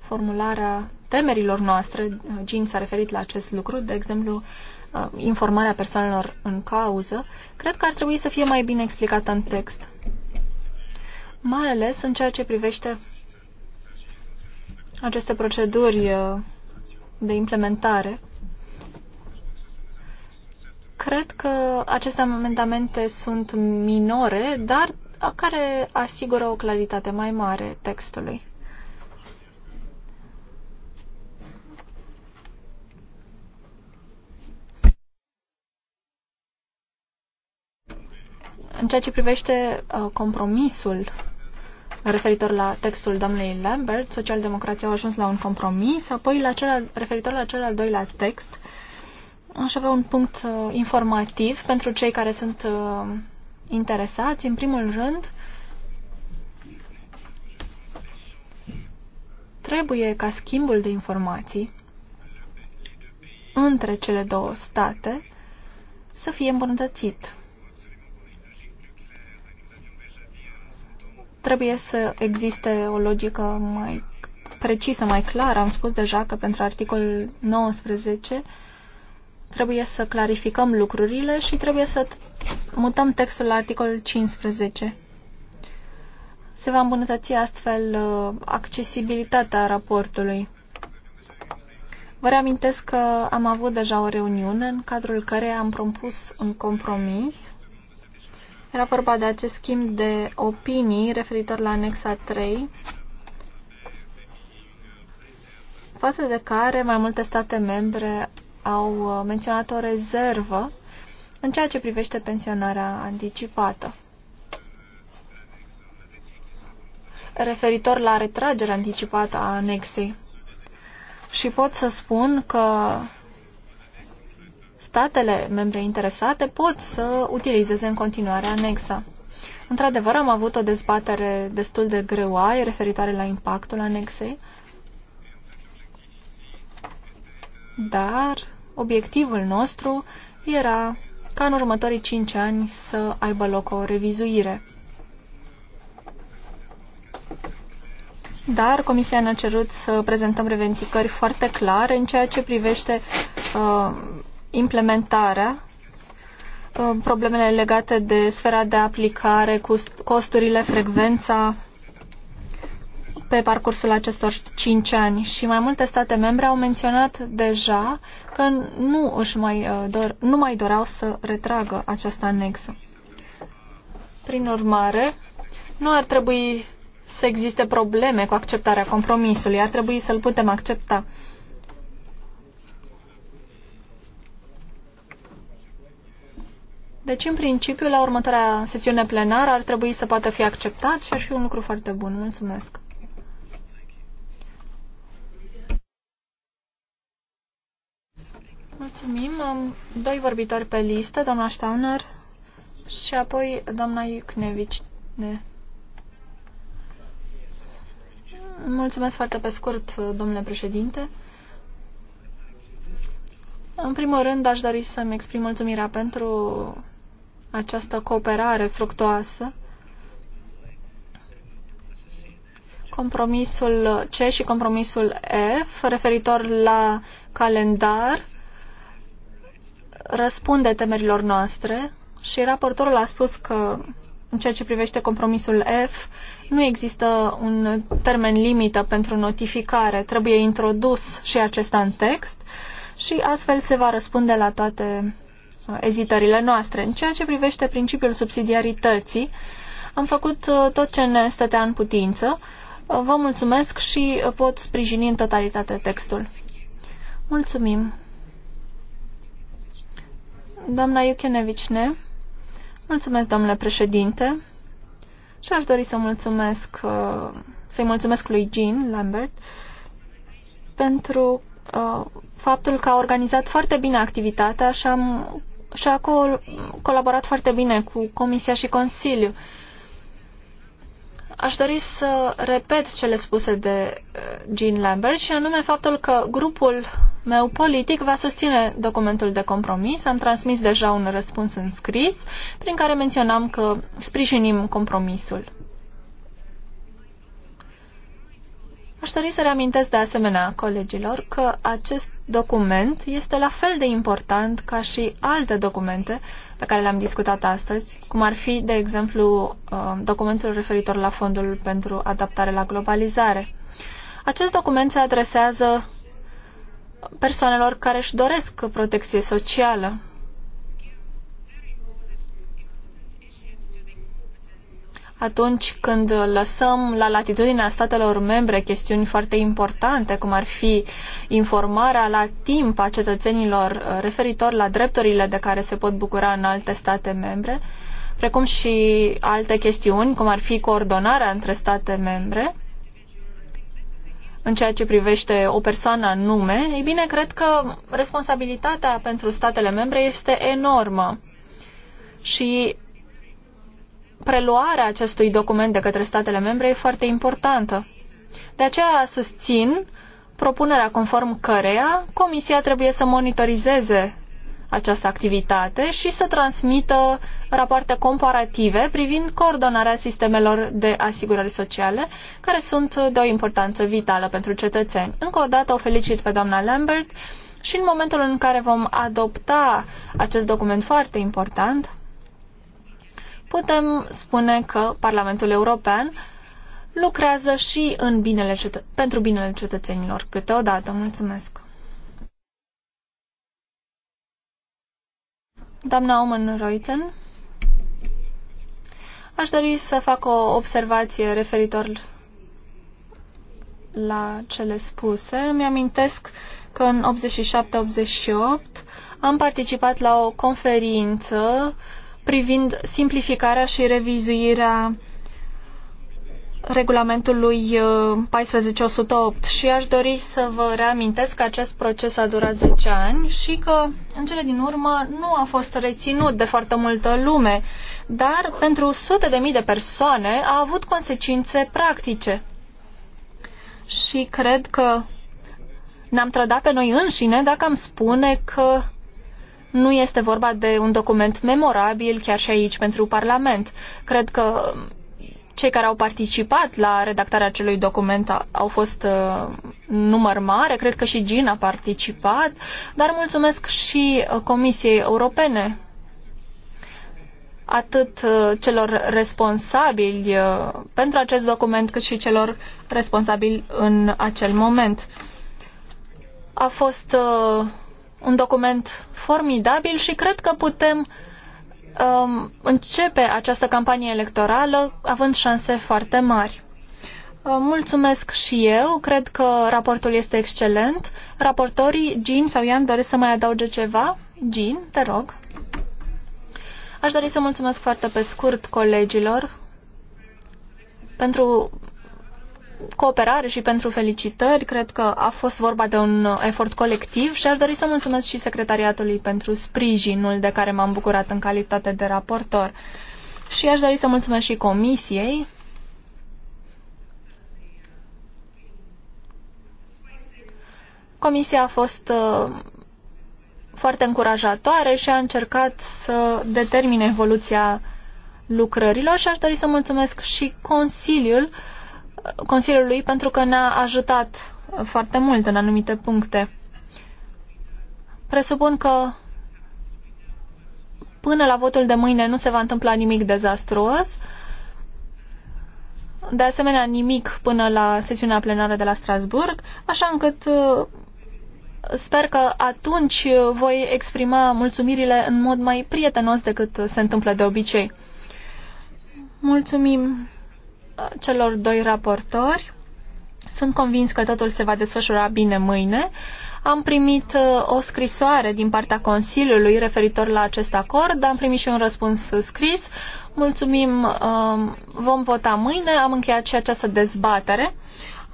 formularea temerilor noastre. Jean s-a referit la acest lucru, de exemplu, uh, informarea persoanelor în cauză. Cred că ar trebui să fie mai bine explicată în text, mai ales în ceea ce privește aceste proceduri uh, de implementare Cred că aceste amendamente sunt minore, dar care asigură o claritate mai mare textului. În ceea ce privește uh, compromisul referitor la textul doamnei Lambert, socialdemocrații au ajuns la un compromis, apoi la cel, referitor la cel al doilea text, uh, Aș avea un punct uh, informativ pentru cei care sunt uh, interesați. În primul rând, trebuie ca schimbul de informații între cele două state să fie îmbunătățit. Trebuie să existe o logică mai precisă, mai clară. Am spus deja că pentru articolul 19 trebuie să clarificăm lucrurile și trebuie să mutăm textul la articolul 15. Se va îmbunătăți astfel uh, accesibilitatea raportului. Vă reamintesc că am avut deja o reuniune în cadrul care am propus un compromis. Era vorba de acest schimb de opinii referitor la anexa 3, față de care mai multe state membre au uh, menționat o rezervă în ceea ce privește pensionarea anticipată. Referitor la retragerea anticipată a anexei. Și pot să spun că statele membre interesate pot să utilizeze în continuare anexa. Într-adevăr, am avut o dezbatere destul de greoaie referitoare la impactul anexei. dar obiectivul nostru era ca în următorii cinci ani să aibă loc o revizuire. Dar Comisia ne-a cerut să prezentăm revendicări foarte clare în ceea ce privește uh, implementarea, uh, problemele legate de sfera de aplicare, costurile, frecvența pe parcursul acestor cinci ani și mai multe state membre au menționat deja că nu, își mai, uh, dor, nu mai doreau să retragă această anexă. Prin urmare, nu ar trebui să existe probleme cu acceptarea compromisului, ar trebui să-l putem accepta. Deci, în principiu, la următoarea sesiune plenară ar trebui să poată fi acceptat și ar fi un lucru foarte bun. Mulțumesc! Mulțumim. Am doi vorbitori pe listă, doamna Stauner și apoi doamna Iucnevici. De... Mulțumesc foarte pe scurt, domnule președinte. În primul rând, aș dori să-mi exprim mulțumirea pentru această cooperare fructoasă. Compromisul C și compromisul F referitor la calendar răspunde temerilor noastre și raportorul a spus că în ceea ce privește compromisul F, nu există un termen limită pentru notificare. Trebuie introdus și acesta în text și astfel se va răspunde la toate uh, ezitările noastre. În ceea ce privește principiul subsidiarității, am făcut uh, tot ce ne stătea în putință. Uh, vă mulțumesc și pot sprijini în totalitate textul. Mulțumim! Doamna Iuchenevicne, mulțumesc, domnule președinte, și aș dori să mulțumesc, uh, să-i mulțumesc lui Jean Lambert pentru uh, faptul că a organizat foarte bine activitatea și, am, și a colaborat foarte bine cu Comisia și Consiliu. Aș dori să repet cele spuse de eh, Jean Lambert și anume faptul că grupul meu politic va susține documentul de compromis. Am transmis deja un răspuns în scris prin care menționam că sprijinim compromisul. Aș dori să reamintesc de asemenea colegilor că acest document este la fel de important ca și alte documente pe care le-am discutat astăzi, cum ar fi, de exemplu, uh, documentul referitor la Fondul pentru Adaptare la Globalizare. Acest document se adresează persoanelor care își doresc protecție socială. atunci când lăsăm la latitudinea statelor membre chestiuni foarte importante, cum ar fi informarea la timp a cetățenilor uh, referitor la drepturile de care se pot bucura în alte state membre, precum și alte chestiuni, cum ar fi coordonarea între state membre, în ceea ce privește o persoană anume, ei bine, cred că responsabilitatea pentru statele membre este enormă. Și preluarea acestui document de către statele membre e foarte importantă. De aceea susțin propunerea conform căreia Comisia trebuie să monitorizeze această activitate și să transmită rapoarte comparative privind coordonarea sistemelor de asigurări sociale, care sunt de o importanță vitală pentru cetățeni. Încă o dată o felicit pe doamna Lambert și în momentul în care vom adopta acest document foarte important, putem spune că Parlamentul European lucrează și în binele cetă- pentru binele cetățenilor câteodată. Mulțumesc! Doamna Oman Reuten, aș dori să fac o observație referitor la cele spuse. Mi-amintesc că în 87-88 am participat la o conferință uh, privind simplificarea și revizuirea regulamentului 14108 uh, și aș dori să vă reamintesc că acest proces a durat 10 ani și că în cele din urmă nu a fost reținut de foarte multă lume, dar pentru sute de mii de persoane a avut consecințe practice. Și cred că ne-am trădat pe noi înșine dacă am spune că nu este vorba de un document memorabil chiar și aici pentru Parlament. Cred că cei care au participat la redactarea acelui document au fost uh, număr mare, cred că și Gina a participat, dar mulțumesc și uh, Comisiei Europene, atât uh, celor responsabili uh, pentru acest document, cât și celor responsabili în acel moment. A fost uh, un document formidabil și cred că putem um, începe această campanie electorală având șanse foarte mari. Uh, mulțumesc și eu, cred că raportul este excelent. Raportorii, Jean sau Ian, doresc să mai adauge ceva? Jean, te rog. Aș dori să mulțumesc foarte pe scurt colegilor pentru cooperare și pentru felicitări. Cred că a fost vorba de un efort colectiv și aș dori să mulțumesc și secretariatului pentru sprijinul de care m-am bucurat în calitate de raportor. Și aș dori să mulțumesc și comisiei Comisia a fost uh, foarte încurajatoare și a încercat să determine evoluția lucrărilor și aș dori să mulțumesc și Consiliul Consiliului pentru că ne-a ajutat foarte mult în anumite puncte. Presupun că până la votul de mâine nu se va întâmpla nimic dezastruos. De asemenea, nimic până la sesiunea plenară de la Strasburg, așa încât uh, sper că atunci voi exprima mulțumirile în mod mai prietenos decât se întâmplă de obicei. Mulțumim celor doi raportori. Sunt convins că totul se va desfășura bine mâine. Am primit uh, o scrisoare din partea Consiliului referitor la acest acord, am primit și un răspuns scris. Mulțumim, um, vom vota mâine, am încheiat și această dezbatere.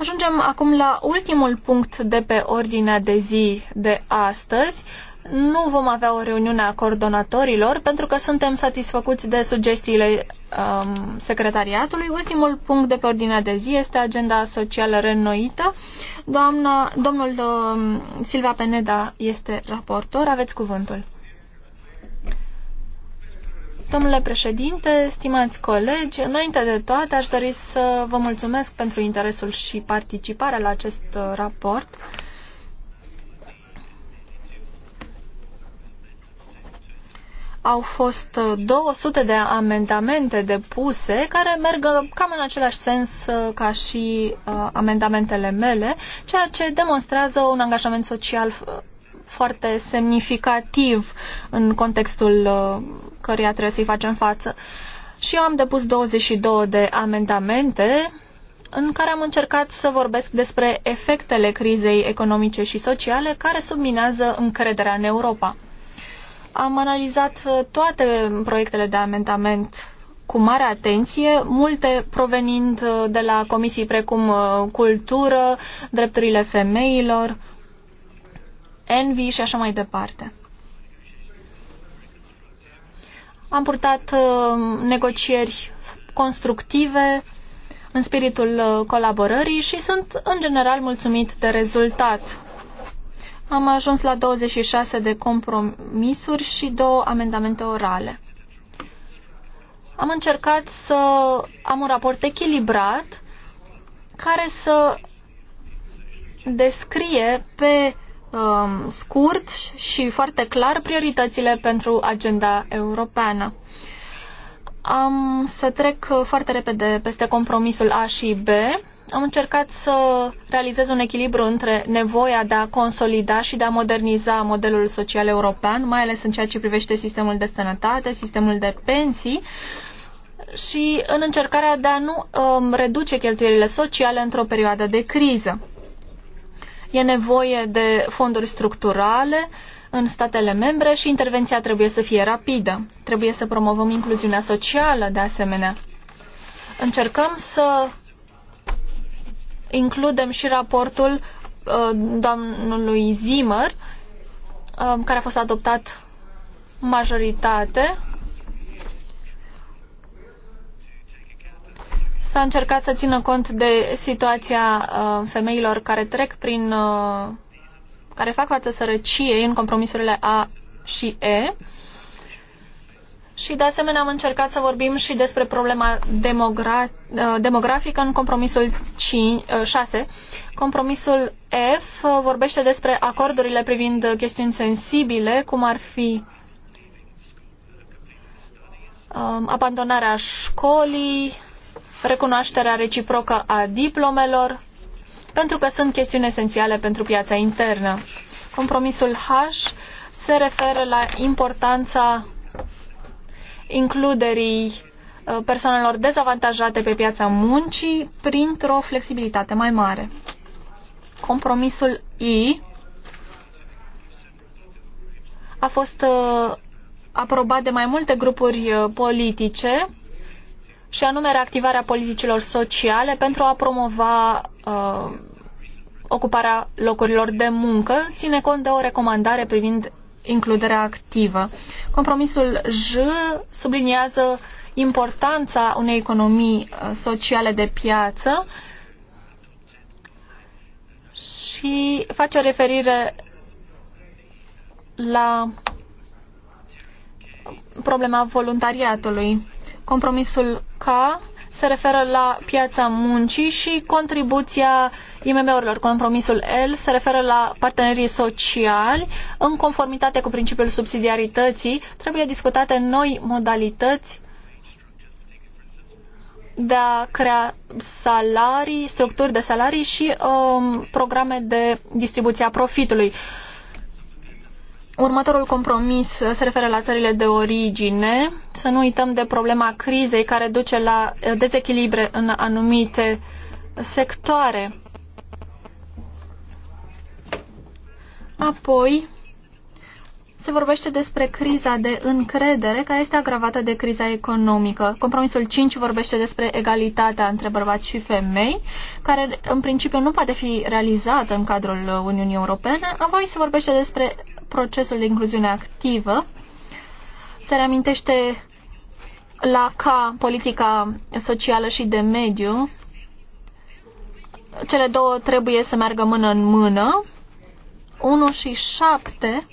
Ajungem acum la ultimul punct de pe ordinea de zi de astăzi, nu vom avea o reuniune a coordonatorilor pentru că suntem satisfăcuți de sugestiile um, secretariatului. Ultimul punct de pe ordinea de zi este agenda socială reînnoită. Doamna, domnul um, Silva Peneda este raportor. Aveți cuvântul. Domnule președinte, stimați colegi, înainte de toate aș dori să vă mulțumesc pentru interesul și participarea la acest uh, raport. Uh, au fost 200 uh, de amendamente depuse care merg uh, cam în același sens uh, ca și amendamentele mele, ceea ce demonstrează un angajament social foarte semnificativ în contextul căruia trebuie să-i facem față. Și eu am depus 22 de amendamente în care am încercat să vorbesc despre efectele crizei economice și sociale care subminează încrederea în Europa. Am analizat uh, toate proiectele de amendament cu mare atenție, multe provenind uh, de la comisii precum uh, cultură, drepturile femeilor, envy și așa mai departe. Am purtat negocieri constructive în spiritul colaborării și sunt în general mulțumit de rezultat. Am ajuns la 26 de compromisuri și două amendamente orale. Am încercat să am un raport echilibrat care să descrie pe um, scurt și foarte clar prioritățile pentru agenda europeană. Am să trec foarte repede peste compromisul A și B am încercat să realizez un echilibru între nevoia de a consolida și de a moderniza modelul social european, mai ales în ceea ce privește sistemul de sănătate, sistemul de pensii, și în încercarea de a nu um, reduce cheltuielile sociale într-o perioadă de criză. E nevoie de fonduri structurale în statele membre și intervenția trebuie să fie rapidă. Trebuie să promovăm incluziunea socială, de asemenea. Încercăm să includem și raportul uh, domnului Zimmer, uh, care a fost adoptat majoritate. S-a încercat să țină cont de situația uh, femeilor care trec prin care fac față sărăciei în compromisurile A și E. Și de asemenea am încercat să vorbim și despre problema demogra uh, demografică în compromisul 5, 6. Uh, compromisul F uh, vorbește despre acordurile privind chestiuni sensibile, cum ar fi um, abandonarea școlii, recunoașterea reciprocă a diplomelor, pentru că sunt chestiuni esențiale pentru piața internă. Compromisul H se referă la importanța includerii uh, persoanelor dezavantajate pe piața muncii printr-o flexibilitate mai mare. Compromisul I a fost uh, aprobat de mai multe grupuri uh, politice și anume reactivarea politicilor sociale pentru a promova uh, ocuparea locurilor de muncă, ține cont de o recomandare privind includerea activă. Compromisul J subliniază importanța unei economii uh, sociale de piață și face referire la problema voluntariatului. Compromisul K se referă la piața muncii și contribuția uh, IMM-urilor. Compromisul L se referă la partenerii sociali. În conformitate cu principiul subsidiarității, trebuie discutate noi modalități de a crea salarii, structuri de salarii și um, programe de distribuție a profitului. Următorul compromis se referă la țările de origine. Să nu uităm de problema crizei care duce la dezechilibre în anumite sectoare. Apoi, se vorbește despre criza de încredere care este agravată de criza economică. Compromisul 5 vorbește despre egalitatea între bărbați și femei, care în principiu nu poate fi realizată în cadrul Uniunii Europene. Apoi se vorbește despre procesul de incluziune activă. Se reamintește la ca politica socială și de mediu. Cele două trebuie să meargă mână în mână 1 și 7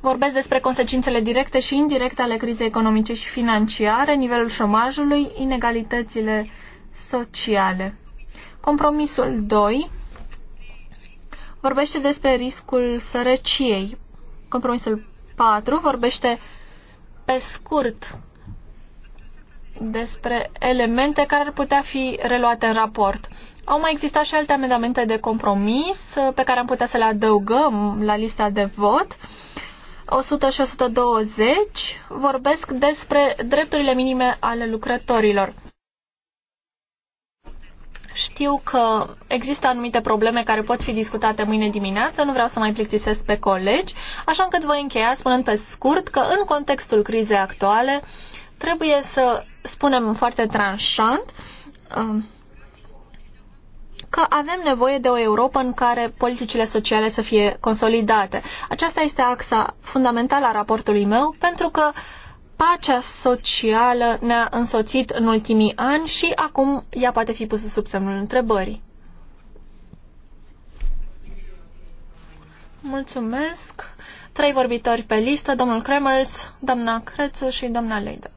vorbesc despre consecințele directe și indirecte ale crizei economice și financiare, nivelul șomajului, inegalitățile sociale. Compromisul 2 vorbește despre riscul sărăciei. Compromisul 4 vorbește pe scurt despre elemente care ar putea fi reluate în raport. Au mai existat și alte amendamente de compromis uh, pe care am putea să le adăugăm la lista de vot. 100 și 120 vorbesc despre drepturile minime ale lucrătorilor. Știu că există anumite probleme care pot fi discutate mâine dimineață, nu vreau să mai plictisesc pe colegi, așa încât voi încheia spunând pe scurt că în contextul crizei actuale trebuie să spunem foarte tranșant um, că avem nevoie de o Europa în care politicile sociale să fie consolidate. Aceasta este axa fundamentală a raportului meu pentru că pacea socială ne-a însoțit în ultimii ani și acum ea poate fi pusă sub semnul întrebării. Mulțumesc. Trei vorbitori pe listă, domnul Kremers, doamna Crețu și doamna Leida.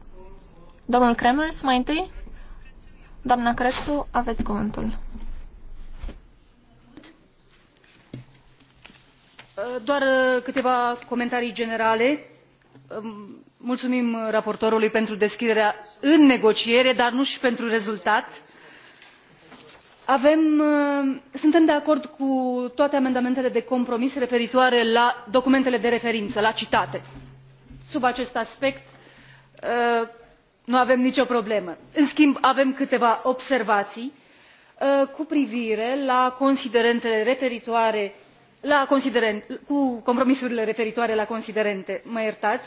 Domnul Kremers, mai întâi? Doamna Crețu, aveți cuvântul.
Doar uh, câteva comentarii generale. Um, mulțumim raportorului pentru deschiderea în negociere, dar nu și pentru rezultat. Avem, uh, suntem de acord cu toate amendamentele de compromis referitoare la documentele de referință, la citate. Sub acest aspect, uh, nu avem nicio problemă. în schimb avem câteva observații uh, cu privire la considerentele referitoare la cu compromisurile referitoare la considerente mă iertați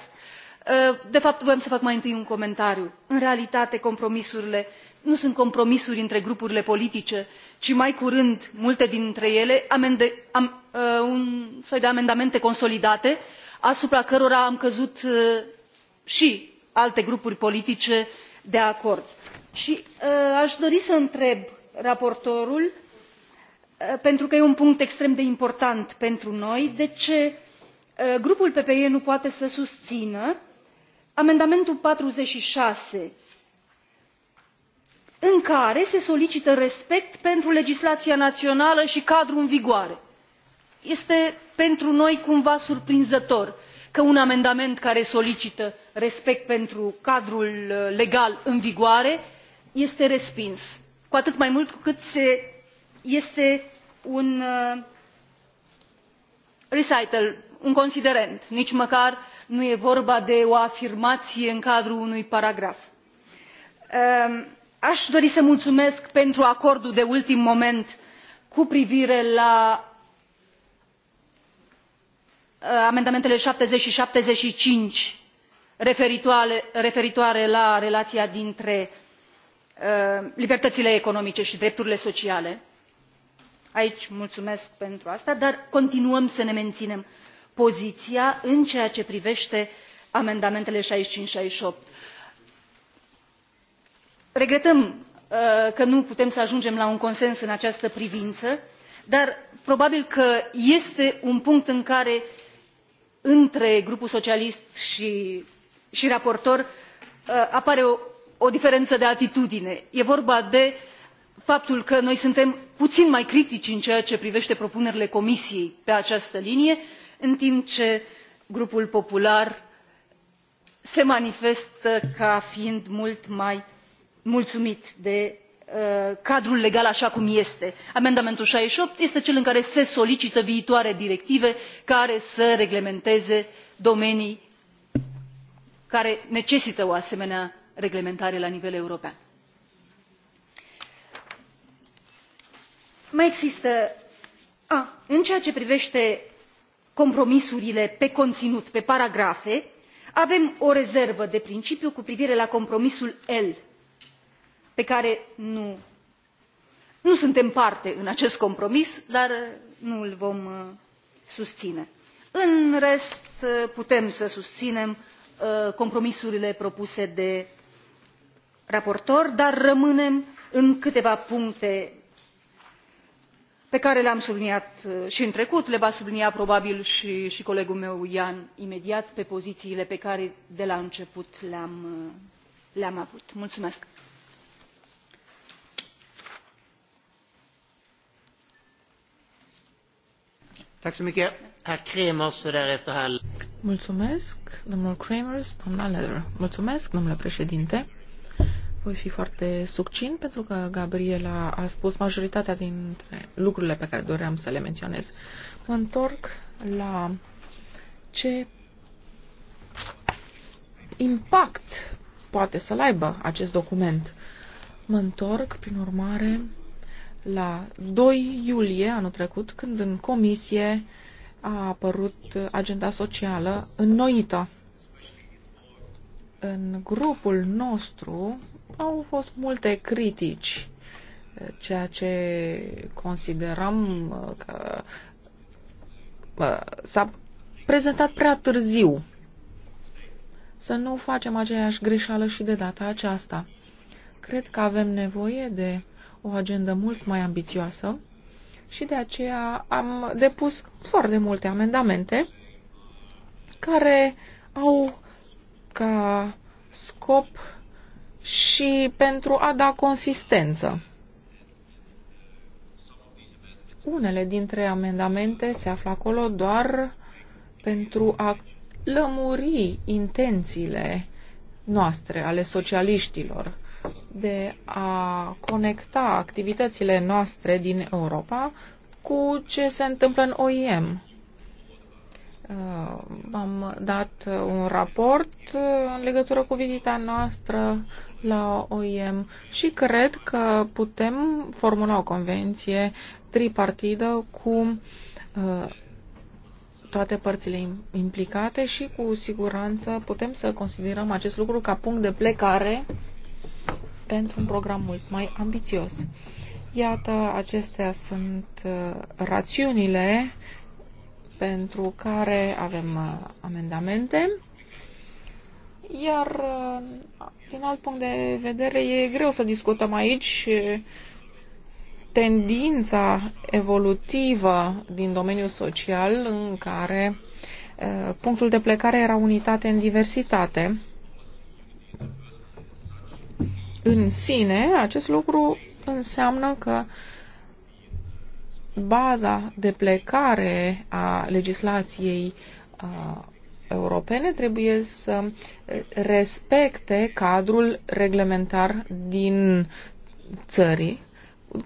uh, de fapt voiam să fac mai întâi un comentariu în realitate compromisurile nu sunt compromisuri între grupurile politice ci mai curând multe dintre ele uh, un soi de amendamente consolidate asupra cărora am căzut și alte grupuri politice de acord. și uh, aș dori să întreb raportorul uh, pentru că e un punct extrem de important pentru noi de ce uh, grupul ppe nu poate să susțină amendamentul patruzeci și șase în care se solicită respect pentru legislația națională și cadrul în vigoare. este pentru noi cumva surprinzător că un amendament care solicită respect pentru cadrul uh, legal în vigoare este respins cu atât mai mult cu cât este un uh, recital un considerent nici măcar nu e vorba de o afirmație în cadrul unui paragraf. Um, aș dori să mulțumesc pentru acordul de ultim moment cu privire la Uh, amendamentele șaptezeci și șaptezeci și cinci referitoare la relația dintre uh, libertățile economice și drepturile sociale aici mulțumesc pentru asta dar continuăm să ne menținem poziția în ceea ce privește amendamentele șaizeci și cinci șaizeci și opt regretăm uh, că nu putem să ajungem la un consens în această privință dar probabil că este un punct în care între grupul socialist și, raportor uh, apare o, o diferență de atitudine e vorba de faptul că noi suntem puțin mai critici în ceea ce privește propunerile comisiei pe această linie în timp ce grupul popular se manifestă ca fiind mult mai mulțumit de Uh, cadrul legal așa cum este. amendamentul șaizeci și opt este cel în care se solicită viitoare directive care să reglementeze domenii care necesită o asemenea reglementare la nivel european. mai există a, în ceea ce privește compromisurile pe conținut pe paragrafe avem o rezervă de principiu cu privire la compromisul l pe care nu, nu suntem parte în acest compromis, dar uh, nu îl vom uh, susține. În rest, uh, putem să susținem compromisurile propuse de raportor, dar rămânem în câteva puncte pe care le am subliniat și în trecut le va sublinia probabil și, și colegul meu jan imediat pe pozițiile pe care de la început le am, le am avut. mulțumesc.
Mulțumesc, domnul Kramers, doamna Leder. Mulțumesc, domnule președinte. Voi fi foarte succint pentru că Gabriela a spus majoritatea dintre lucrurile pe care doream să le menționez. Mă întorc la ce impact poate să-l aibă acest document. Mă întorc, prin urmare, la 2 iulie anul trecut, când în comisie a apărut agenda socială înnoită. În grupul nostru au fost multe critici, ceea ce considerăm uh, că uh, s-a prezentat prea târziu. Să nu facem aceeași greșeală și de data aceasta. Cred că avem nevoie de o agendă mult mai ambițioasă și de aceea am depus foarte multe amendamente care au ca scop și pentru a da consistență. Unele dintre amendamente se află acolo doar pentru a lămuri intențiile noastre, ale socialiștilor de a conecta activitățile noastre din Europa cu ce se întâmplă în OIM. Uh, am dat un raport uh, în legătură cu vizita noastră la OIM și cred că putem formula o convenție tripartidă cu uh, toate părțile implicate și cu siguranță putem să considerăm acest lucru ca punct de plecare pentru un program mult mai ambițios. Iată, acestea sunt uh, rațiunile pentru care avem uh, amendamente. Iar, uh, din alt punct de vedere, e greu să discutăm aici tendința evolutivă din domeniul social în care punctul de plecare era unitate în diversitate în sine, acest lucru înseamnă că baza de plecare a legislației a, europene trebuie să respecte cadrul reglementar din țării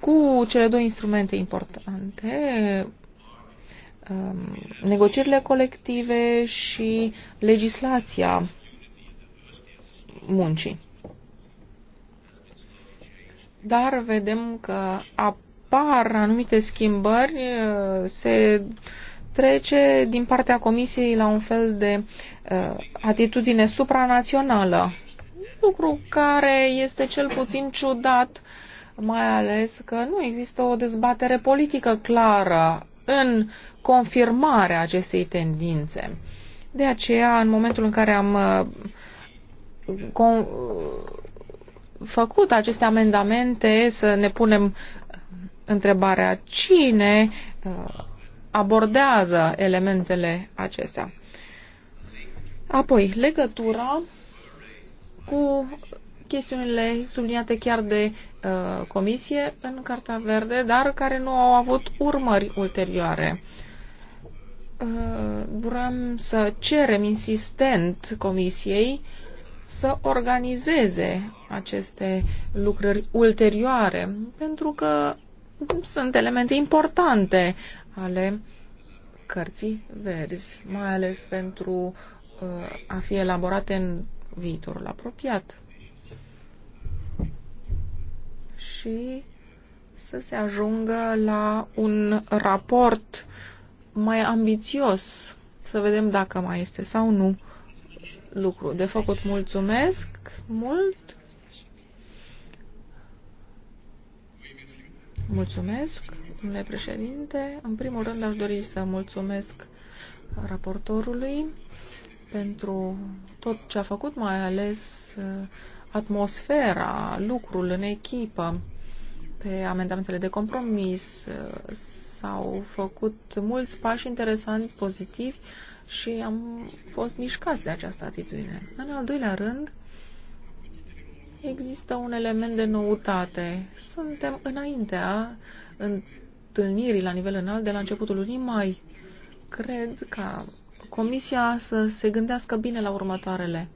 cu cele două instrumente importante, um, negocierile colective și legislația muncii dar vedem că apar anumite schimbări, se trece din partea Comisiei la un fel de uh, atitudine supranațională, lucru care este cel puțin ciudat, mai ales că nu există o dezbatere politică clară în confirmarea acestei tendințe. De aceea, în momentul în care am uh, con, uh, făcut aceste amendamente să ne punem uh, întrebarea cine uh, abordează elementele acestea. Apoi, legătura cu chestiunile subliniate chiar de uh, comisie în Carta Verde, dar care nu au avut urmări ulterioare. Uh, vrem să cerem insistent comisiei uh, să organizeze aceste lucrări ulterioare, pentru că sunt elemente importante ale cărții verzi, mai ales pentru uh, a fi elaborate în viitorul apropiat. Și să se ajungă la un raport mai ambițios, să vedem dacă mai este sau nu lucru de făcut. Mulțumesc mult! Mulțumesc, domnule președinte. În primul rând aș dori să mulțumesc raportorului pentru tot ce a făcut, mai ales uh, atmosfera, lucrul în echipă pe amendamentele de compromis. Uh, s-au făcut mulți pași interesanți, pozitivi și am fost mișcați de această atitudine. În al doilea rând, există un element de noutate. Suntem înaintea întâlnirii la nivel înalt de la începutul lunii mai. Cred că Comisia să se gândească bine la următoarele.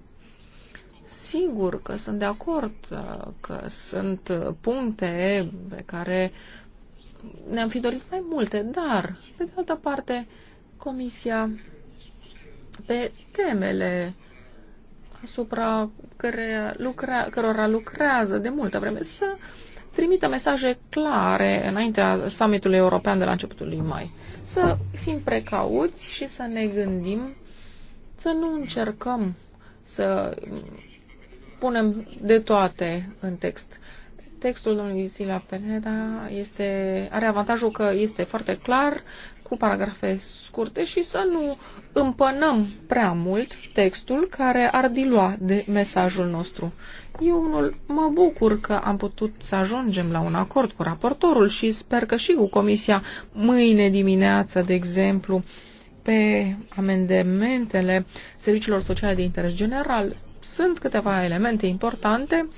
Sigur că sunt de acord uh, că sunt puncte pe care ne-am fi dorit mai multe, dar, pe de altă parte, Comisia pe temele asupra care lucra, cărora lucrează de multă vreme, să trimită mesaje clare înaintea summitului european de la începutul lui mai. Să fim precauți și să ne gândim să nu încercăm să punem de toate în text. Textul domnului Sila Peneda este, are avantajul că este foarte clar, cu paragrafe scurte și să nu împănăm prea mult textul care ar dilua de mesajul nostru. Eu unul mă bucur că am putut să ajungem la un acord cu raportorul și sper că și cu comisia mâine dimineață, de exemplu, pe amendamentele serviciilor sociale de interes general. Sunt câteva elemente importante.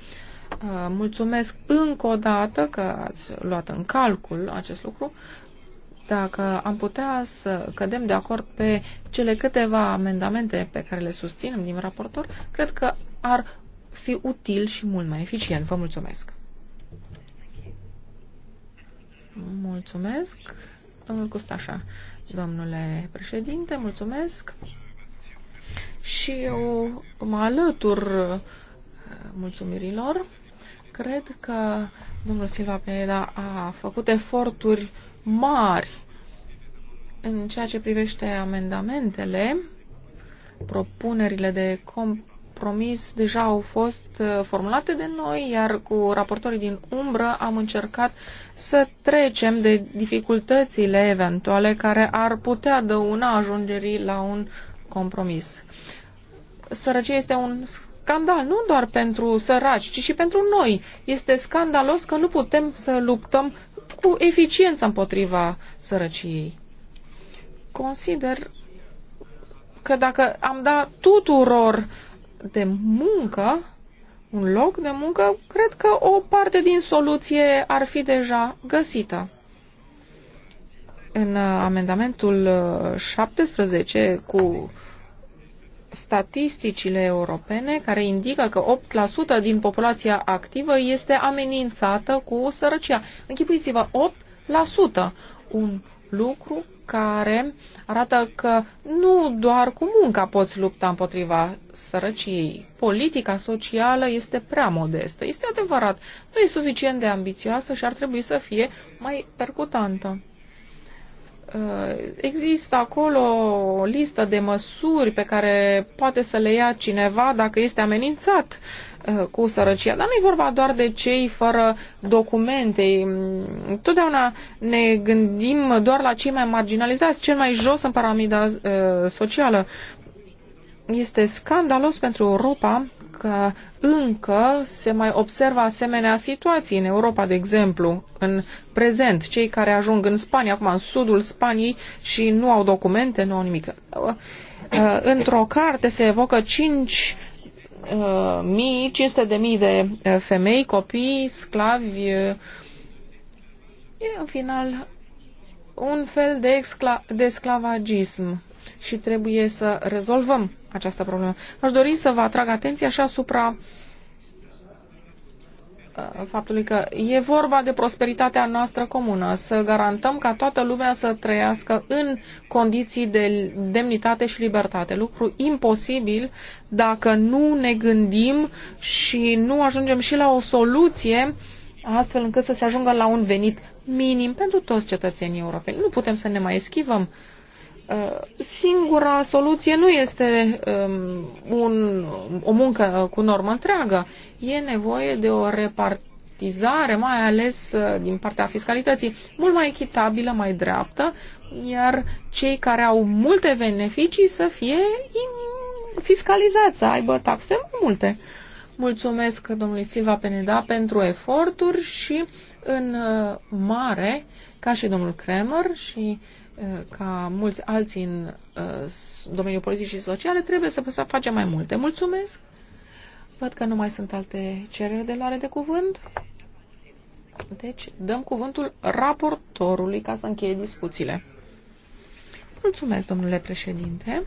Uh, mulțumesc încă o dată că ați luat în calcul acest lucru dacă am putea să cădem de acord pe cele câteva amendamente pe care le susținem din raportor, cred că ar fi util și mult mai eficient. Vă mulțumesc! Mulțumesc, domnul Custașa. Domnule președinte, mulțumesc. Și eu mă alătur mulțumirilor. Cred că domnul Silva Pineda a făcut eforturi mari în ceea ce privește amendamentele, propunerile de compromis deja au fost uh, formulate de noi, iar cu raportorii din umbră am încercat să trecem de dificultățile eventuale care ar putea dăuna ajungerii la un compromis. Sărăcie este un scandal nu doar pentru săraci, ci și pentru noi. Este scandalos că nu putem să luptăm cu eficiență împotriva sărăciei. Consider că dacă am da tuturor de muncă, un loc de muncă, cred că o parte din soluție ar fi deja găsită. În amendamentul 17 uh, cu statisticile europene care indică că 8% din populația activă este amenințată cu sărăcia. Închipuiți-vă, 8%! Un lucru care arată că nu doar cu munca poți lupta împotriva sărăciei. Politica socială este prea modestă. Este adevărat, nu e suficient de ambițioasă și ar trebui să fie mai percutantă. Uh, există acolo o listă de măsuri pe care poate să le ia cineva dacă este amenințat uh, cu sărăcia. Dar nu e vorba doar de cei fără documente. Totdeauna ne gândim doar la cei mai marginalizați, cel mai jos în paramida uh, socială. Este scandalos pentru Europa că încă se mai observă asemenea situații în Europa, de exemplu, în prezent. Cei care ajung în Spania, acum în sudul Spaniei și nu au documente, nu au nimic. Uh, într-o carte se evocă 5 500 uh, de mii de uh, femei, copii, sclavi, e în final un fel de, excla- de sclavagism și trebuie să rezolvăm această problemă. Aș dori să vă atrag atenția și asupra uh, faptului că e vorba de prosperitatea noastră comună, să garantăm ca toată lumea să trăiască în condiții de demnitate și libertate. Lucru imposibil dacă nu ne gândim și nu ajungem și la o soluție astfel încât să se ajungă la un venit minim pentru toți cetățenii europeni. Nu putem să ne mai eschivăm uh, Uh, singura soluție nu este um, un, o muncă cu normă întreagă. E nevoie de o repartizare, mai ales uh, din partea fiscalității, mult mai echitabilă, mai dreaptă, iar cei care au multe beneficii să fie fiscalizați, să aibă taxe multe. Mulțumesc domnului Silva Peneda pentru eforturi și în uh, mare, ca și domnul Kremer și uh, Eh, ca mulți alții în eh, domeniul politic și sociale, trebuie să facem mai multe. Mulțumesc! Văd că nu mai sunt alte cereri de luare de cuvânt. Deci dăm cuvântul raportorului ca să încheie discuțiile. Mulțumesc, domnule președinte.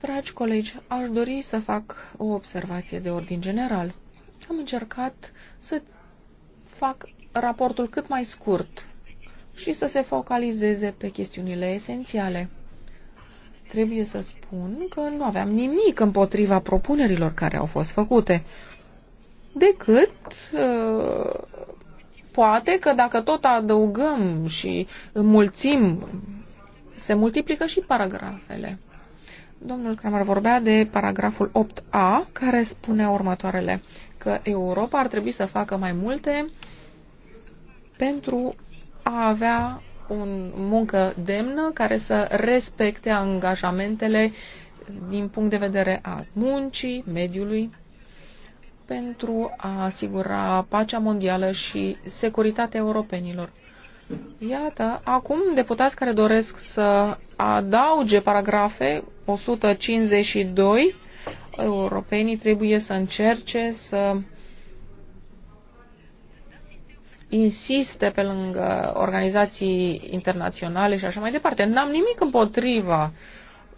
Dragi colegi, aș dori să fac o observație de ordin general. Am încercat să fac raportul cât mai scurt și să se focalizeze pe chestiunile esențiale. Trebuie să spun că nu aveam nimic împotriva propunerilor care au fost făcute, decât ă, poate că dacă tot adăugăm și înmulțim, se multiplică și paragrafele. Domnul Kramer vorbea de paragraful 8a, care spune următoarele, că Europa ar trebui să facă mai multe pentru a avea o muncă demnă care să respecte angajamentele din punct de vedere al muncii, mediului, pentru a asigura pacea mondială și securitatea europenilor. Iată, acum deputați care doresc să adauge paragrafe 152, europenii trebuie să încerce să insiste pe lângă organizații internaționale și așa mai departe. N-am nimic împotriva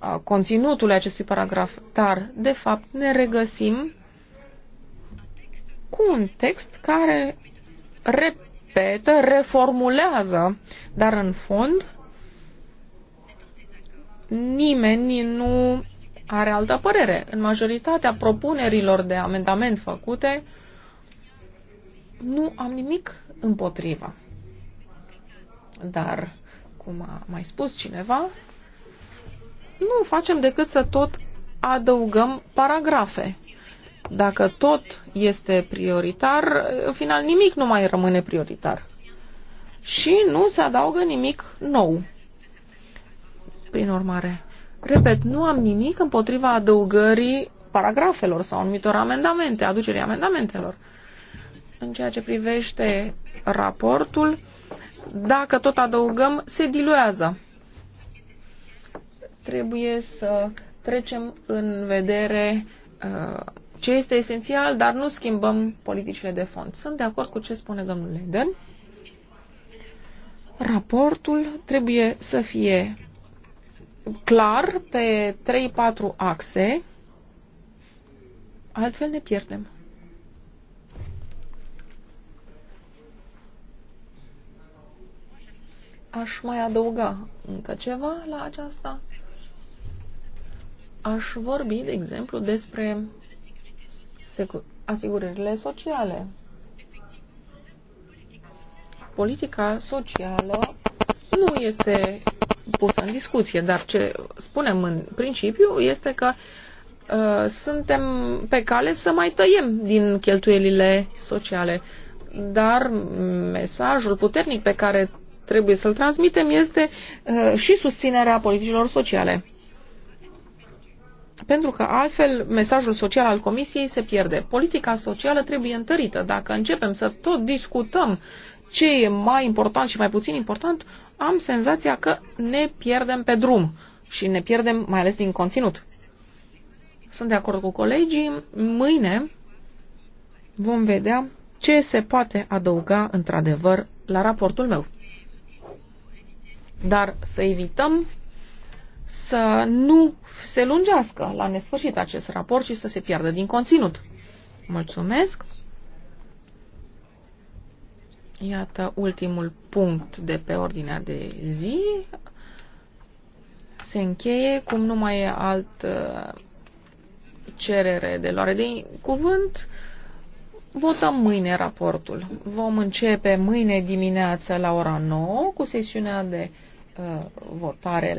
uh, conținutului acestui paragraf, dar, de fapt, ne regăsim cu un text care repetă, reformulează, dar, în fond, nimeni nu are altă părere. În majoritatea propunerilor de amendament făcute, nu am nimic împotrivă. Dar, cum a mai spus cineva, nu facem decât să tot adăugăm paragrafe. Dacă tot este prioritar, în final nimic nu mai rămâne prioritar. Și nu se adaugă nimic nou. Prin urmare, repet, nu am nimic împotriva adăugării paragrafelor sau anumitor amendamente, aducerii amendamentelor. În ceea ce privește raportul, dacă tot adăugăm, se diluează. Trebuie să trecem în vedere uh, ce este esențial, dar nu schimbăm politicile de fond. Sunt de acord cu ce spune domnul Leiden. Raportul trebuie să fie clar pe 3-4 axe, altfel ne pierdem. Aș mai adăuga încă ceva la aceasta. Aș vorbi, de exemplu, despre asigurările sociale. Politica socială nu este pusă în discuție, dar ce spunem în principiu este că uh, suntem pe cale să mai tăiem din cheltuielile sociale. Dar mesajul puternic pe care trebuie să-l transmitem este uh, și susținerea politicilor sociale. Pentru că altfel mesajul social al Comisiei se pierde. Politica socială trebuie întărită. Dacă începem să tot discutăm ce e mai important și mai puțin important, am senzația că ne pierdem pe drum și ne pierdem mai ales din conținut. Sunt de acord cu colegii. Mâine vom vedea ce se poate adăuga într-adevăr la raportul meu dar să evităm să nu se lungească la nesfârșit acest raport și să se piardă din conținut. Mulțumesc! Iată ultimul punct de pe ordinea de zi. Se încheie, cum nu mai e alt uh, cerere de luare de cuvânt, votăm mâine raportul. Vom începe mâine dimineață la ora 9 cu sesiunea de Uh, votare